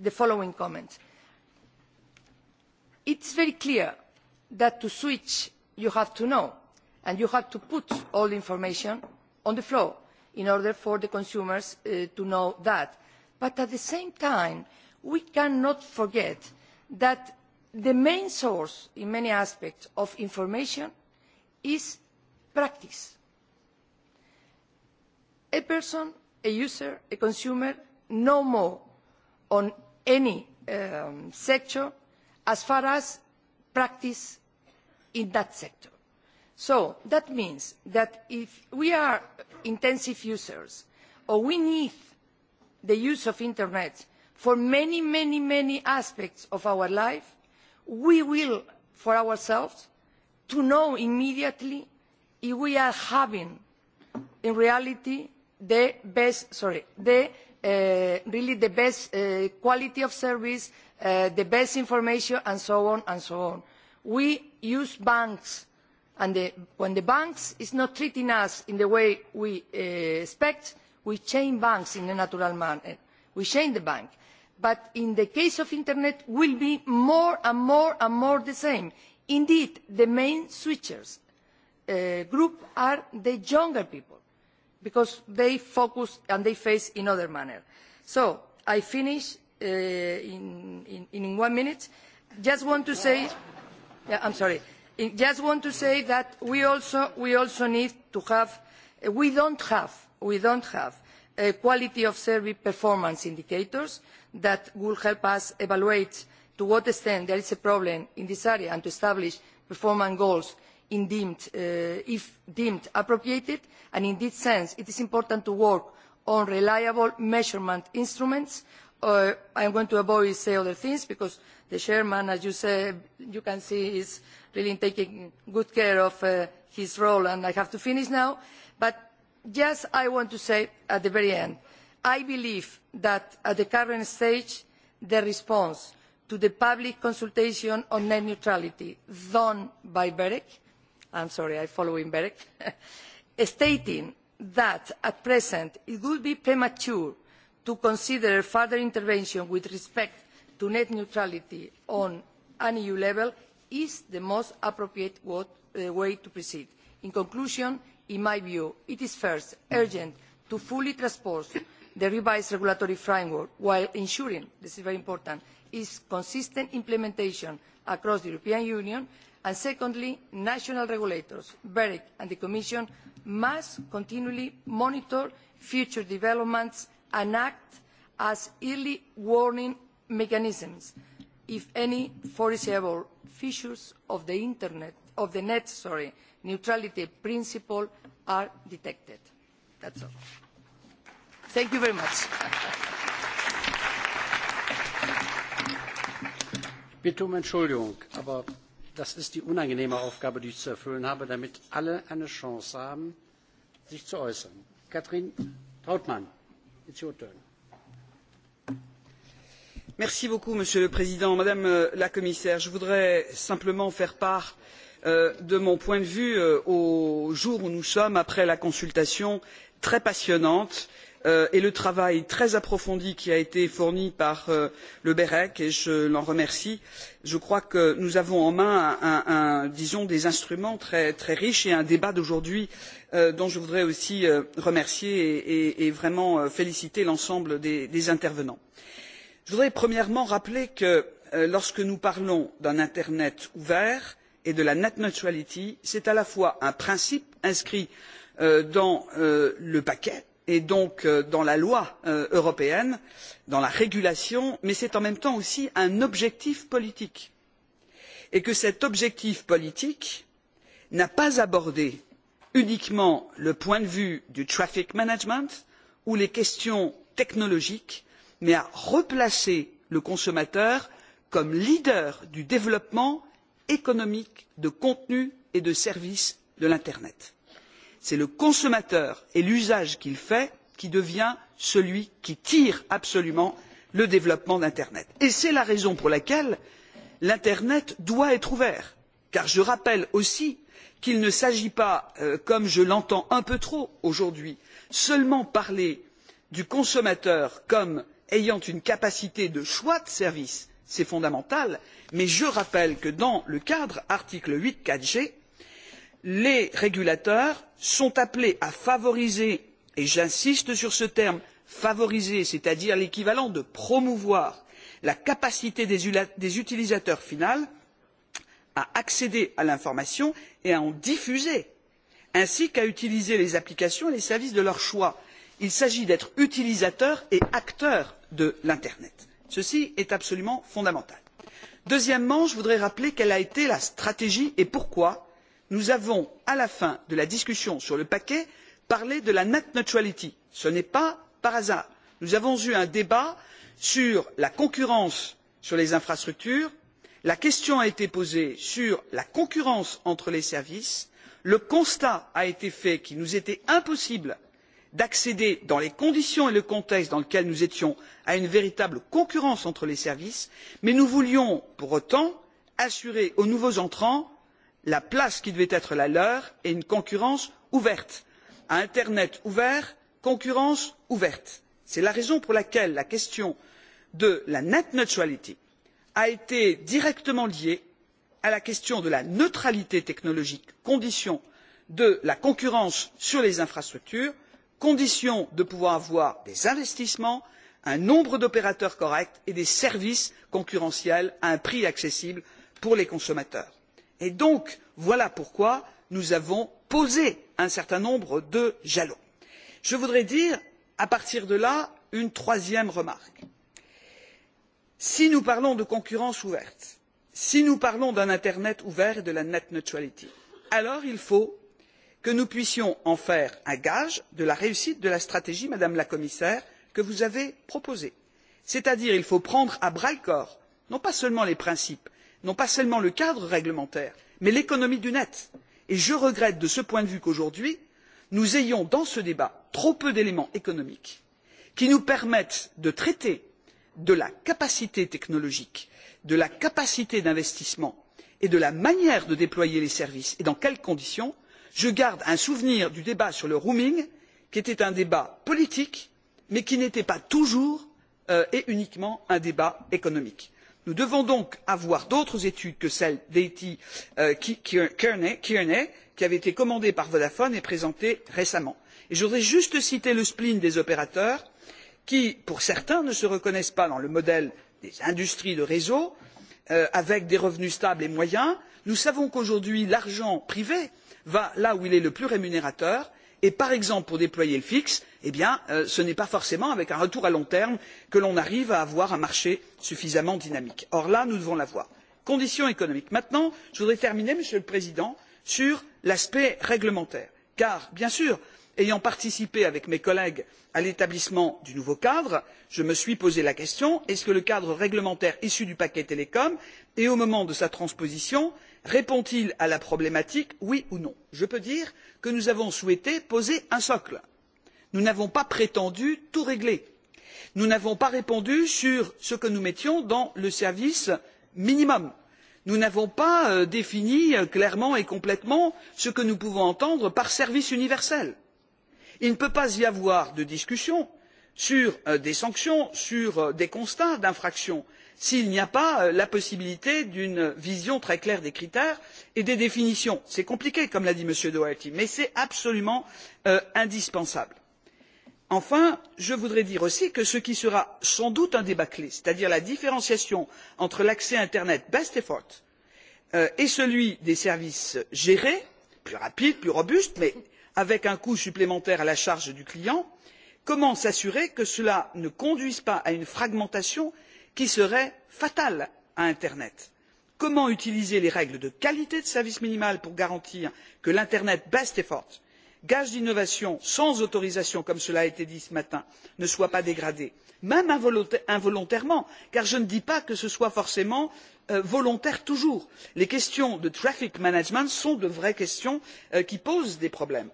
the following comments. it is very clear that to switch you have to know and you have to put all the information on the floor in order for the consumers uh, to know that. But at the same time, we cannot forget that the main source in many aspects of information is practice. A person a user, a consumer, no more on any um, sector as far as practice in that sector. So that means that if we are intensive users or we need the use of internet for many, many, many aspects of our life, we will, for ourselves, to know immediately if we are having, in reality, the best, uh, really the best uh, quality of service, uh, the best information, and so on and so on. We use banks, and when the banks is not treating us in the way we expect, we change banks in a natural manner. We change the bank. But in the case of internet, will be more and more and more the same. Indeed, the main switchers group are the younger people because they focus and they face in other manner. So I finish uh, in, in, in one minute. Just want to say, yeah, I'm sorry. Just want to say that we also, we also need to have, uh, we don't have, we don't have a quality of service performance indicators that will help us evaluate to what extent there is a problem in this area and to establish performance goals Uh, if deemed appropriate and in this sense it is important to work on reliable measurement instruments uh, i am going to avoid saying other things because the chairman as you, can see is really taking good care of uh, his role and i have to finish now but just i want to say at the very end i believe that at the current stage the response to the public consultation on net neutrality done by berec i am sorry, I follow in Berg, [laughs] stating that at present it would be premature to consider further intervention with respect to net neutrality on an EU level is the most appropriate uh, way to proceed. In conclusion, in my view, it is first urgent to fully transpose the revised regulatory framework while ensuring this is very important its consistent implementation across the European Union and secondly national regulators berec and the commission must continually monitor future developments and act as early warning mechanisms if any foreseeable fissures of the, net neutrality principle are detected. that is all. thank you very much. Das ist die unangenehme Aufgabe, die ich zu erfüllen habe, damit alle eine Chance haben, sich zu äußern. Katrin Trautmann, it's your turn. Merci beaucoup, Monsieur le Président. Madame euh, la Commissaire, je voudrais simplement faire part euh, de mon point de vue euh, au jour où nous sommes après la consultation très passionnante euh, Euh, et le travail très approfondi qui a été fourni par euh, le berec et je l'en remercie je crois que nous avons en main disons des instruments très, riches et un débat d'aujourd'hui euh, dont je voudrais aussi remercier et, vraiment féliciter l'ensemble des intervenants. je voudrais premièrement rappeler que lorsque nous parlons d'un internet ouvert et de la net neutrality c'est à la fois un principe inscrit dans le paquet et donc euh, dans la loi euh, européenne dans la régulation mais c'est en même temps aussi un objectif politique et que cet objectif politique n'a pas abordé uniquement le point de vue du traffic management ou les questions technologiques mais a replacé le consommateur comme leader du développement économique de contenus et de services de l'internet c'est le consommateur et l'usage qu'il fait qui devient celui qui tire absolument le développement d'internet. et c'est la raison pour laquelle l'internet doit être ouvert car je rappelle aussi qu'il ne s'agit pas euh, comme je l'entends un peu trop aujourd'hui seulement de parler du consommateur comme ayant une capacité de choix de service c'est fondamental mais je rappelle que dans le cadre de l'article huit paragraphe quatre g les régulateurs sont appelés à favoriser et j'insiste sur ce terme favoriser c'est à dire l'équivalent de promouvoir la capacité des utilisateurs finaux à accéder à l'information et à en diffuser ainsi qu'à utiliser les applications et les services de leur choix. il s'agit d'être utilisateurs et acteurs de l'internet. ceci est absolument fondamental. deuxièmement je voudrais rappeler quelle a été la stratégie et pourquoi nous avons à la fin de la discussion sur le paquet parlé de la net neutrality. ce n'est pas par hasard. nous avons eu un débat sur la concurrence sur les infrastructures la question a été posée sur la concurrence entre les services le constat a été fait qu'il nous était impossible d'accéder dans les conditions et le contexte dans lesquels nous étions à une véritable concurrence entre les services mais nous voulions pour autant assurer aux nouveaux entrants la place qui devait être la leur et une concurrence ouverte à internet ouvert concurrence ouverte. c'est la raison pour laquelle la question de la net neutrality a été directement liée à la question de la neutralité technologique condition de la concurrence sur les infrastructures condition de pouvoir avoir des investissements un nombre d'opérateurs correct et des services concurrentiels à un prix accessible pour les consommateurs et donc voilà pourquoi nous avons posé un certain nombre de jalons. je voudrais dire à partir de là une troisième remarque si nous parlons de concurrence ouverte si nous parlons d'un internet ouvert et de la net neutrality alors il faut que nous puissions en faire un gage de la réussite de la stratégie madame la commissaire que vous avez proposée c'est à dire qu'il faut prendre à bras le corps non pas seulement les principes non pas seulement le cadre réglementaire mais l'économie du net et je regrette de ce point de vue qu'aujourd'hui nous ayons dans ce débat trop peu d'éléments économiques qui nous permettent de traiter de la capacité technologique de la capacité d'investissement et de la manière de déployer les services et dans quelles conditions je garde un souvenir du débat sur le roaming qui était un débat politique mais qui n'était pas toujours euh, et uniquement un débat économique nous devons donc avoir d'autres études que celle d'eighty euh, kearney qui avait été commandée par vodafone et présentée récemment. je voudrais juste citer le spleen des opérateurs qui pour certains ne se reconnaissent pas dans le modèle des industries de réseaux euh, avec des revenus stables et moyens. nous savons qu'aujourd'hui l'argent privé va là où il est le plus rémunérateur et par exemple pour déployer le fixe eh euh, ce n'est pas forcément avec un retour à long terme que l'on arrive à avoir un marché suffisamment dynamique. or là nous devons l'avoir. conditions économiques maintenant je voudrais terminer monsieur le président sur l'aspect réglementaire car bien sûr ayant participé avec mes collègues à l'établissement du nouveau cadre je me suis posé la question est ce que le cadre réglementaire issu du paquet télécom et au moment de sa transposition répond il à la problématique oui ou non? je peux dire que nous avons souhaité poser un socle. nous n'avons pas prétendu tout régler. nous n'avons pas répondu sur ce que nous mettions dans le service minimum. nous n'avons pas euh, défini euh, clairement et complètement ce que nous pouvons entendre par service universel. il ne peut pas y avoir de discussion sur euh, des sanctions sur des constats d'infraction s'il n'y a pas euh, la possibilité d'une vision très claire des critères et des définitions. c'est compliqué comme l'a dit m. doherty mais c'est absolument euh, indispensable. enfin je voudrais dire aussi que ce qui sera sans doute un débat clé c'est à dire la différenciation entre l'accès internet best effort euh, et celui des services gérés plus rapide plus robuste mais avec un coût supplémentaire à la charge du client comment s'assurer que cela ne conduise pas à une fragmentation qui serait fatal à l'internet. comment utiliser les règles de qualité de service minimale pour garantir que l'internet best effort gage d'innovation sans autorisation comme cela a été dit ce matin ne soit pas dégradé même involontairement car je ne dis pas que ce soit forcément euh, volontaire toujours. les questions de traffic management sont de vraies questions euh, qui posent des problèmes.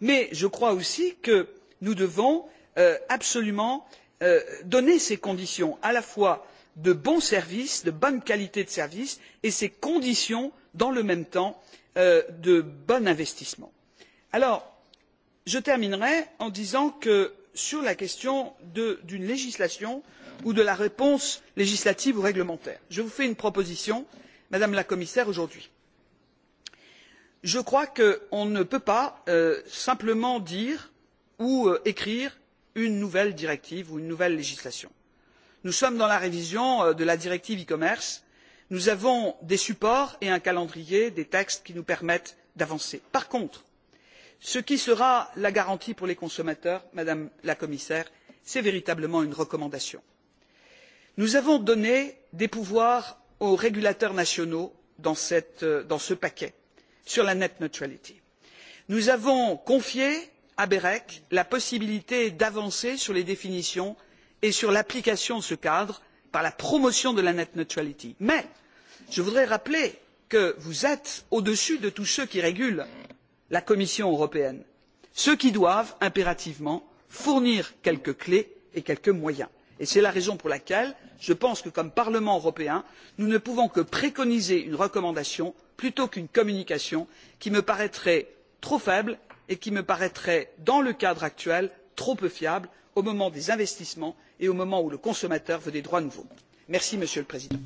mais je crois aussi que nous devons euh, absolument Euh, donner ces conditions à la fois de bons services de bonne qualité de service et ces conditions dans le même temps euh, de bon investissement. je terminerai en disant que sur la question d'une législation ou de la réponse législative ou réglementaire je vous fais une proposition madame la commissaire aujourd'hui. je crois qu'on ne peut pas euh, simplement dire ou écrire une nouvelle directive ou une nouvelle législation. nous sommes dans la révision euh, de la directive e commerce nous avons des supports et un calendrier des textes qui nous permettent d'avancer. par contre ce qui sera la garantie pour les consommateurs madame la commissaire c'est véritablement une recommandation. nous avons donné des pouvoirs aux régulateurs nationaux dans euh, ce paquet sur la net neutrality. nous avons confié à berec la possibilité d'avancer sur les définitions et sur l'application de ce cadre par la promotion de la net neutrality. mais je voudrais rappeler que vous êtes au dessus de tous ceux qui régulent la commission européenne ceux qui doivent impérativement fournir quelques clés et quelques moyens et c'est la raison pour laquelle je pense que comme parlement européen nous ne pouvons que préconiser une recommandation plutôt qu'une communication qui me paraîtrait trop faible et qui me paraîtrait dans le cadre actuel trop peu fiable au moment des investissements et au moment où le consommateur veut des droits nouveaux. merci monsieur le président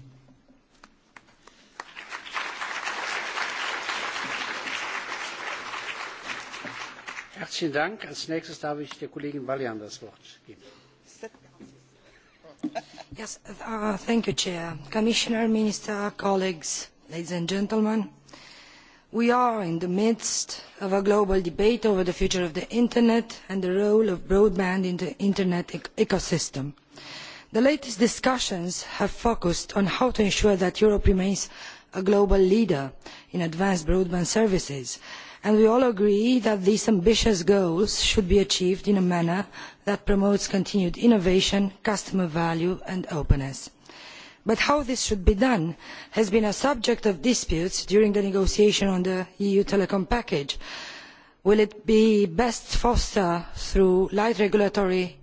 we are in the midst of a global debate over the future of the internet and the role of broadband in the internet e-, ecosystem. the latest discussions have focused on how to ensure that europe remains a global leader in advanced broadband services and we all agree that these ambitious goals should be achieved in a manner that promotes continued innovation customer value and openness but how this should be done has been a subject of dispute during the negotiation on the eu telecom package. will it be best fostered through light regulatory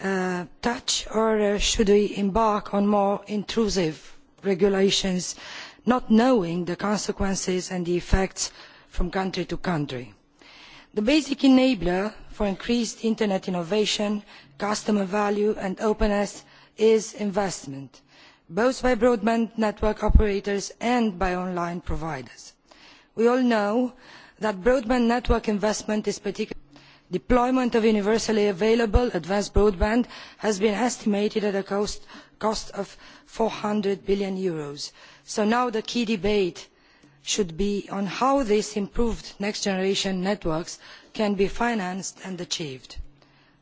uh, touch or uh, should we embark on more intrusive regulations not knowing the consequences and the effects from country to country? the basic enabler for increased internet innovation customer value and openness is investment both by broadband network operators and by online providers. we all know that broadband network investment is particularly important. deployment of universally available advanced broadband has been estimated at a cost, of eur four hundred billion. so now the key debate should be on how these improved next generation networks can be financed and achieved.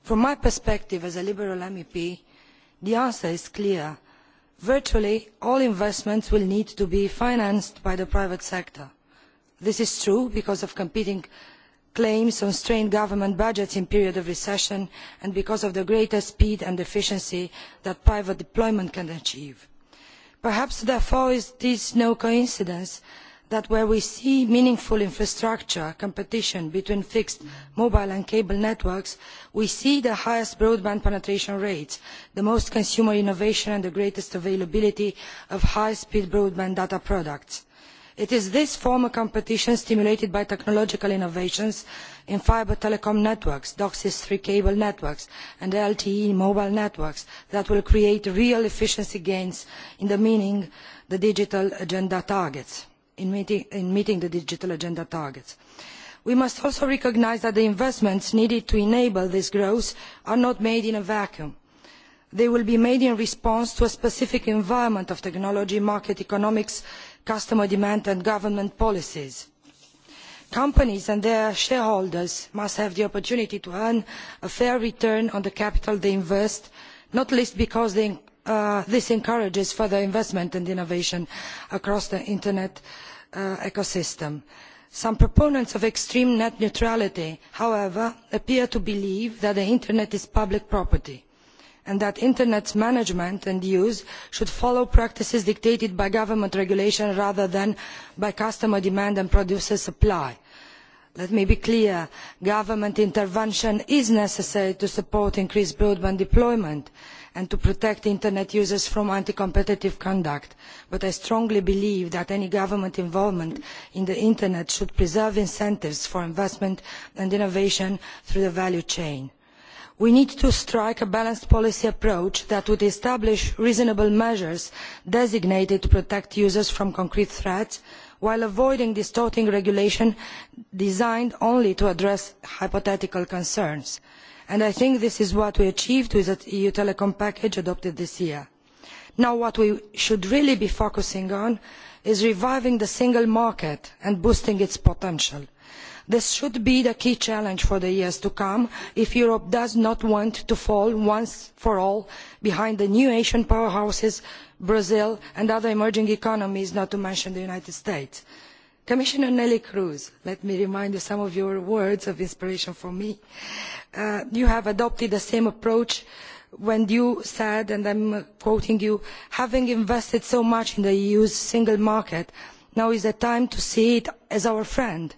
from my perspective as a liberal mep the answer is clear virtually all investments will need to be financed by the private sector. this is true because of competing claims on strained government budgets in periods of recession and because of the greater speed and efficiency that private deployment can achieve. perhaps therefore it is no coincidence that that where we see meaningful infrastructure competition between fixed mobile and cable networks we see the highest broadband penetration rates the most consumer innovation and the greatest availability of high speed broadband data products. it is this form of competition stimulated by technological innovations in fibre telecom networks docosis three cable networks and lte mobile networks that will create real efficiency gains in meeting the digital agenda targets in meeting, the digital agenda targets. we must also recognise that the investments needed to enable this growth are not made in a vacuum. they will be made in response to a specific environment of technology market economics customer demand and government policies. companies and their shareholders must have the opportunity to earn a fair return on the capital they invest not least because they Uh, this encourages further investment and innovation across the internet uh, ecosystem. some proponents of extreme net neutrality however appear to believe that the internet is public property and that internet management and use should follow practices dictated by government regulation rather than by customer demand and producer supply. let me be clear government intervention is necessary to support increased broadband deployment but and to protect internet users from anti competitive conduct but i strongly believe that any government involvement in the internet should preserve incentives for investment and innovation through the value chain. we need to strike a balanced policy approach that would establish reasonable measures designated to protect users from concrete threats while avoiding distorting regulation designed only to address hypothetical concerns and i think this is what we achieved with the eu telecom package adopted this year. now what we should really be focusing on is reviving the single market and boosting its potential. this should be the key challenge for the years to come if europe does not want to fall once for all behind the new asian powerhouses brazil and other emerging economies not to mention the united states. commissioner neelie kroes let me remind you of some of your words of inspiration for me Uh, you have adopted the same approach when you said and i am uh, quoting you having invested so much in the eu's single market now is the time to see it as our friend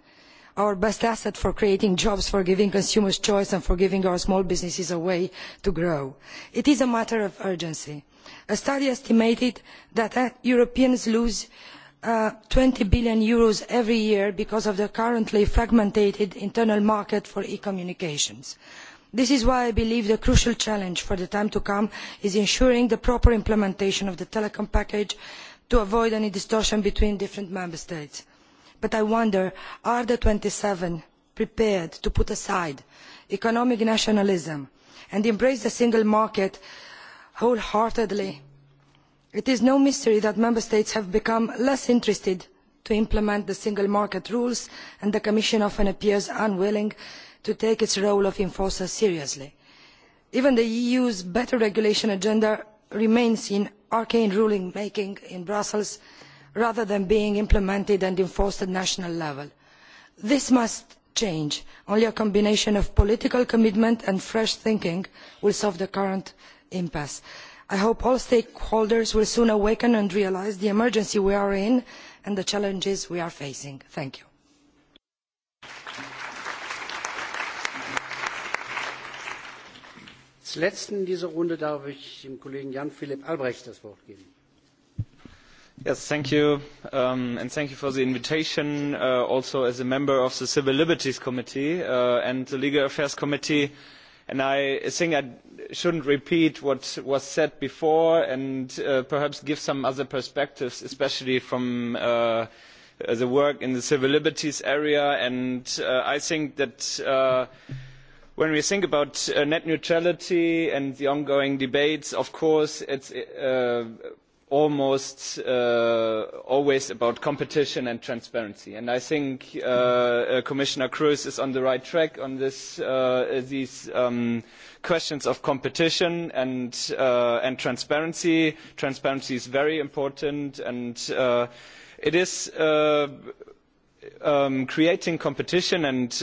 our best asset for creating jobs for giving consumers choice and for giving our small businesses a way to grow. it is a matter of urgency. a study estimated that uh, europeans lose eur eur uh, twenty billion every year because of the currently fragmented internal market for e communications. this is why i believe the crucial challenge for the time to come is ensuring the proper implementation of the telecoms package to avoid any distortion between different member states. but i wonder are the twenty seven prepared to put aside economic nationalism and embrace the single market wholeheartedly? it is no mystery that member states have become less interested in implementing the single market rules and the commission often appears unwilling to take its role of enforcer seriously. even the eu's better regulation agenda remains in arcane ruling making in brussels rather than being implemented and enforced at national level. this must change. only a combination of political commitment and fresh thinking will solve the current impasse i hope all stakeholders will soon awaken and realise the emergency we are in and the challenges we are facing. thank you. als letzten in dieser runde darf ich dem kollegen jan philipp albrecht das wort geben. Yes, thank you, um, and thank you for the invitation. Uh, also, as a member of the Civil Liberties Committee uh, and the Legal Affairs Committee, and I think I should not repeat what was said before and uh, perhaps give some other perspectives, especially from uh, the work in the civil liberties area. And uh, I think that when we think about net neutrality and the ongoing debates, of course, it is almost uh, always about competition and transparency. And I think uh, uh Commissioner Cruz is on the right track on this, uh, these um, questions of competition and, uh, and, transparency. Transparency is very important, and it is um, creating competition and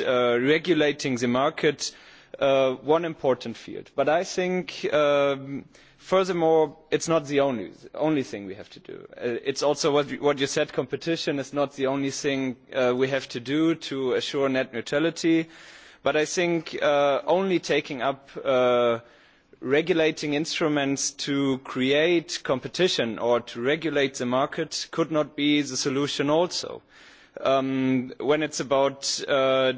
regulating the market one important field. But I think. Um, furthermore it is not the only, only thing we have to do. Uh, it is also what, what you said competition is not the only thing uh, we have to do to assure net neutrality but i think uh, only taking up uh, regulating instruments to create competition or to regulate the market could not be the solution also. Um, when it is about uh,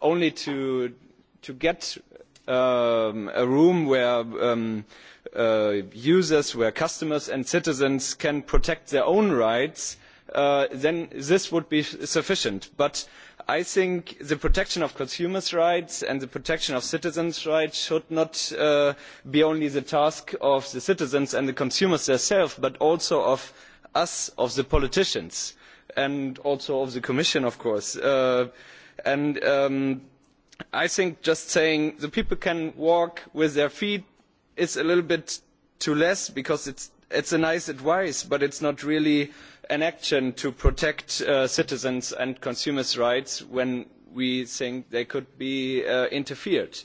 only to, to get um, a room where um, Uh, users, where customers and citizens can protect their own rights, uh, then this would be sufficient. But I think the protection of consumers' rights and the protection of citizens' rights should not uh, be only the task of the citizens and the consumers themselves, but also of us, of the politicians, and also of the Commission, of course. Uh, and um, I think just saying the people can walk with their feet is a little bit too less because it's it's a nice advice but it's not really an action to protect uh, citizens and consumers' rights when we think they could be uh, interfered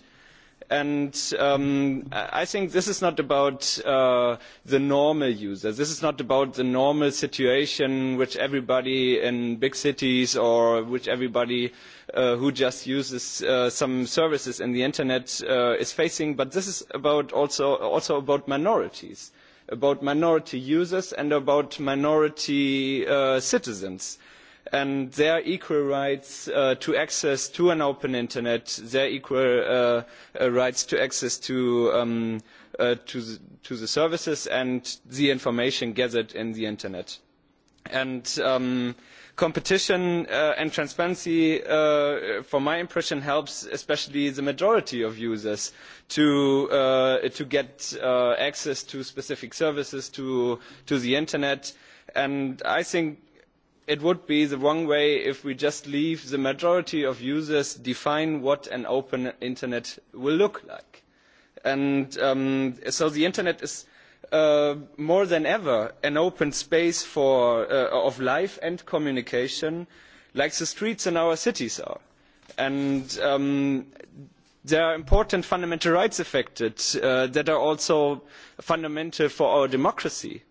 and um, I think this is not about uh, the normal user. This is not about the normal situation which everybody in big cities or which everybody uh, who just uses uh, some services in the internet uh, is facing, but this is about also, also about minorities, about minority users and about minority uh, citizens. Uh, and their equal rights uh, to access to an open internet, their equal uh, uh, rights to access to, um, uh, to, the, to, the, services and the information gathered in the internet. And um, competition uh, and transparency, uh, from my impression, helps especially the majority of users to, to get access to specific services, to, to the internet. And I think it would be the wrong way if we just leave the majority of users to define what an open internet will look like. And um, so the internet is uh, more than ever an open space for, uh, of life and communication like the streets in our cities are. And um, there are important fundamental rights affected uh, that are also fundamental for our democracy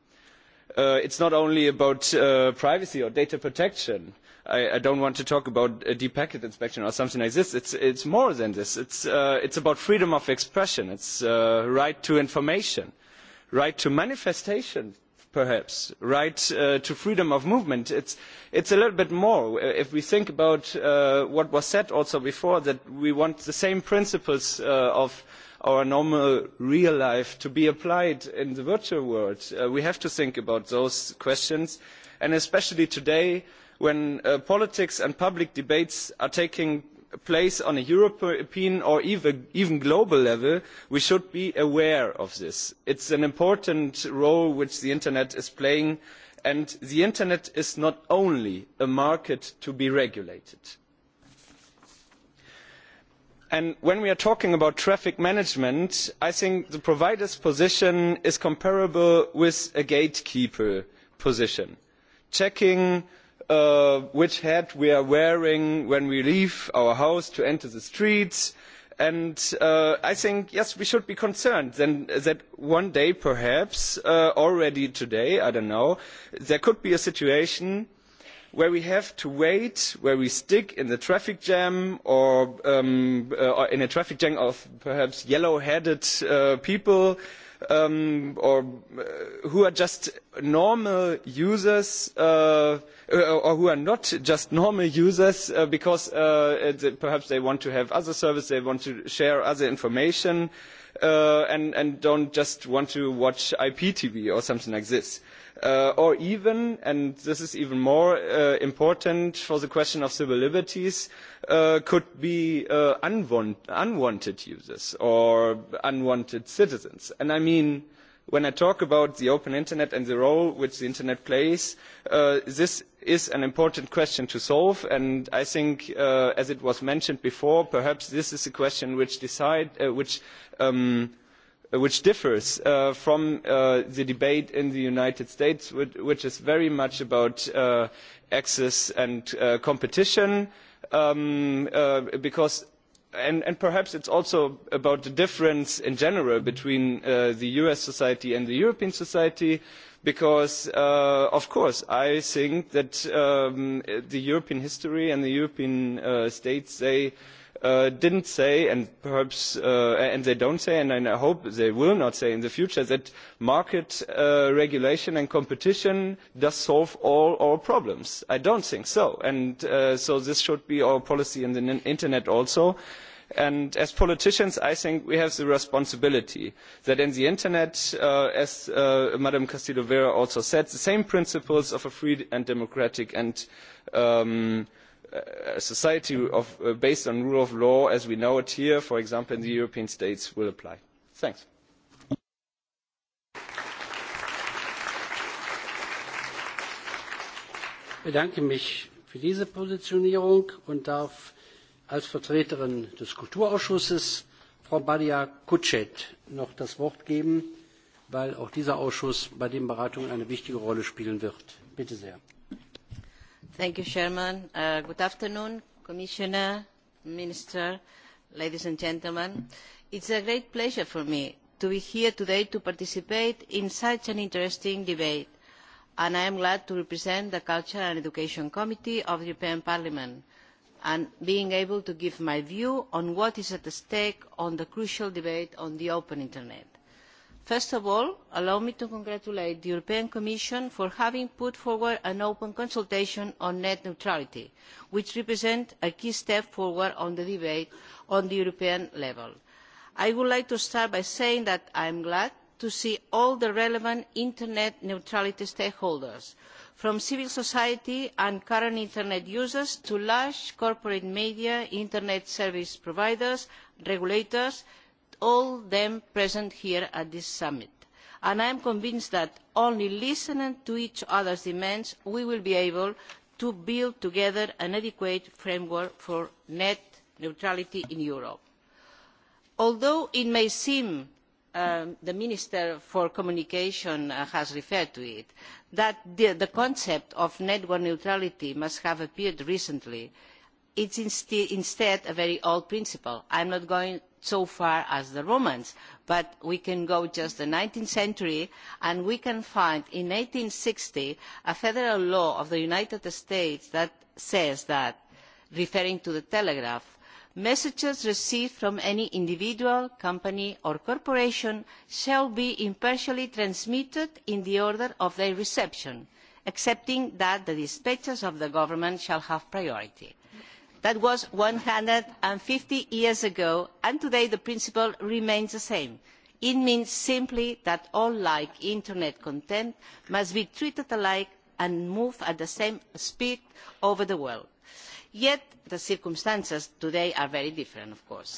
Uh, it is not only about uh, privacy or data protection i, do not want to talk about a deep packet inspection or something like this. it is more than this. it uh, is about freedom of expression. It's uh, right to information, right to manifestation, perhaps, right to freedom of movement. it is a little bit more. If we think about what was said also before, that we want the same principles of our normal real life to be applied in the virtual world? Uh, we have to think about those questions, and especially today when uh, politics and public debates are taking place on a European or even, global level, we should be aware of this. It's an important role which the Internet is playing, and the Internet is not only a market to be regulated And when we are talking about traffic management i think the provider's position is comparable with a gatekeeper position checking uh, which hat we are wearing when we leave our house to enter the streets and uh, i think yes we should be concerned that one day perhaps uh, already today i do not know there could be a situation where where we have to wait, where we stick in the traffic jam or, um, uh, or in a traffic jam of perhaps yellow-headed uh, people um, or uh, who are just normal users uh, uh, or who are not just normal users uh, because perhaps they want to have other service, they want to share other information and, and don't just want to watch IPTV or something like this. Uh, or even and this is even more uh, important for the question of civil liberties uh, could be unwanted users or unwanted citizens when i talk about the open internet and the role which the internet plays this is an important question to solve and i think as was mentioned before perhaps this is a question which, um, Uh, which differs uh, from uh, the debate in the United States, which, which is very much about uh, access and uh, competition, um, uh, because and, and perhaps it's also about the difference in general between the US society and the European society, because of course I think that um, the European history and the European states they did uh, didn't say and perhaps do uh, and they don't say and I hope they will not say in the future that market uh, regulation and competition solve all our problems. I don't think so and so this should be our policy in the internet also and as politicians I think we have the responsibility that in the internet as Madam Castillo Vera also said the same principles of a free and democratic and um, Uh, a society uh, based on rule of law as we know it here, for example, in the European states, will apply. Ich bedanke mich für diese Positionierung und darf als Vertreterin des Kulturausschusses Frau Badia Kutschet noch das Wort geben, weil auch dieser Ausschuss bei den Beratungen eine wichtige Rolle spielen wird. Bitte sehr. Thank you, Chairman. Uh, good afternoon, Commissioner, Minister, ladies and gentlemen. It's a great pleasure for me to be here today to participate in such an interesting debate, and I am glad to represent the Culture and Education Committee of the European Parliament and being able to give my view on what is at stake on the crucial debate on the open internet first of all allow me to congratulate the european commission for having put forward an open consultation on net neutrality which represents a key step forward on the debate at the european level. i would like to start by saying that i am glad to see all the relevant internet neutrality stakeholders from civil society and current internet users to large corporate media internet service providers regulators all them present here at this summit. And I am convinced that only listening to each other's demands we will be able to build together an adequate framework for net neutrality in Europe. Although it may seem um, the Minister for Communication uh, has referred to it, that the, the, concept of network neutrality must have appeared recently. It's instead a very old principle. I'm not going so far as the Romans, but we can go just the nineteenth century and we can find in one thousand eight hundred and sixty a federal law of the United States that says that, referring to the telegraph, messages received from any individual, company or corporation shall be impartially transmitted in the order of their reception, excepting that the dispatches of the government shall have priority that was one hundred and fifty years ago and today the principle remains the same. it means simply that all like internet content must be treated alike and move at the same speed over the world. yet the circumstances today are very different of course.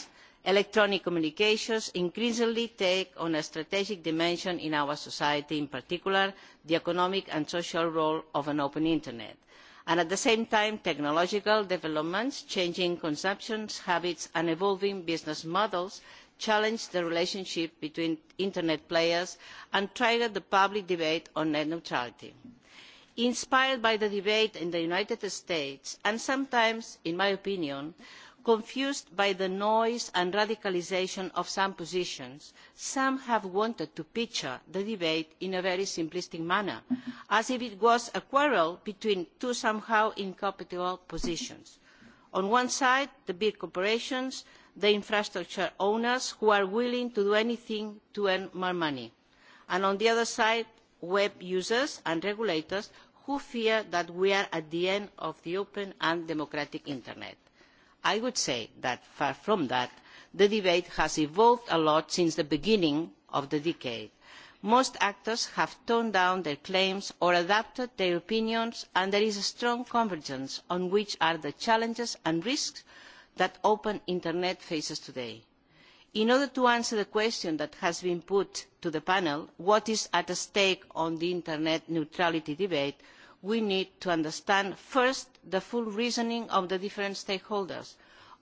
electronic communications increasingly take on a strategic dimension in our society in particular the economic and social role of an open internet and at the same time technological developments changing consumption habits and evolving business models challenge the relationship between internet players and trigger the public debate on net neutrality. Inspired by the debate in the United States, and sometimes, in my opinion, confused by the noise and radicalisation of some positions some have wanted to picture the debate in a very simplistic manner as if it was a quarrel between two somehow incompatible positions on one side the big corporations the infrastructure owners who are willing to do anything to earn more money and on the other side web users and regulators who fear that we are at the end of the open and democratic internet. I would say that far from that, the debate has evolved a lot since the beginning of the decade. Most actors have toned down their claims or adapted their opinions, and there is a strong convergence on which are the challenges and risks that open internet faces today. In order to answer the question that has been put to the panel, what is at stake on the internet neutrality debate, we need to understand first the full reasoning of the different stakeholders.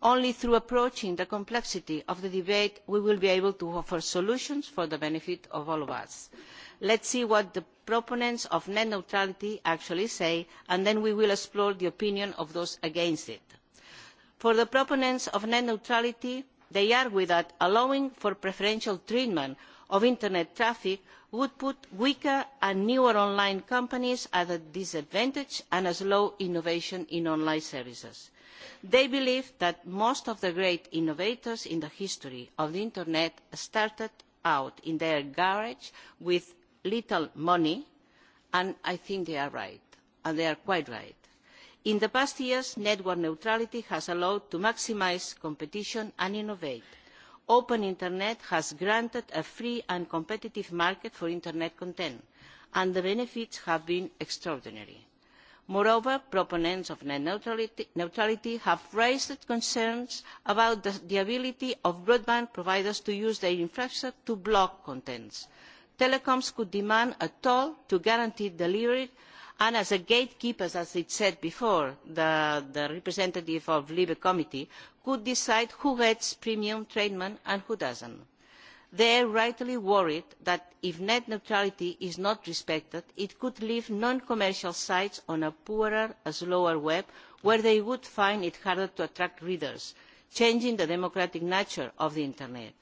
only through approaching the complexity of the debate will we be able to offer solutions for the benefit of all of us. let us see what the proponents of net neutrality actually say and then we will explore the opinion of those against it. for the proponents of net neutrality they argue that allowing for preferential treatment of internet traffic would put weaker and newer online companies at a disadvantage and a slow innovation in online services. They believe that most of the great innovators in the history of the internet started out in their garage with little money, and I think they are right, and they are quite right. In the past years, network neutrality has allowed to maximise competition and innovate open internet has granted a free and competitive market for internet content and the benefits have been extraordinary. moreover proponents of net neutrality, have raised concerns about the, the ability of broadband providers to use their infrastructure to block content. telecoms could demand a toll to guarantee delivery and as a gatekeepers as it said before the, representative of the libe committee could decide who gets premium treatment and who does not. they are rightly worried that if net neutrality is not respected it could leave non-commercial sites on a poorer a slower web where they would find it harder to attract readers changing the democratic nature of the internet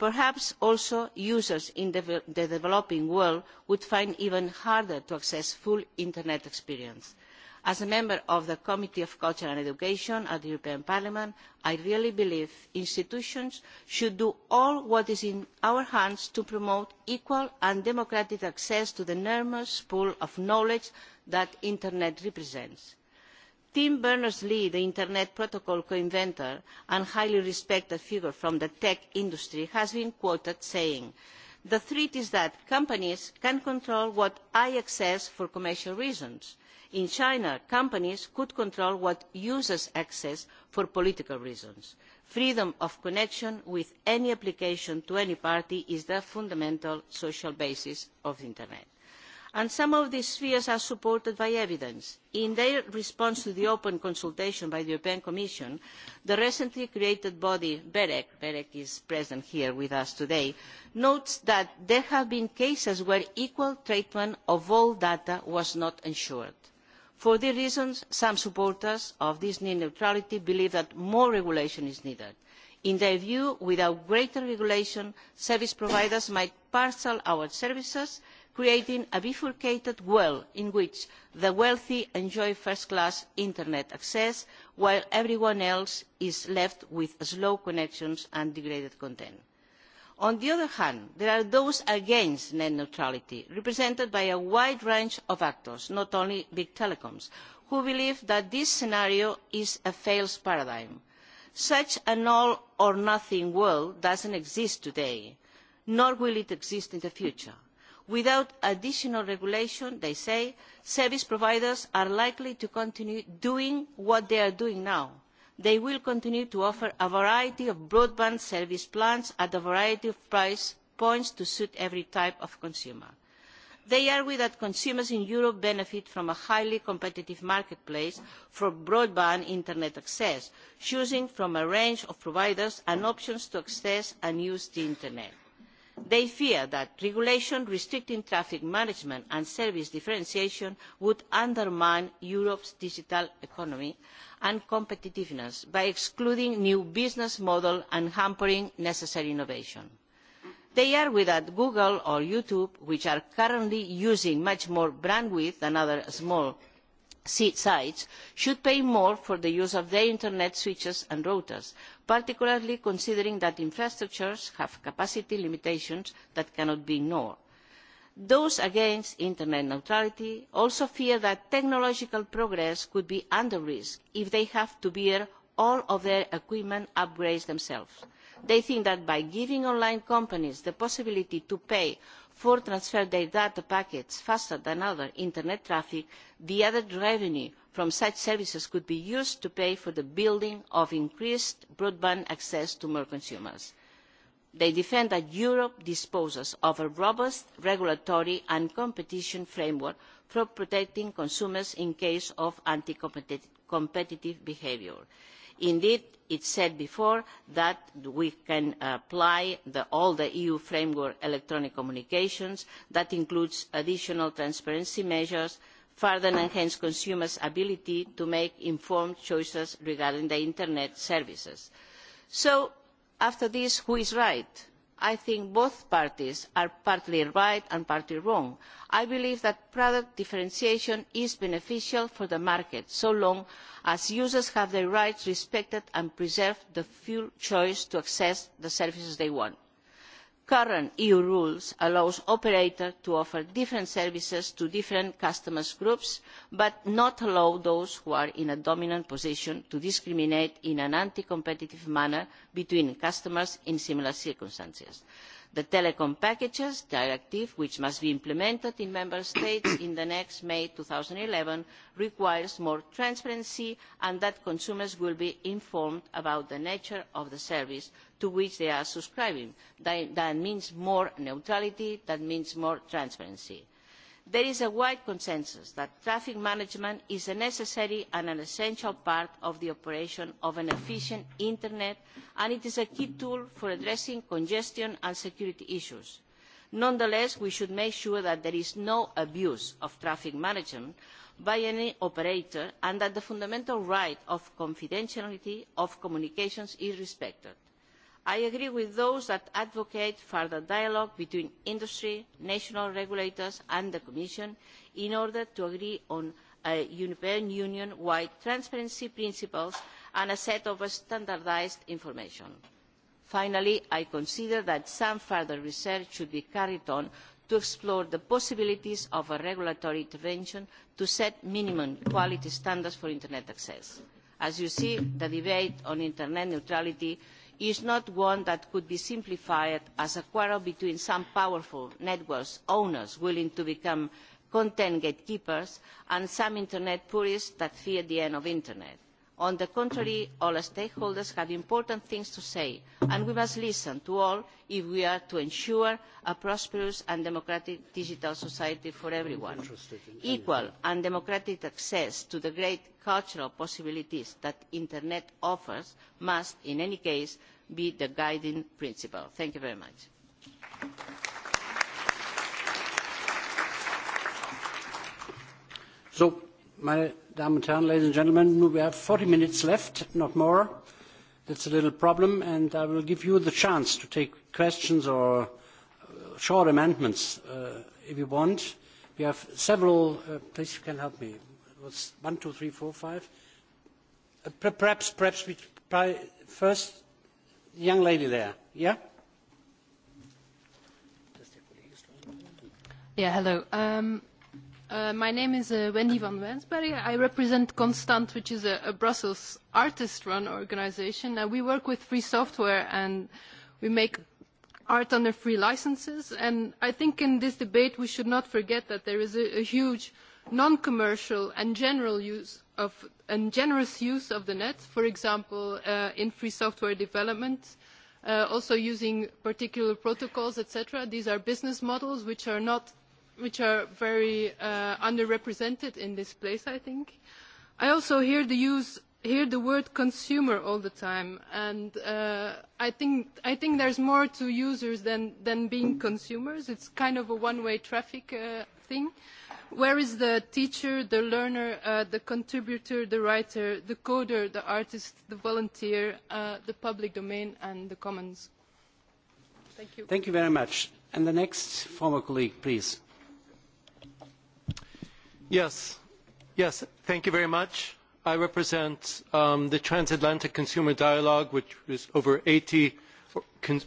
perhaps also users in the developing world would find it even harder to access full internet experience. as a member of the committee on culture and education at the european parliament i really believe institutions should do all that is in our hands to promote equal and democratic access to the enormous pool of knowledge that the internet represents. Tim Berners-Lee, the Internet Protocol co-inventor and highly respected figure from the tech industry, has been quoted saying, the threat is that companies can control what I access for commercial reasons. In China, companies could control what users access for political reasons. Freedom of connection with any application to any party is the fundamental social basis of the Internet and some of these fears are supported by evidence. in their response to the open consultation by the european commission the recently created body berec berec is present here with us today notes that there have been cases where equal treatment of all data was not ensured. for these reasons some supporters of this new neutrality believe that more regulation is needed. in their view without greater regulation service providers might parcel our services creating a bifurcated world in which the wealthy enjoy first class internet access while everyone else is left with slow connections and degraded content. on the other hand there are those against net neutrality represented by a wide range of actors not only big telecoms who believe that this scenario is a failed paradigm. such an all or nothing world does not exist today nor will it exist in the future without additional regulation they say service providers are likely to continue doing what they are doing now they will continue to offer a variety of broadband service plans at a variety of price points to suit every type of consumer. they argue that consumers in europe benefit from a highly competitive marketplace for broadband internet access choosing from a range of providers and options to access and use the internet They fear that regulation restricting traffic management and service differentiation would undermine Europe's digital economy and competitiveness by excluding new business models and hampering necessary innovation. They argue that Google or YouTube, which are currently using much more bandwidth than other small sites should pay more for the use of their internet switches and routers, particularly considering that infrastructures have capacity limitations that cannot be ignored. Those against internet neutrality also fear that technological progress could be under risk if they have to bear all of their equipment upgrades themselves. They think that by giving online companies the possibility to pay for transfer their data packets faster than other internet traffic, the added revenue from such services could be used to pay for the building of increased broadband access to more consumers. They defend that Europe disposes of a robust regulatory and competition framework for protecting consumers in case of anti-competitive behaviour. Indeed, it said before that we can apply all the EU framework electronic communications. That includes additional transparency measures, further enhance consumers' ability to make informed choices regarding the Internet services. So after this, who is right? I think both parties are partly right and partly wrong. I believe that product differentiation is beneficial for the market so long as users have their rights respected and preserve the full choice to access the services they want current eu rules allow operators to offer different services to different customer groups but does not allow those who are in a dominant position to discriminate in an anti competitive manner between customers in similar circumstances. the telecom packages directive which must be implemented in member states in the next may two thousand and eleven requires more transparency and that consumers will be informed about the nature of the service to which they are subscribing. That, means more neutrality, that means more transparency. There is a wide consensus that traffic management is a necessary and an essential part of the operation of an efficient Internet, and it is a key tool for addressing congestion and security issues. Nonetheless, we should make sure that there is no abuse of traffic management by any operator and that the fundamental right of confidentiality of communications is respected. I agree with those that advocate further dialogue between industry, national regulators and the Commission in order to agree on a European Union-wide transparency principles and a set of standardised information. Finally, I consider that some further research should be carried on to explore the possibilities of a regulatory intervention to set minimum quality standards for Internet access. As you see, the debate on Internet neutrality is not one that could be simplified as a quarrel between some powerful network owners willing to become content gatekeepers and some internet purists that fear the end of the internet. On the contrary, all stakeholders have important things to say, and we must listen to all if we are to ensure a prosperous and democratic digital society for everyone. Equal and democratic access to the great cultural possibilities that Internet offers must, in any case, be the guiding principle. Thank you very much. So Meine Damen und Herren, ladies and gentlemen, we have 40 minutes left, not more. That's a little problem, and I will give you the chance to take questions or uh, short amendments uh, if you want. We have several, uh, please you can help me. What's one, two, three, four, five? perhaps, we try first, young lady there, yeah? Yeah, hello. Um, Uh, my name is uh, Wendy van Wensberg. I represent Constant, which is a, a Brussels artist-run organization. And uh, we work with free software and we make art under free licenses. And I think in this debate we should not forget that there is a, a huge non-commercial and general use of and generous use of the net, for example, uh, in free software development, uh, also using particular protocols, etc. These are business models which are not which are very uh, underrepresented in this place, I think. I also hear the use hear the word consumer all the time, and uh, I think I think there's more to users than than being consumers. It's kind of a one-way traffic uh, thing. Where is the teacher, the learner, uh, the contributor, the writer, the coder, the artist, the volunteer, uh, the public domain, and the commons? Thank you. Thank you very much. And the next former colleague, please. I represent um, the Transatlantic Consumer Dialogue, which is over eighty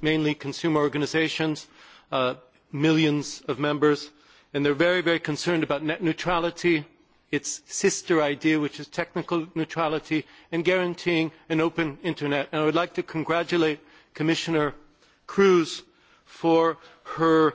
mainly consumer organisations uh, millions of members, and they're very, very concerned about net neutrality, its sister idea, which is technical neutrality, and guaranteeing an open internet. I would like to congratulate Commissioner kroes for her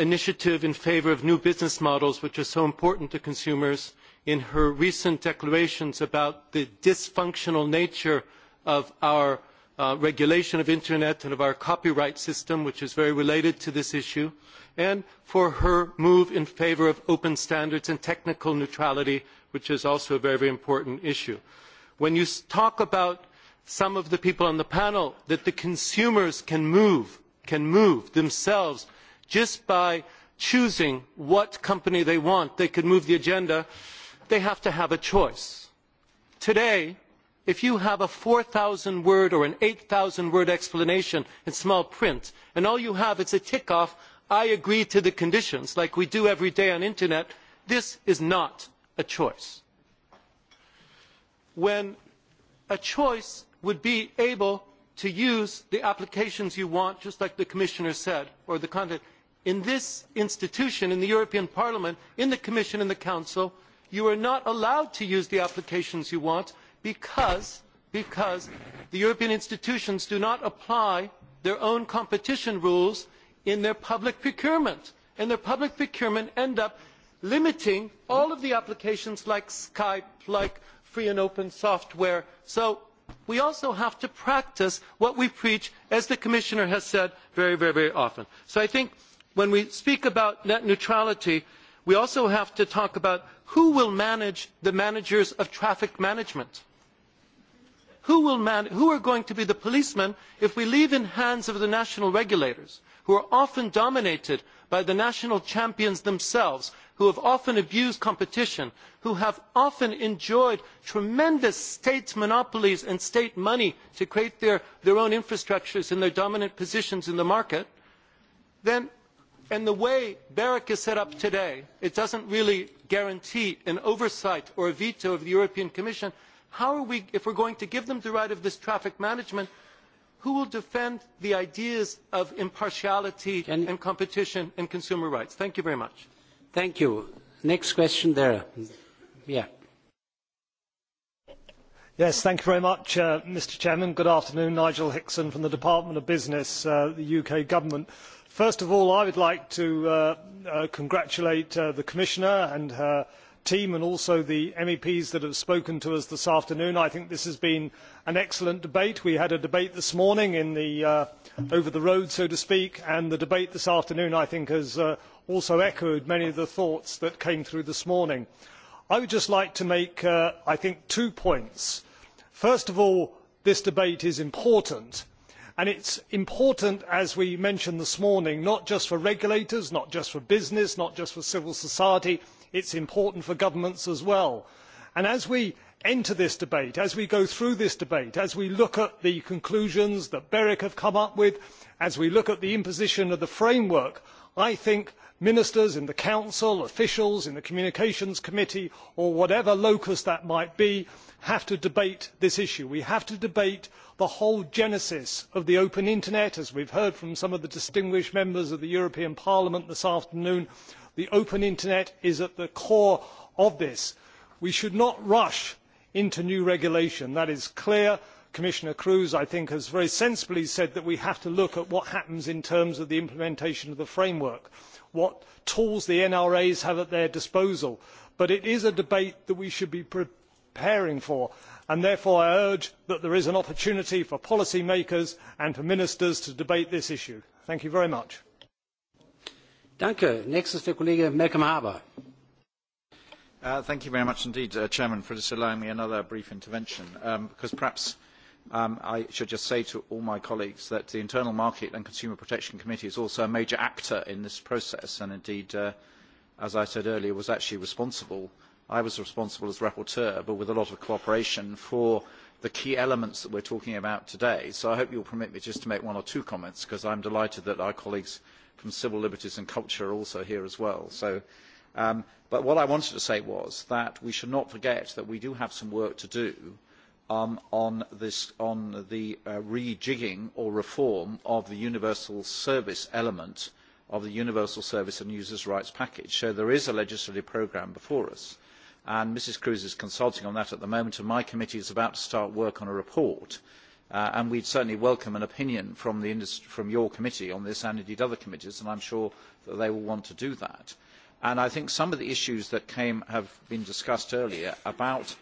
initiative in favour of new business models which are so important to consumers in her recent declarations about the dysfunctional nature of our uh, regulation of the internet and of our copyright system which is very related to this issue and for her move in favour of open standards and technical neutrality which is also a very, very important issue. when you talk about some of the people on the panel that the consumers can move can move themselves just by choosing what company they want they could move the agenda they have to have a choice today if you have a thousand word or an thousand word explanation in small print and all you have is a tick off i agree to the conditions like we do every day on internet this is not a choice when a choice would be able to use the applications you want just like the commissioner said or the content in this institution, in the European Parliament, in the Commission and the Council, you are not allowed to use the applications you want because, because the European institutions do not apply their own competition rules in their public procurement. And their public procurement end up limiting all of the applications like Skype, like free and open software. So we also have to practice what we preach, as the Commissioner has said very, very, very often. So I think when we speak about net neutrality, we also have to talk about who will manage the managers of traffic management. Who, will man- who are going to be the policemen if we leave in hands of the national regulators, who are often dominated by the national champions themselves, who have often abused competition, who have often enjoyed tremendous state monopolies and state money to create their, their own infrastructures and their dominant positions in the market, then and the way berec is set up today it does not really guarantee an oversight or a veto of the european commission how are we if we are going to give them the right of this traffic management who will defend the ideas of impartiality Can... and competition and consumer rights? thank you very much. thank you. next question there. Yeah. Yes, thank you very much, uh, Mr. Chairman. Good afternoon, Nigel Hickson from the Department of Business, uh, the UK Government. Uh, first of all i would like to uh, uh, congratulate uh, the commissioner and her team and also the meps that have spoken to us this afternoon. i think this has been an excellent debate. we had a debate this morning over the road so to speak and the debate this afternoon i think has also echoed many of the thoughts that came through this morning. i would just like to make i think two points. first of all this debate is important and it is important as we mentioned this morning not just for regulators not just for business not just for civil society it is important for governments as well. as we enter this debate as we go through this debate as we look at the conclusions that berec has come up with as we look at the imposition of the framework i think ministers in the council officials in the communications committee or whatever locus that might be have to debate this issue. we have to debate the whole genesis of the open internet as we have heard from some of the distinguished members of the european parliament this afternoon. the open internet is at the core of this. we should not rush into new regulation that is clear. commissioner kroes i think has very sensibly said that we have to look at what happens in terms of the implementation of the framework what tools the nras have at their disposal but it is a debate that we should be preparing for and therefore i urge that there is an opportunity for policy makers and for ministers to debate this issue. thank you very much. Uh, thank you very much indeed uh, Chairman, for just allowing me another brief intervention um, because perhaps Um, I should just say to all my colleagues that the Internal Market and Consumer Protection Committee is also a major actor in this process and indeed, uh, as I said earlier, was actually responsible. I was responsible as rapporteur, but with a lot of cooperation for the key elements that we're talking about today. So I hope you'll permit me just to make one or two comments because I'm delighted that our colleagues from Civil Liberties and Culture are also here as well. So, um, but what I wanted to say was that we should not forget that we do have some work to do Um, on, the uh, rejigging or reform of the universal service element of the universal service and users' rights package. So there is a legislative programme before us, and Mrs Cruz is consulting on that at the moment, and my committee is about to start work on a report. Uh, and we would certainly welcome an opinion from, your committee on this and indeed other committees, and i am sure that they will want to do that. I think some of the issues that have been discussed earlier about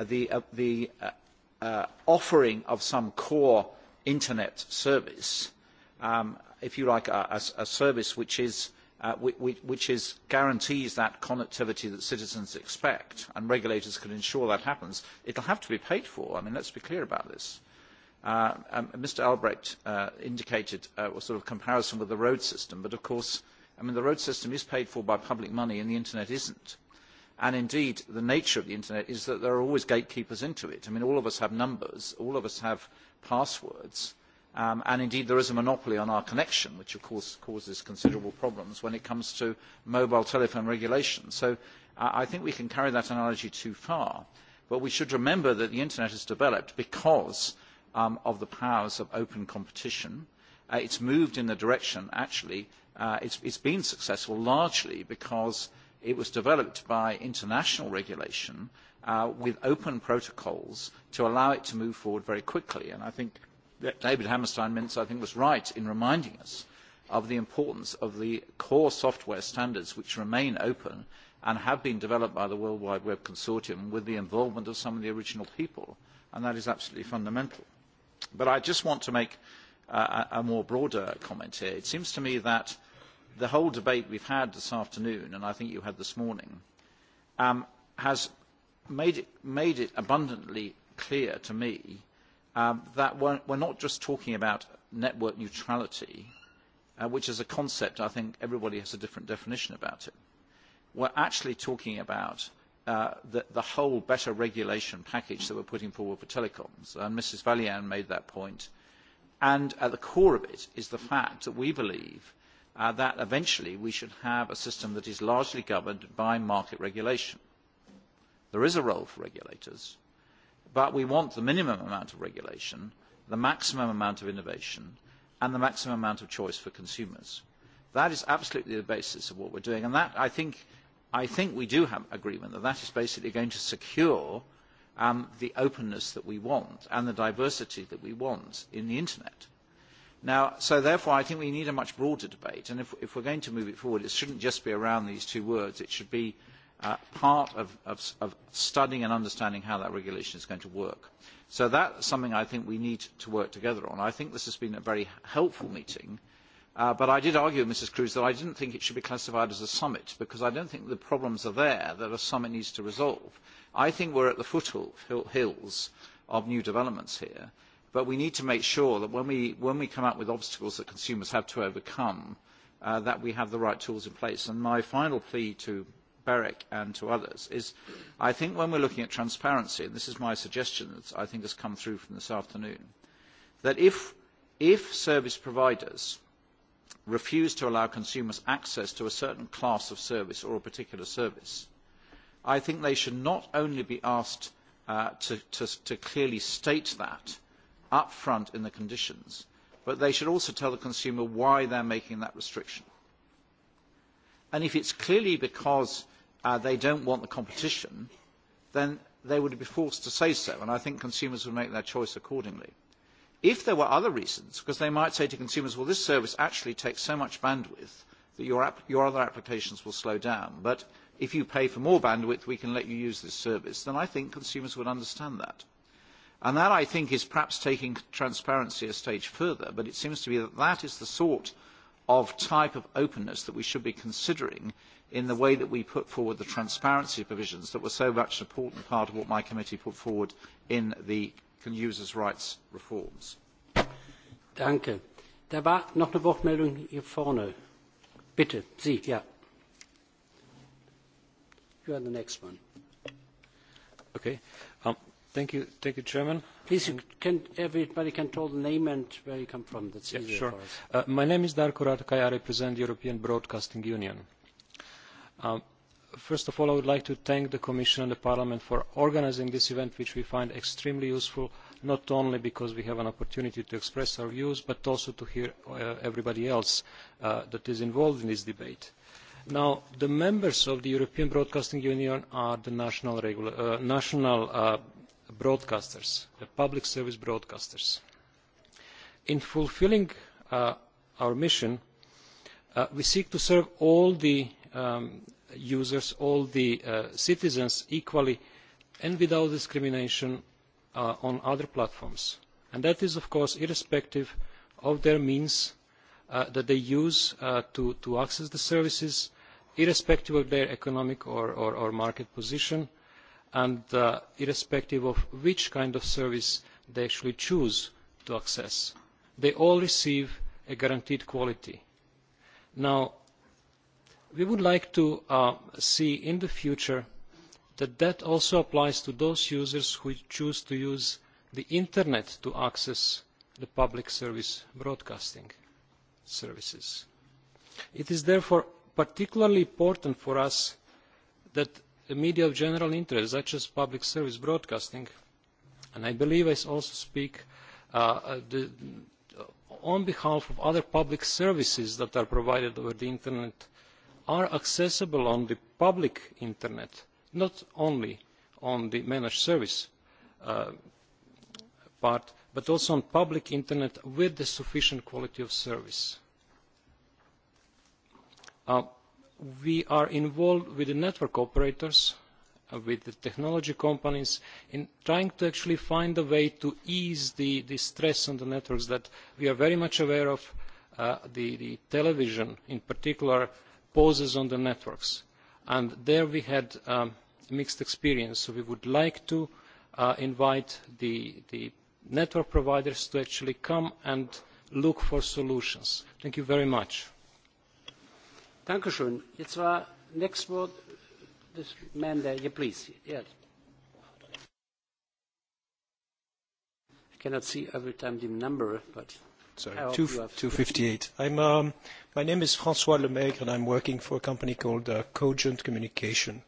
the, uh, Uh, offering of some core internet service, um, if you like, a, a, service which is uh, which, is, guarantees that connectivity that citizens expect, and regulators can ensure that happens. It'll have to be paid for. I mean, let's be clear about this. Uh, Mr. Um, Albrecht uh, indicated a uh, sort of comparison with the road system, but of course, I mean, the road system is paid for by public money, and the internet isn't and indeed the nature of the internet is that there are always gatekeepers into it. I mean, all of us have numbers, all of us have passwords, um, and indeed there is a monopoly on our connection, which of course causes considerable problems when it comes to mobile telephone regulation. So uh, I think we can carry that analogy too far, but we should remember that the internet has developed because um, of the powers of open competition. Uh, it's moved in the direction, actually, uh, it's, it's been successful largely because It was developed by international regulation uh, with open protocols to allow it to move forward very quickly. And I think that David Hammerstein Mintz, I think, was right in reminding us of the importance of the core software standards which remain open and have been developed by the World Wide Web Consortium with the involvement of some of the original people. And that is absolutely fundamental. But I just want to make uh, a more broader comment here. It seems to me that the whole debate we've had this afternoon, and I think you had this morning, um, has made it, made it abundantly clear to me um, that we're, are not just talking about network neutrality, uh, which is a concept I think everybody has a different definition about it. We're actually talking about uh, the, the whole better regulation package that we're putting forward for telecoms. And Mrs. Valian made that point. And at the core of it is the fact that we believe – Uh, that eventually we should have a system that is largely governed by market regulation. There is a role for regulators, but we want the minimum amount of regulation, the maximum amount of innovation, and the maximum amount of choice for consumers. That is absolutely the basis of what we're doing, and that, I think, I think we do have agreement that that is basically going to secure um, the openness that we want and the diversity that we want in the internet. Now, so therefore, I think we need a much broader debate. And if, if we're going to move it forward, it shouldn't just be around these two words. It should be uh, part of, of, of studying and understanding how that regulation is going to work. So that's something I think we need to work together on. I think this has been a very helpful meeting. Uh, but I did argue, Mrs. Cruz, that I didn't think it should be classified as a summit because I don't think the problems are there that a summit needs to resolve. I think we're at the foothills of new developments here but we need to make sure that when we, when we come up with obstacles that consumers have to overcome, uh, that we have the right tools in place. And my final plea to Berec and to others is I think when we're looking at transparency, and this is my suggestion that I think has come through from this afternoon, that if, if service providers refuse to allow consumers access to a certain class of service or a particular service, I think they should not only be asked uh, to, to, to clearly state that, up front in the conditions, but they should also tell the consumer why they're making that restriction. And if it's clearly because uh, they don't want the competition, then they would be forced to say so, and I think consumers would make their choice accordingly. If there were other reasons, because they might say to consumers, well, this service actually takes so much bandwidth that your, app your other applications will slow down, but if you pay for more bandwidth, we can let you use this service, then I think consumers would understand that. And that, I think, is perhaps taking transparency a stage further, but it seems to me that that is the sort of type of openness that we should be considering in the way that we put forward the transparency provisions that were so much an important part of what my committee put forward in the users' rights reforms. Danke. Da war noch eine Wortmeldung hier vorne. Bitte, Sie, ja. You are the next one. Okay. Thank you, thank you, Chairman. Please, can, everybody can tell the name and where you come from. That's yeah, sure. for us. Uh, my name is Darko Ratkai. I represent the European Broadcasting Union. Um, first of all, I would like to thank the Commission and the Parliament for organizing this event, which we find extremely useful, not only because we have an opportunity to express our views, but also to hear uh, everybody else uh, that is involved in this debate. Now, the members of the European Broadcasting Union are the national, regular, uh, national uh, broadcasters, the public service broadcasters. In fulfilling uh, our mission, uh, we seek to serve all the um, users, all the uh, citizens equally and without discrimination on other platforms. And that is, of course, irrespective of their means that they use to, access the services, irrespective of their economic or market position, and uh, irrespective of which kind of service they actually choose to access they all receive a guaranteed quality. now we would like to uh, see in the future that that also applies to those users who choose to use the internet to access the public service broadcasting services. it is therefore particularly important for us that the media of general interest, such as public service broadcasting, and I believe I also speak uh, uh, on behalf of other public services that are provided over the Internet, are accessible on the public Internet, not only on the managed service uh, part, but also on public Internet with the sufficient quality of service we are involved with the network operators, uh, with the technology companies, in trying to actually find a way to ease the, the stress on the networks that we are very much aware of. Uh, the, the television, in particular, poses on the networks. And there we had um, mixed experience. So we would like to uh, invite the, the network providers to actually come and look for solutions. Thank you very much. Dankeschön. Jetzt war next word this man there, yeah, please. Yes. I cannot see every time the number, but Sorry, two, 258. I'm, um, my name is François Lemaigre, and I'm working for a company called uh, Cogent Communication.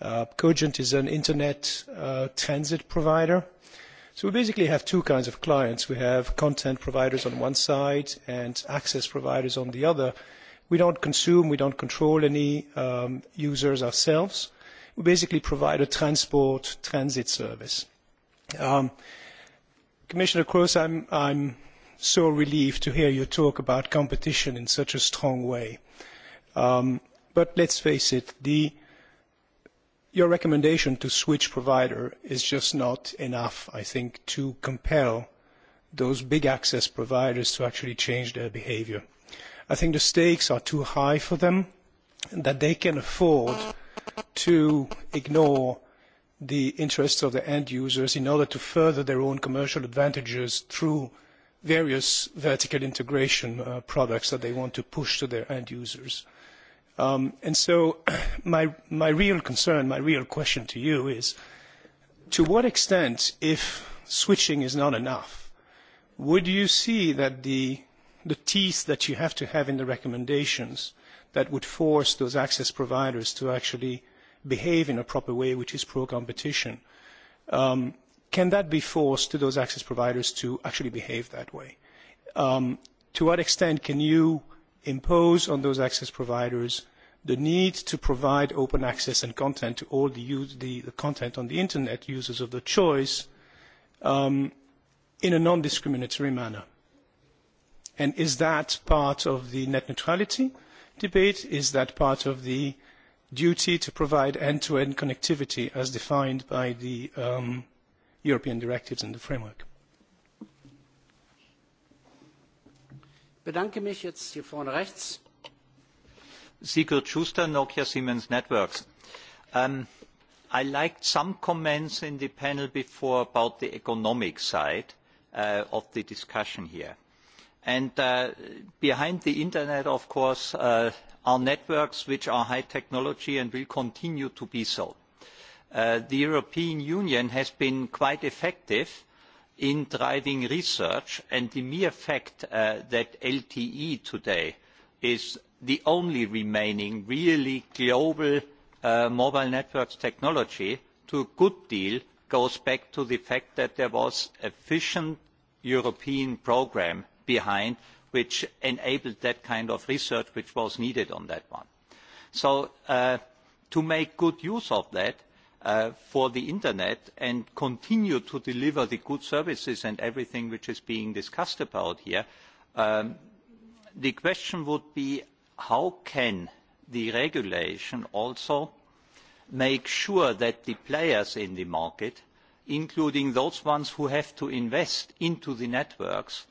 Uh, Cogent is an internet uh, transit provider. So we basically have two kinds of clients. We have content providers on one side and access providers on the other. Uh, We don't consume, we don't control any um, users ourselves. We basically provide a transport transit service. Um, Commissioner Kroes, I'm, I'm so relieved to hear you talk about competition in such a strong way. Um, but let's face it, the, your recommendation to switch provider is just not enough, I think, to compel those big access providers to actually change their behavior I think the stakes are too high for them, and that they can afford to ignore the interests of the end users in order to further their own commercial advantages through various vertical integration uh, products that they want to push to their end users. Um, and so [clears throat] my, my real concern, my real question to you is, to what extent, if switching is not enough, would you see that the the teeth that you have to have in the recommendations that would force those access providers to actually behave in a proper way, which is pro-competition. Um, can that be forced to those access providers to actually behave that way? Um, to what extent can you impose on those access providers the need to provide open access and content to all the, use, the, the content on the internet users of the choice um, in a non-discriminatory manner? And is that part of the net neutrality debate? Is that part of the duty to provide end-to-end -end connectivity as defined by the um, European directives and the framework? Bedanke mich jetzt hier vorne rechts. Sigurd Schuster, Nokia Siemens Networks. Um, I liked some comments in the panel before about the economic side uh, of the discussion here And uh, behind the internet, of course, uh, are networks which are high technology and will continue to be so. Uh, the European Union has been quite effective in driving research, and the mere fact that LTE today is the only remaining really global mobile networks technology to a good deal goes back to the fact that there was efficient European programme behind which enabled that kind of research which was needed on that one. So uh, to make good use of that uh, for the internet and continue to deliver the good services and everything which is being discussed about here, um, the question would be how can the regulation also make sure that the players in the market, including those ones who have to invest into the networks,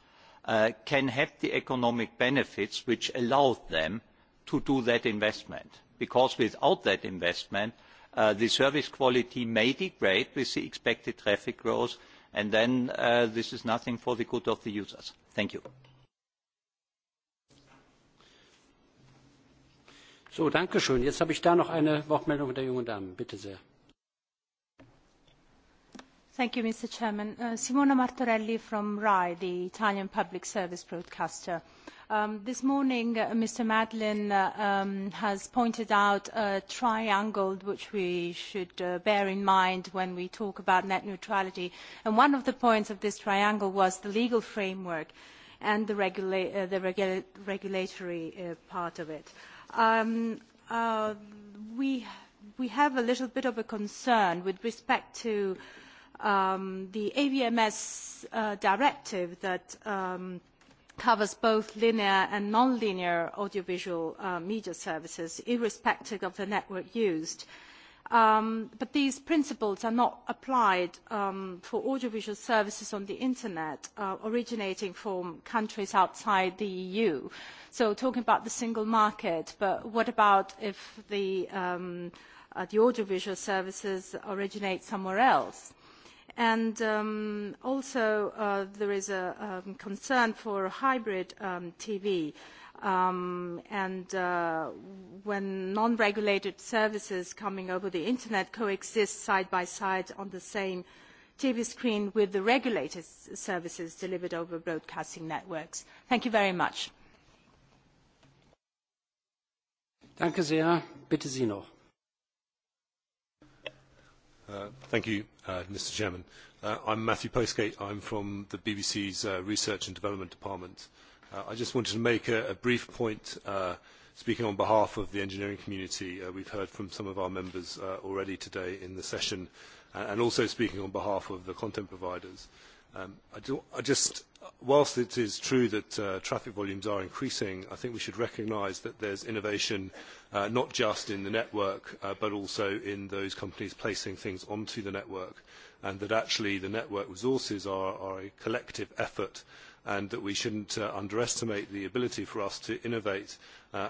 Uh, can have the economic benefits which allow them to do that investment. Because without that investment, uh, the service quality may degrade with the expected traffic growth, and then uh, this is nothing for the good of the users. Thank you. So, danke schön. Jetzt habe ich da noch eine Wortmeldung der jungen Dame. Bitte sehr. Thank you, Mr. Chairman. Uh, Simona Martorelli from RAI, the Italian public service broadcaster. Um, this morning, uh, Mr. Madlin uh, um, has pointed out a triangle which we should uh, bear in mind when we talk about net neutrality. And one of the points of this triangle was the legal framework and the, regula uh, the regula regulatory uh, part of it. Um, uh, we, we have a little bit of a concern with respect to um, the AVMS uh, directive that um, covers both linear and non-linear audiovisual uh, media services, irrespective of the network used. Um, but these principles are not applied um, for audiovisual services on the internet uh, originating from countries outside the EU. So talking about the single market, but what about if the, um, uh, the audiovisual services originate somewhere else? And um, also uh, there is a um, concern for hybrid um, TV. Um, and uh, when non-regulated services coming over the internet coexist side by side on the same TV screen with the regulated services delivered over broadcasting networks. Thank you very much. Danke sehr. Bitte Sie noch. Uh, thank you, uh, Mr. Chairman. Uh, I'm Matthew Postgate. I'm from the BBC's uh, Research and Development Department. Uh, I just wanted to make a, a brief point, uh, speaking on behalf of the engineering community. Uh, we've heard from some of our members uh, already today in the session, and also speaking on behalf of the content providers. Uh, Um, I just, whilst it is true that uh, traffic volumes are increasing, I think we should recognise that there's innovation uh, not just in the network, uh, but also in those companies placing things onto the network, and that actually the network resources are, a collective effort and that we shouldn't not underestimate the ability for us to innovate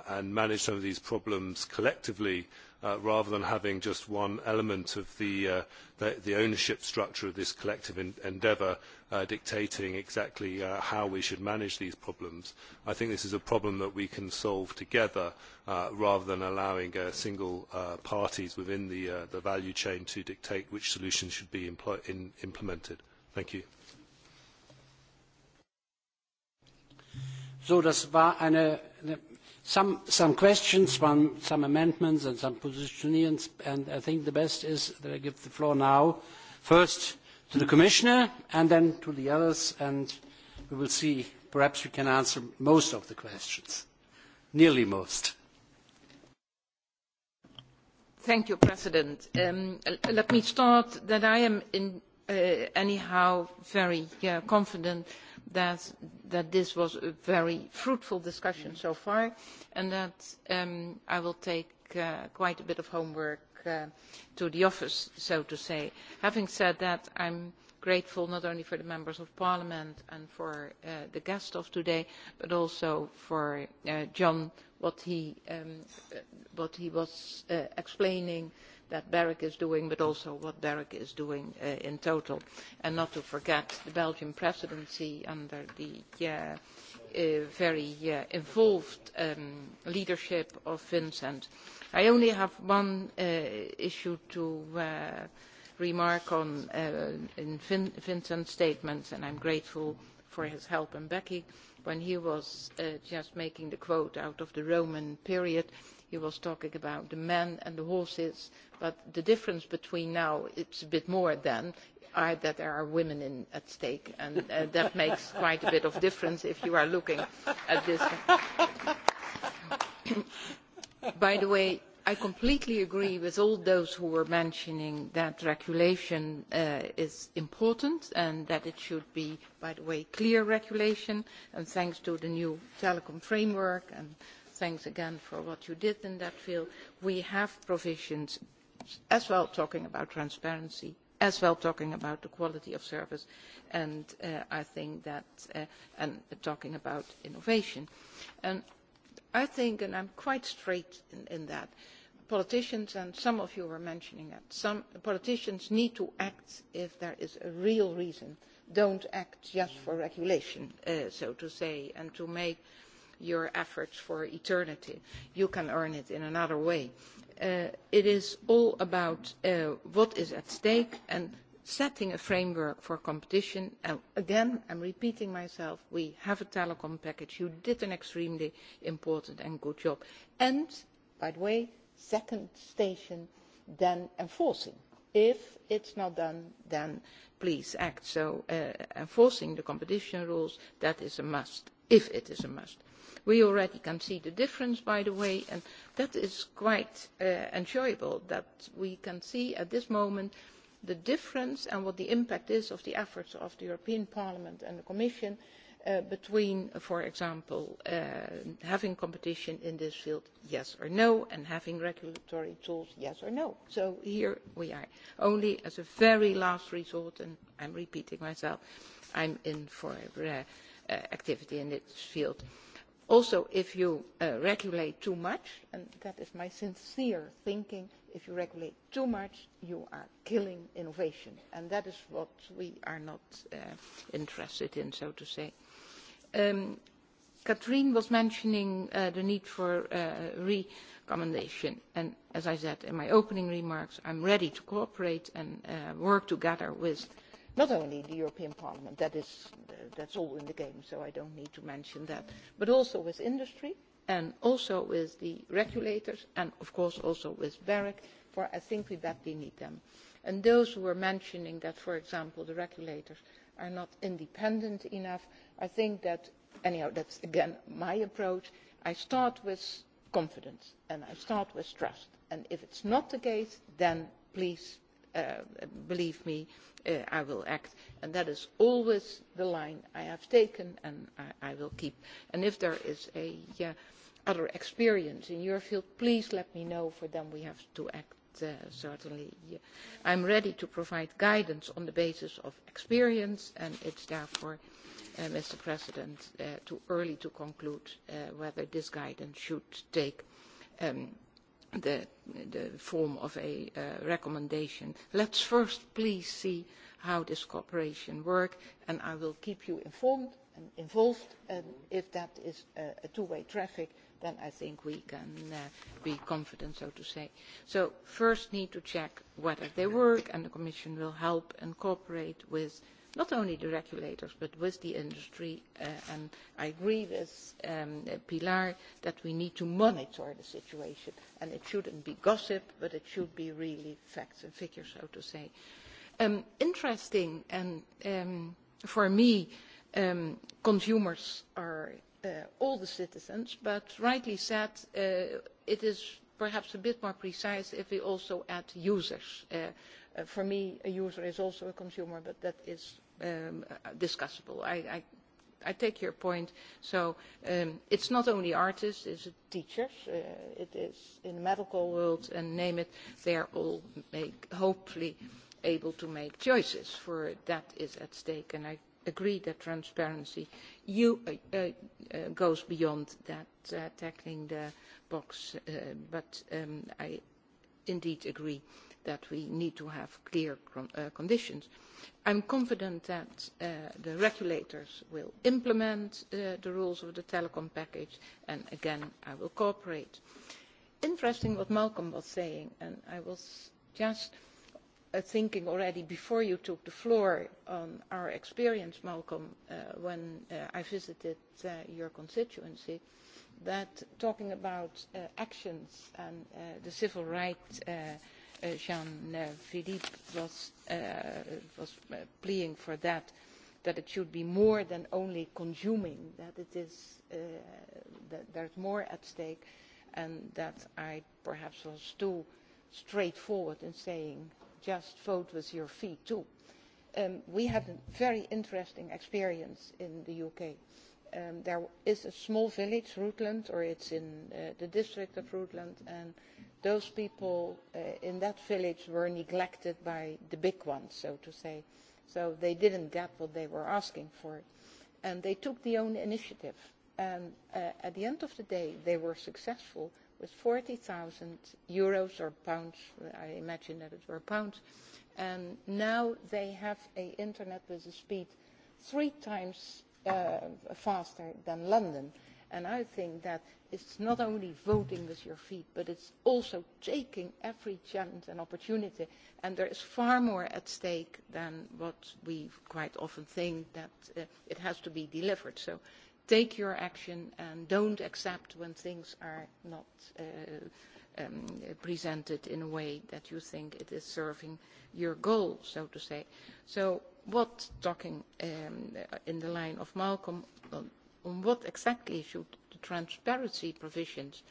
and manage some of these problems collectively Uh, rather than having just one element of the, uh, the, the ownership structure of this collective en endeavour uh, dictating exactly uh, how we should manage these problems. I think this is a problem that we can solve together uh, rather than allowing uh, single uh, parties within the, uh, the value chain to dictate which solutions should be impl in implemented. Thank you. So, das war eine some, some questions, one, some amendments, and some positions, and I think the best is that I give the floor now, first to the Commissioner, and then to the others, and we will see. Perhaps we can answer most of the questions, nearly most. Thank you, President. Um, let me start that I am in, uh, anyhow very uh, confident that, this was a very fruitful discussion so far and that um, I will take uh, quite a bit of homework uh, to the office, so to say. Having said that, i am grateful not only for the members of parliament and for uh, the guest of today, but also for John, for um, what he was explaining uh, that berec is doing but also what berec is doing uh, in total and not to forget the belgian presidency under the uh, uh, very involved um, leadership of Vincent. I only have one issue to remark on in Vincent's statements, and I'm grateful for his help and Becky when he was just making the quote out of the Roman period he was talking about the men and the horses but the difference between now it is a bit more than is that there are women at stake and uh, that makes quite a bit of difference if you are looking at this. [coughs] by the way i completely agree with all those who were mentioning that regulation uh, is important and that it should be by the way clear regulation and thanks to the new telecom framework and thanks again for what you did in that field. we have provisions as well talking about transparency as well talking about the quality of service and uh, i think that uh, and talking about innovation and i think and i'm quite straight in, in that politicians and some of you were mentioning that some politicians need to act if there is a real reason don't act just for regulation uh, so to say and to make your efforts for eternity. You can earn it in another way. Uh, it is all about uh, what is at stake and setting a framework for competition. And again, I'm repeating myself, we have a telecom package. You did an extremely important and good job. And, by the way, second station, then enforcing. If it's not done, then please act. So uh, enforcing the competition rules, that is a must, if it is a must We already can see the difference, by the way, and that is quite uh, enjoyable that we can see at this moment the difference and what the impact is of the efforts of the European Parliament and the Commission uh, between, for example, uh, having competition in this field, yes or no, and having regulatory tools, yes or no. So here we are, only as a very last resort, and I'm repeating myself, I'm in for uh, uh activity in this field also if you uh, regulate too much and that is my sincere thinking if you regulate too much you are killing innovation and that is what we are not uh, interested in so to say. Um, catherine was mentioning uh, the need for recommendation and as I said in my opening remarks i am ready to cooperate and work together with not only in the European Parliament, that is, uh, that's all in the game, so I don't need to mention that, but also with industry and also with the regulators and, of course, also with BEREC, for I think we badly need them. And those who were mentioning that, for example, the regulators are not independent enough, I think that, anyhow, that's again my approach. I start with confidence and I start with trust. And if it's not the case, then please Uh, believe me uh, i will act and that is always the line i have taken and i, will keep and if there is a uh, other experience in your field please let me know for then we have to act certainly i am ready to provide guidance on the basis of experience and it is therefore mr president too early to conclude whether this guidance should take um, the, the form of a uh, recommendation. Let's first please see how this cooperation works, and I will keep you informed and involved. And if that is a, a two-way traffic, then I think we can uh, be confident, so to say. So first need to check whether they work, and the Commission will help and cooperate with not only the regulators but with the industry uh, and i agree with um, pilar that we need to monitor the situation and it shouldn't be gossip but it should be really facts and figures so to say. Um, interesting and um, for me consumers are uh, all the citizens but rightly said uh, it is perhaps a bit more precise if we also add users. for me a user is also a consumer but that is Um, discussable. I, I, I take your point. So um, it's not only artists, it's teachers, uh, it is in the medical world and name it, they are all make, hopefully able to make choices for that is at stake. And I agree that transparency you, uh, uh, uh goes beyond that uh, tackling the box, uh, but um, I indeed agree that we need to have clear conditions. i uh, conditions. I'm confident that uh, the regulators will implement uh, the rules of the telecom package, and again, I will cooperate. Interesting what Malcolm was saying, and I was just thinking already before you took the floor on our experience, Malcolm, when I visited your constituency, that talking about actions and the civil rights Uh, Jean-Philippe uh, was, uh, was pleading for that, that it should be more than only consuming, that it is, that there's more at stake, and that I perhaps was too straightforward in saying just vote with your feet too. Um, we had a very interesting experience in the UK. Um, there is a small village, Rutland, or it's in the district of Rutland, and those people uh, in that village were neglected by the big ones, so to say. So they didn't get what they were asking for. And they took the own initiative. And uh, at the end of the day, they were successful with 40,000 euros or pounds. I imagine that it were pounds. And now they have an internet with a speed three times uh, faster than London and i think that it is not only voting with your feet but it is also taking every chance and opportunity and there is far more at stake than what we quite often think that uh, it has to be delivered so take your action and do not accept when things are not uh, um, presented in a way that you think it is serving your goal so to say so what talking um, in the line of malcolm on what exactly should the transparency provisions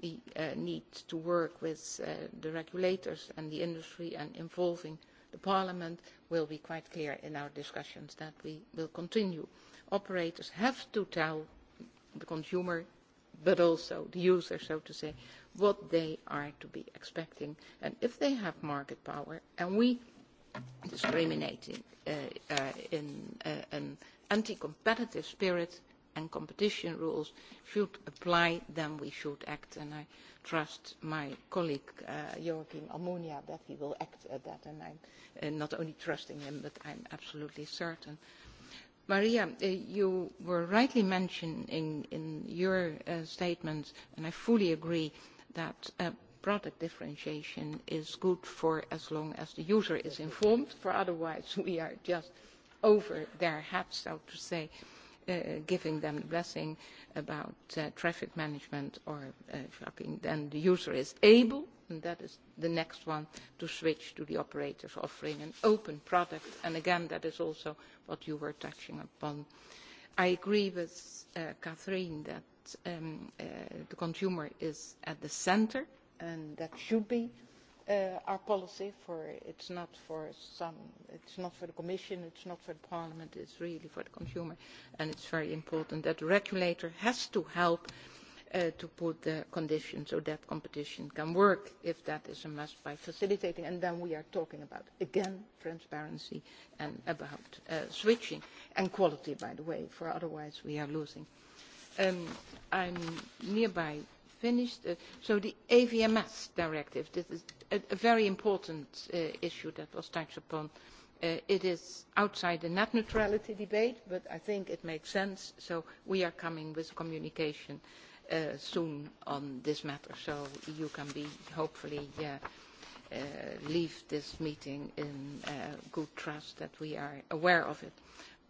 the, uh, need to work with uh, the regulators and the industry and involving the parliament will be quite clear in our discussions that we will continue. Operators have to tell the consumer but also the user, so to say, what they are to be expecting and if they have market power and we discriminating uh, uh, in uh, an anti-competitive spirit and competition rules should apply then we should act and i trust my colleague uh, joaqun almunia that he will act on that and i am uh, not only trusting him but i am absolutely certain. maria uh, you were rightly mentioning in your statement and i fully agree that product differentiation is good for as long as the user is informed for otherwise we are just over their heads so to speak. Uh, giving them the blessing about uh, traffic management or uh, shopping then the user is able, and that is the next one, to switch to the operators offering an open product. And again, that is also what you were touching upon. I agree with Catherine that um, the consumer is at the centre, and that should be Uh, our policy for it's not for some it's not for the commission it's not for the parliament it's really for the consumer and it's very important that the regulator has to help uh, to put the conditions so that competition can work if that is a must by facilitating and then we are talking about again transparency and about uh, switching and quality by the way for otherwise we are losing i um, I'm nearby finished. Uh, so the AVMS directive, this is a, very important uh, issue that was touched upon. Uh, it is outside the net neutrality debate, but I think it makes sense. So we are coming with a communication soon on this matter. So you can be hopefully leave this meeting in good trust that we are aware of it.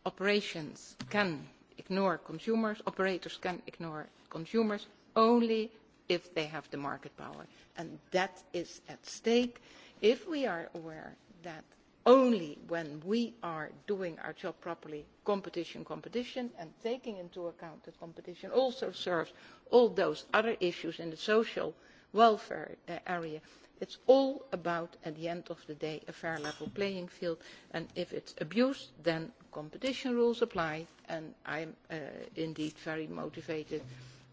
Operations can ignore consumers, operators can ignore consumers only if they have the market power. And that is at stake if we are aware that only when we are doing our job properly, competition, competition, and taking into account that competition also serves all those other issues in the social welfare eh, area. It's all about, at the end of the day, a fair level playing field. And if it's abused, then competition rules apply. And I'm uh, indeed very motivated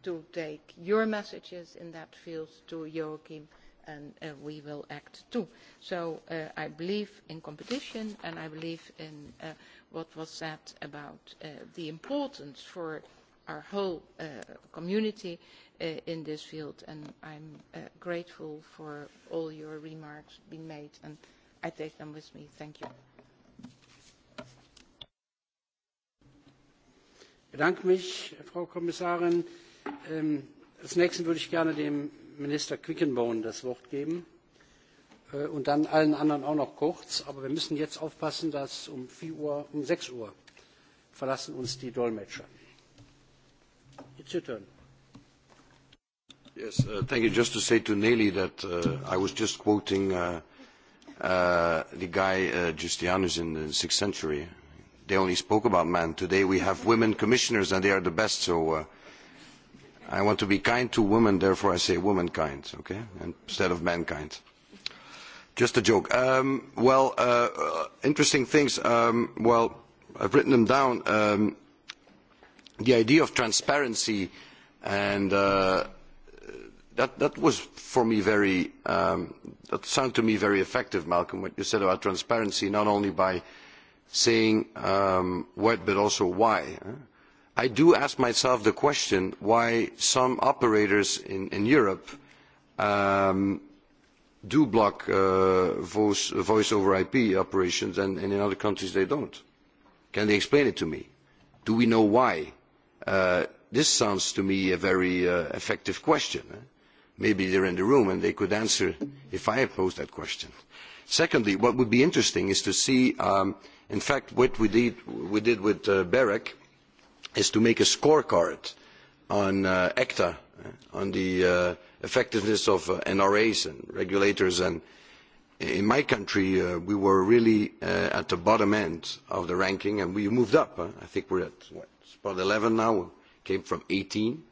to take your messages in that field to Joachim and uh, we will act too. So uh, I believe in competition and I believe in uh, what was said about uh, the importance for our whole uh, community uh, in this field and I'm uh, grateful for all your remarks being made and I take them with me. Thank you. Ich mich, Frau Kommissarin. Ähm, als nächsten würde ich gerne dem Minister Quickenborn das Wort geben äh, und dann allen anderen auch noch kurz. Aber wir müssen jetzt aufpassen, dass um, 4 Uhr, um 6 Uhr verlassen uns die Dolmetscher. It's your turn. Yes, uh, thank you. Just to say to Nelly that uh, I was just quoting uh, uh, the guy uh, Justianus in the 6 century. They only spoke about men. Today we have women commissioners and they are the best, so... Uh, I want to be kind to women, therefore I say womankind, okay, instead of mankind. Just a joke. Um, well, uh, uh, interesting things. Um, well, I've written them down. Um, the idea of transparency and uh, that, that was for me very, um, that sounded to me very effective, Malcolm, what you said about transparency, not only by saying um, what, but also why. Huh? I do ask myself the question why some operators in, in Europe um, do block uh, voice, voice over IP operations and, and in other countries they don't. Can they explain it to me? Do we know why? Uh, this sounds to me a very uh, effective question. Eh? Maybe they're in the room and they could answer if I pose that question. Secondly, what would be interesting is to see, um, in fact, what we did, we did with uh, is to make a scorecard on uh, ECTA, uh, on the uh, effectiveness of uh, NRAs and regulators. And in my country, uh, we were really uh, at the bottom end of the ranking, and we moved up. Huh? I think we're at what, spot 11 now, came from 18.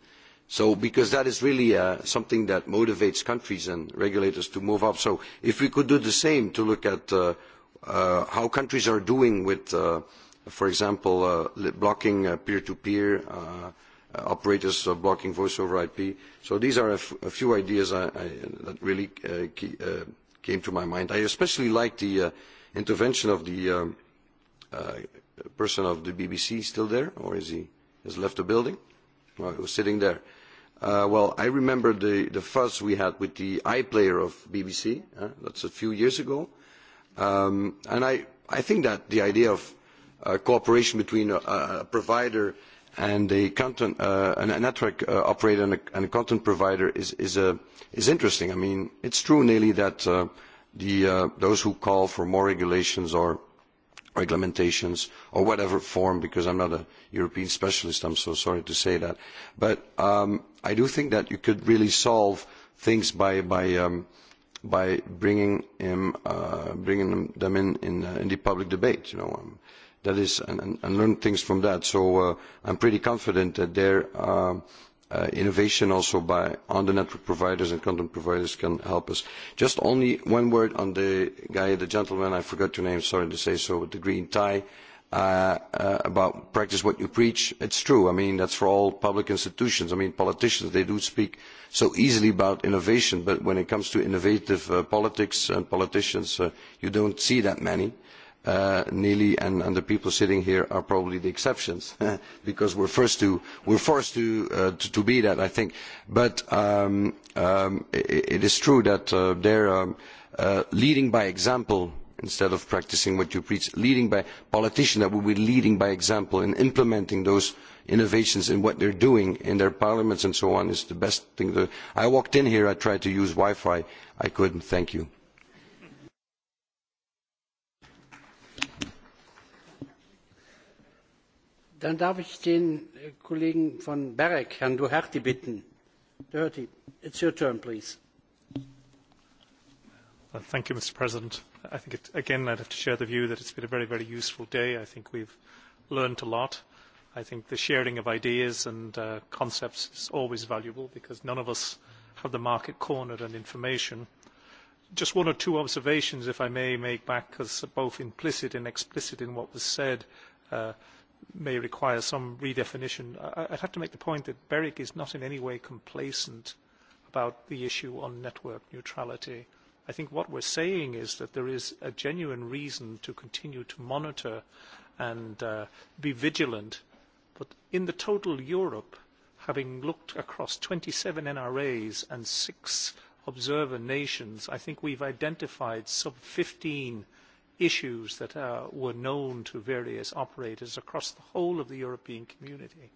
So because that is really uh, something that motivates countries and regulators to move up. So if we could do the same to look at uh, uh, how countries are doing with uh, for example, uh, blocking uh, peer-to-peer, uh, -peer, uh, operators or blocking voice over IP. So these are a, a few ideas I, I, that really uh, uh, came to my mind. I especially like the uh, intervention of the um, uh, person of the BBC still there, or is he has left the building? Well, he was sitting there. Uh, well, I remember the, the fuss we had with the iPlayer of BBC. Uh, that's a few years ago. Um, and I, I think that the idea of Uh, cooperation between a, a provider and a content uh, a network uh, operator and a, and a content provider is is a uh, is interesting. I mean, it's true nearly that uh, the uh, those who call for more regulations or regulations or whatever form, because I'm not a European specialist, I'm so sorry to say that. But um, I do think that you could really solve things by by um, by bringing him uh, bringing them in in, uh, in the public debate. You know. Um, that is, and, and learn things from that. So uh, I'm pretty confident that their uh, uh, innovation also by on the network providers and content providers can help us. Just only one word on the guy, the gentleman, I forgot your name, sorry to say so, with the green tie. Uh, uh, about practice what you preach, it's true. I mean, that's for all public institutions. I mean, politicians, they do speak so easily about innovation, but when it comes to innovative uh, politics and politicians, uh, you don't see that many. Uh, uh, Neely and, and, the people sitting here are probably the exceptions [laughs] because we're first to we're forced to, uh, to, to be that I think. But um, um, it, it is true that uh, they're um, uh, leading by example instead of practicing what you preach, leading by politicians that will be leading by example in implementing those innovations in what they're doing in their parliaments and so on is the best thing. To, I walked in here, I tried to use Wi-Fi, I couldn't, thank you. Dann darf ich den äh, Kollegen von Berek, Herrn Duherty, bitten. Duherty, it's your turn, please. Well, thank you, Mr. President. I think, it, again, I'd have to share the view that it's been a very, very useful day. I think we've learned a lot. I think the sharing of ideas and uh, concepts is always valuable because none of us have the market cornered and information. Just one or two observations, if I may, make back, because both implicit and explicit in what was said. Uh, may require some redefinition. I, I'd have to make the point that BEREC is not in any way complacent about the issue on network neutrality. I think what we're saying is that there is a genuine reason to continue to monitor and uh, be vigilant. But in the total Europe, having looked across 27 NRAs and six observer nations, I think we've identified sub 15 issues that uh, were known to various operators across the whole of the European community.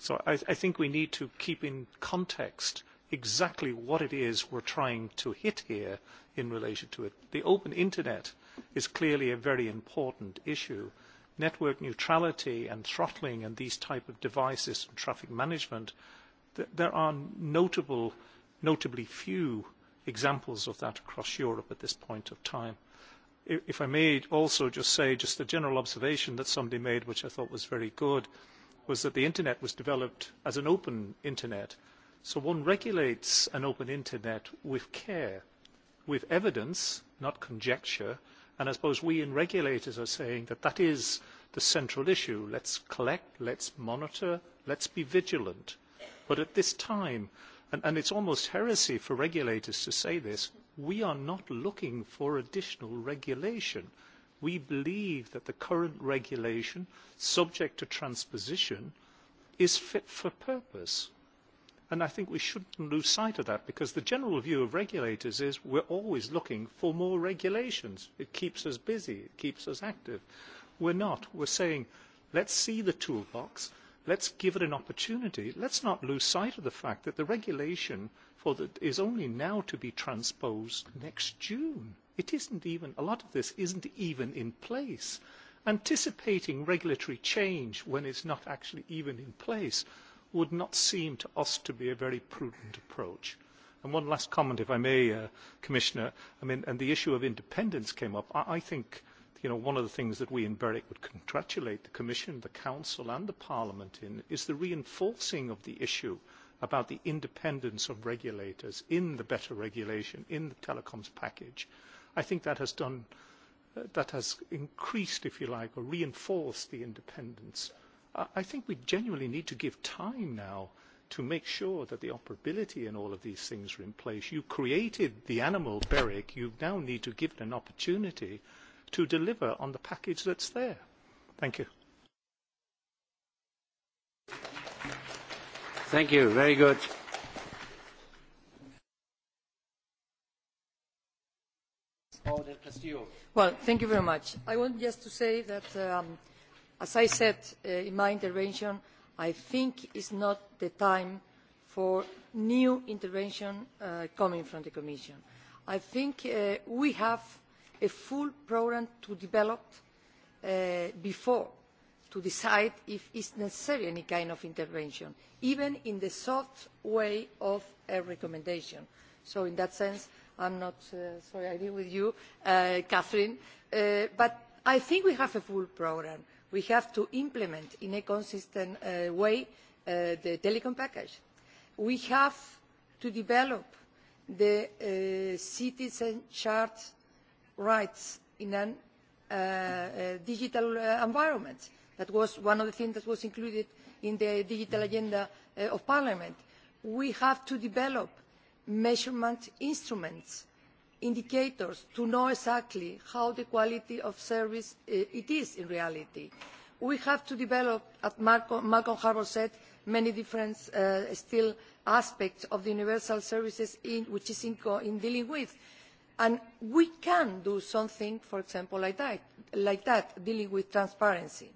So I, I think we need to keep in context exactly what it is we're trying to hit here in relation to it. The open internet is clearly a very important issue. Network neutrality and throttling and these type of devices and traffic management, th there are notable, notably few examples of that across Europe at this point of time if I may also just say just a general observation that somebody made which I thought was very good was that the internet was developed as an open internet so one regulates an open internet with care with evidence not conjecture and I suppose we in regulators are saying that that is the central issue let's collect let's monitor let's be vigilant but at this time and, and it's almost heresy for regulators to say this we are not looking for additional regulation. We believe that the current regulation, subject to transposition, is fit for purpose. And I think we shouldn't lose sight of that because the general view of regulators is we're always looking for more regulations. It keeps us busy. It keeps us active. We're not. We're saying, let's see the toolbox. Let's give it an opportunity. Let's not lose sight of the fact that the regulation for the, is only now to be transposed next June. It isn't even, a lot of this isn't even in place. Anticipating regulatory change when it's not actually even in place would not seem to us to be a very prudent approach. And one last comment, if I may, uh, Commissioner. I mean, and the issue of independence came up. I, I think you know, one of the things that we in BEREC would congratulate the Commission, the Council and the Parliament in is the reinforcing of the issue about the independence of regulators in the better regulation, in the telecoms package. I think that has done, uh, that has increased, if you like, or reinforced the independence. I, I think we genuinely need to give time now to make sure that the operability and all of these things are in place. You created the animal, BEREC. You now need to give it an opportunity to deliver on the package that's there. Thank you. Thank you. Very good. Well, thank you very much. I want just to say that, um, as I said uh, in my intervention, I think it's not the time for new intervention uh, coming from the Commission. I think uh, we have a full programme to develop uh, before to decide if is necessary any kind of intervention, even in the soft way of a recommendation. So in that sense, I'm not, uh, sorry, I agree with you, uh, Catherine, but I think we have a full programme. We have to implement in a consistent way the telecom package. We have to develop the citizens' citizen rights in a uh, uh, digital uh, environment. That was one of the things that was included in the digital agenda uh, of Parliament. We have to develop measurement instruments, indicators, to know exactly how the quality of service uh, it is in reality. We have to develop, as Malcolm, Harbour said, many different uh, still aspects of the universal services in, which is in, in dealing with And we can do something, for example, like that, like that dealing with transparency.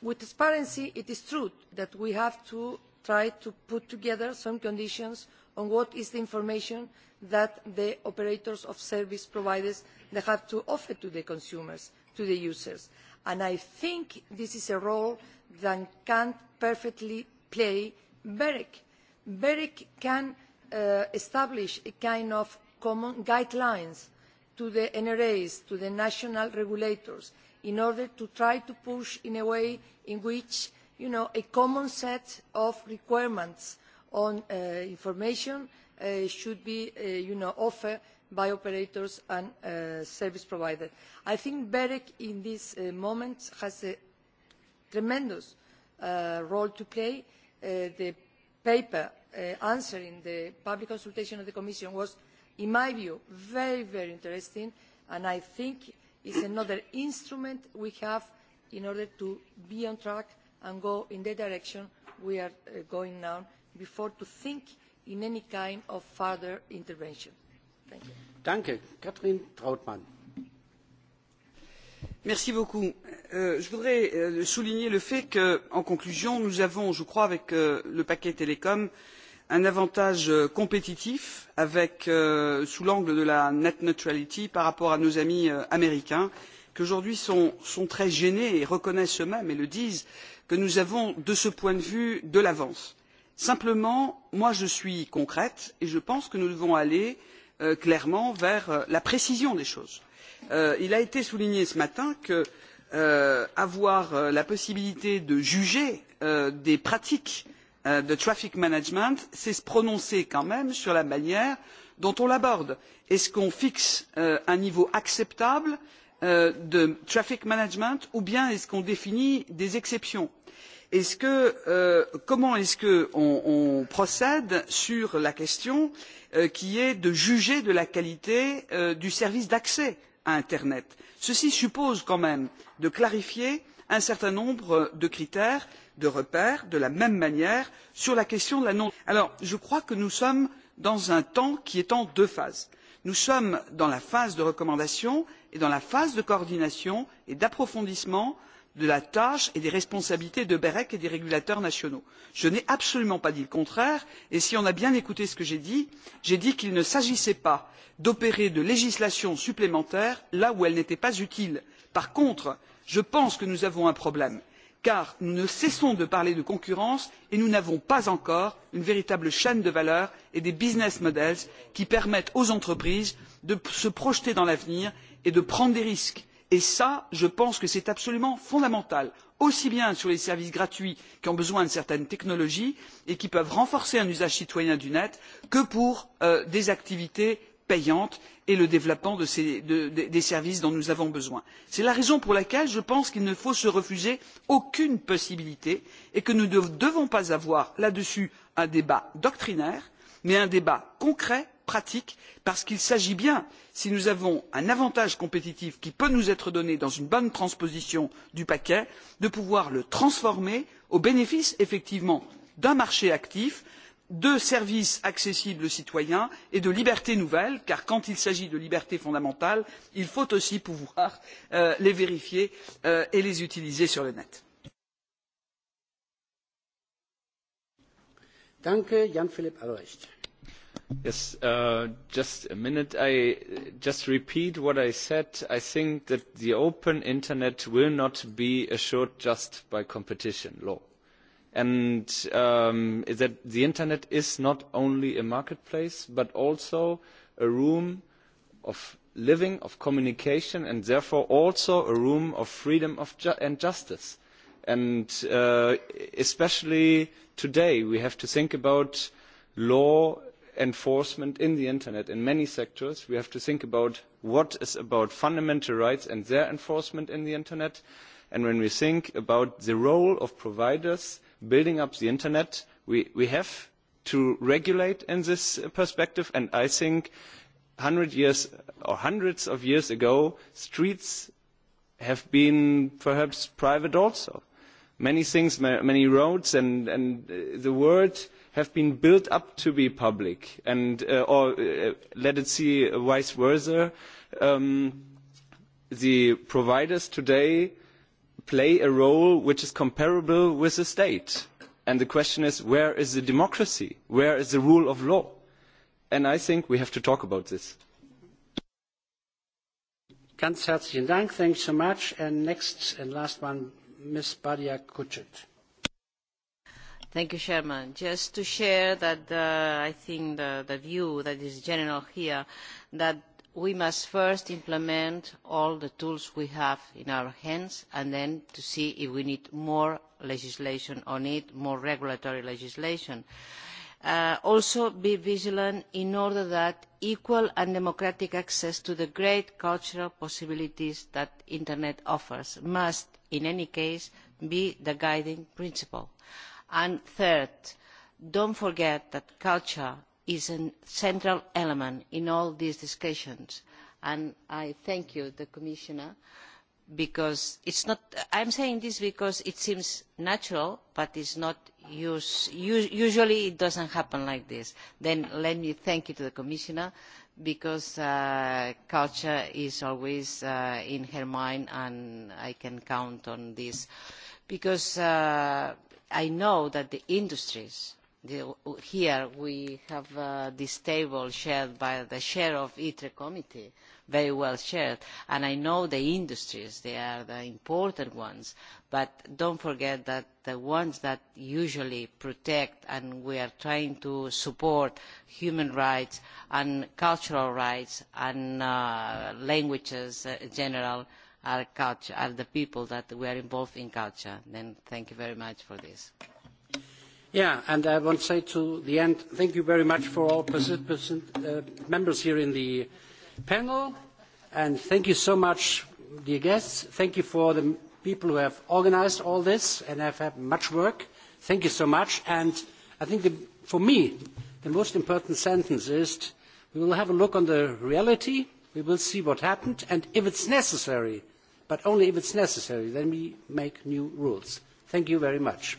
With transparency, it is true that we have to try to put together some conditions on what is the information that the operators of service providers they have to offer to the consumers, to the users. And I think this is a role that can perfectly play BEREC. BEREC can uh, establish a kind of common guidelines to the NRAs, to the national regulators, in order to try to push in a way in which a common set of requirements on uh, information uh, should be uh, offered by operators and service providers. I think BEREC in this moment has a tremendous role to play. the paper answering the public consultation of the Commission was in my view, very, very interesting, and I think is another instrument we have in order to be on track and go in the direction we are uh, going now before to think in any kind of further intervention. Thank you. Danke. Katrin Trautmann. Merci beaucoup. Euh, je voudrais euh, souligner le fait que, en conclusion, nous avons, je crois, avec euh, le paquet télécom, euh, un avantage euh, compétitif euh, sous l'angle de la net neutrality par rapport à nos amis euh, américains qui aujourd'hui sont, très gênés et reconnaissent eux mêmes et le disent que nous avons de ce point de vue de l'avance. simplement moi je suis concrète et je pense que nous devons aller clairement vers la précision des choses. il a été souligné ce matin que avoir la possibilité de juger des pratiques Euh, de traffic management c'est se prononcer quand même sur la manière dont on l'aborde. est ce qu'on fixe euh, un niveau acceptable euh, de traffic management ou bien est ce qu'on définit des exceptions? comment est ce qu'on procède sur la question qui est de juger de la qualité du service d'accès à internet? ceci suppose quand même de clarifier un certain nombre de critères de repère de la même manière sur la question de la non. discrimination. je crois que nous sommes dans un temps qui est en deux phases. nous sommes dans la phase de recommandation et dans la phase de coordination et d'approfondissement de la tâche et des responsabilités de berec et des régulateurs nationaux. je n'ai absolument pas dit le contraire et si on a bien écouté ce que j'ai dit j'ai dit qu'il ne s'agissait pas d'opérer de législation supplémentaire là où elle n'était pas utile. par contre je pense que nous avons un problème car nous ne cessons de parler de concurrence et nous n'avons pas encore une véritable chaîne de valeur et des business models qui permettent aux entreprises de se projeter dans l'avenir et de prendre des risques et cela je pense que c'est absolument fondamental aussi bien sur les services gratuits qui ont besoin de certaines technologies et qui peuvent renforcer un usage citoyen du net que pour euh, des activités payante et le développement des services dont nous avons besoin. c'est la raison pour laquelle je pense qu'il ne faut se refuser aucune possibilité et que nous ne devons pas avoir là dessus un débat doctrinaire mais un débat concret pratique parce qu'il s'agit bien si nous avons un avantage compétitif qui peut nous être donné dans une bonne transposition du paquet de pouvoir le transformer au bénéfice effectivement d'un marché actif de services accessibles aux citoyens et de libertés nouvelles car quand il s'agit de libertés fondamentales il faut aussi pouvoir euh, les vérifier euh, et les utiliser sur le net. Danke, Jan Philipp Albrecht. Yes, uh, just a minute. I just repeat what I said. I think that the open internet will not be assured just by competition law and um, that the internet is not only a marketplace but also a room of living of communication and therefore also a room of freedom of ju and justice and uh, especially today we have to think about law enforcement in the internet in many sectors we have to think about what is about fundamental rights and their enforcement in the internet and when we think about the role of providers building up the internet, we, we have to regulate in this perspective. And I think 100 years or hundreds of years ago, streets have been perhaps private also. Many things, many roads and, and uh, the world have been built up to be public and uh, or uh, let it see vice versa. Um, the providers today play a role which is comparable with the state. And the question is, where is the democracy? Where is the rule of law? And I think we have to talk about this. Ganz herzlichen Dank. Thanks so much. And next and last one, Ms. Badia Kuchet. Thank you, Chairman. Just to share that uh, I think the, the view that is general here, that we must first implement all the tools we have in our hands and then to see if we need more legislation or it, more regulatory legislation. Uh, also be vigilant in order that equal and democratic access to the great cultural possibilities that the internet offers must in any case be the guiding principle. And third, don't forget that culture is a central element in all these discussions and i thank you the commissioner because it's not i'm saying this because it seems natural but it's not use, usually it doesn't happen like this then let me thank you to the commissioner because uh, culture is always uh, in her mind and i can count on this because uh, i know that the industries here we have uh, this table shared by the chair of the ITRE committee, very well shared, and I know the industries, they are the important ones, but do not forget that the ones that usually protect and we are trying to support human rights and cultural rights and uh, languages in general are, the people that we are involved in culture. Then thank you very much for this. Yeah, and I want to say to the end, thank you very much for all participants, uh, members here in the panel, and thank you so much, dear guests. Thank you for the people who have organized all this and have had much work. Thank you so much. I think for me, the most important sentence is we will have a look on the reality, we will see what happened, and if it's necessary, but only if it's necessary, then we make new rules. Thank you very much.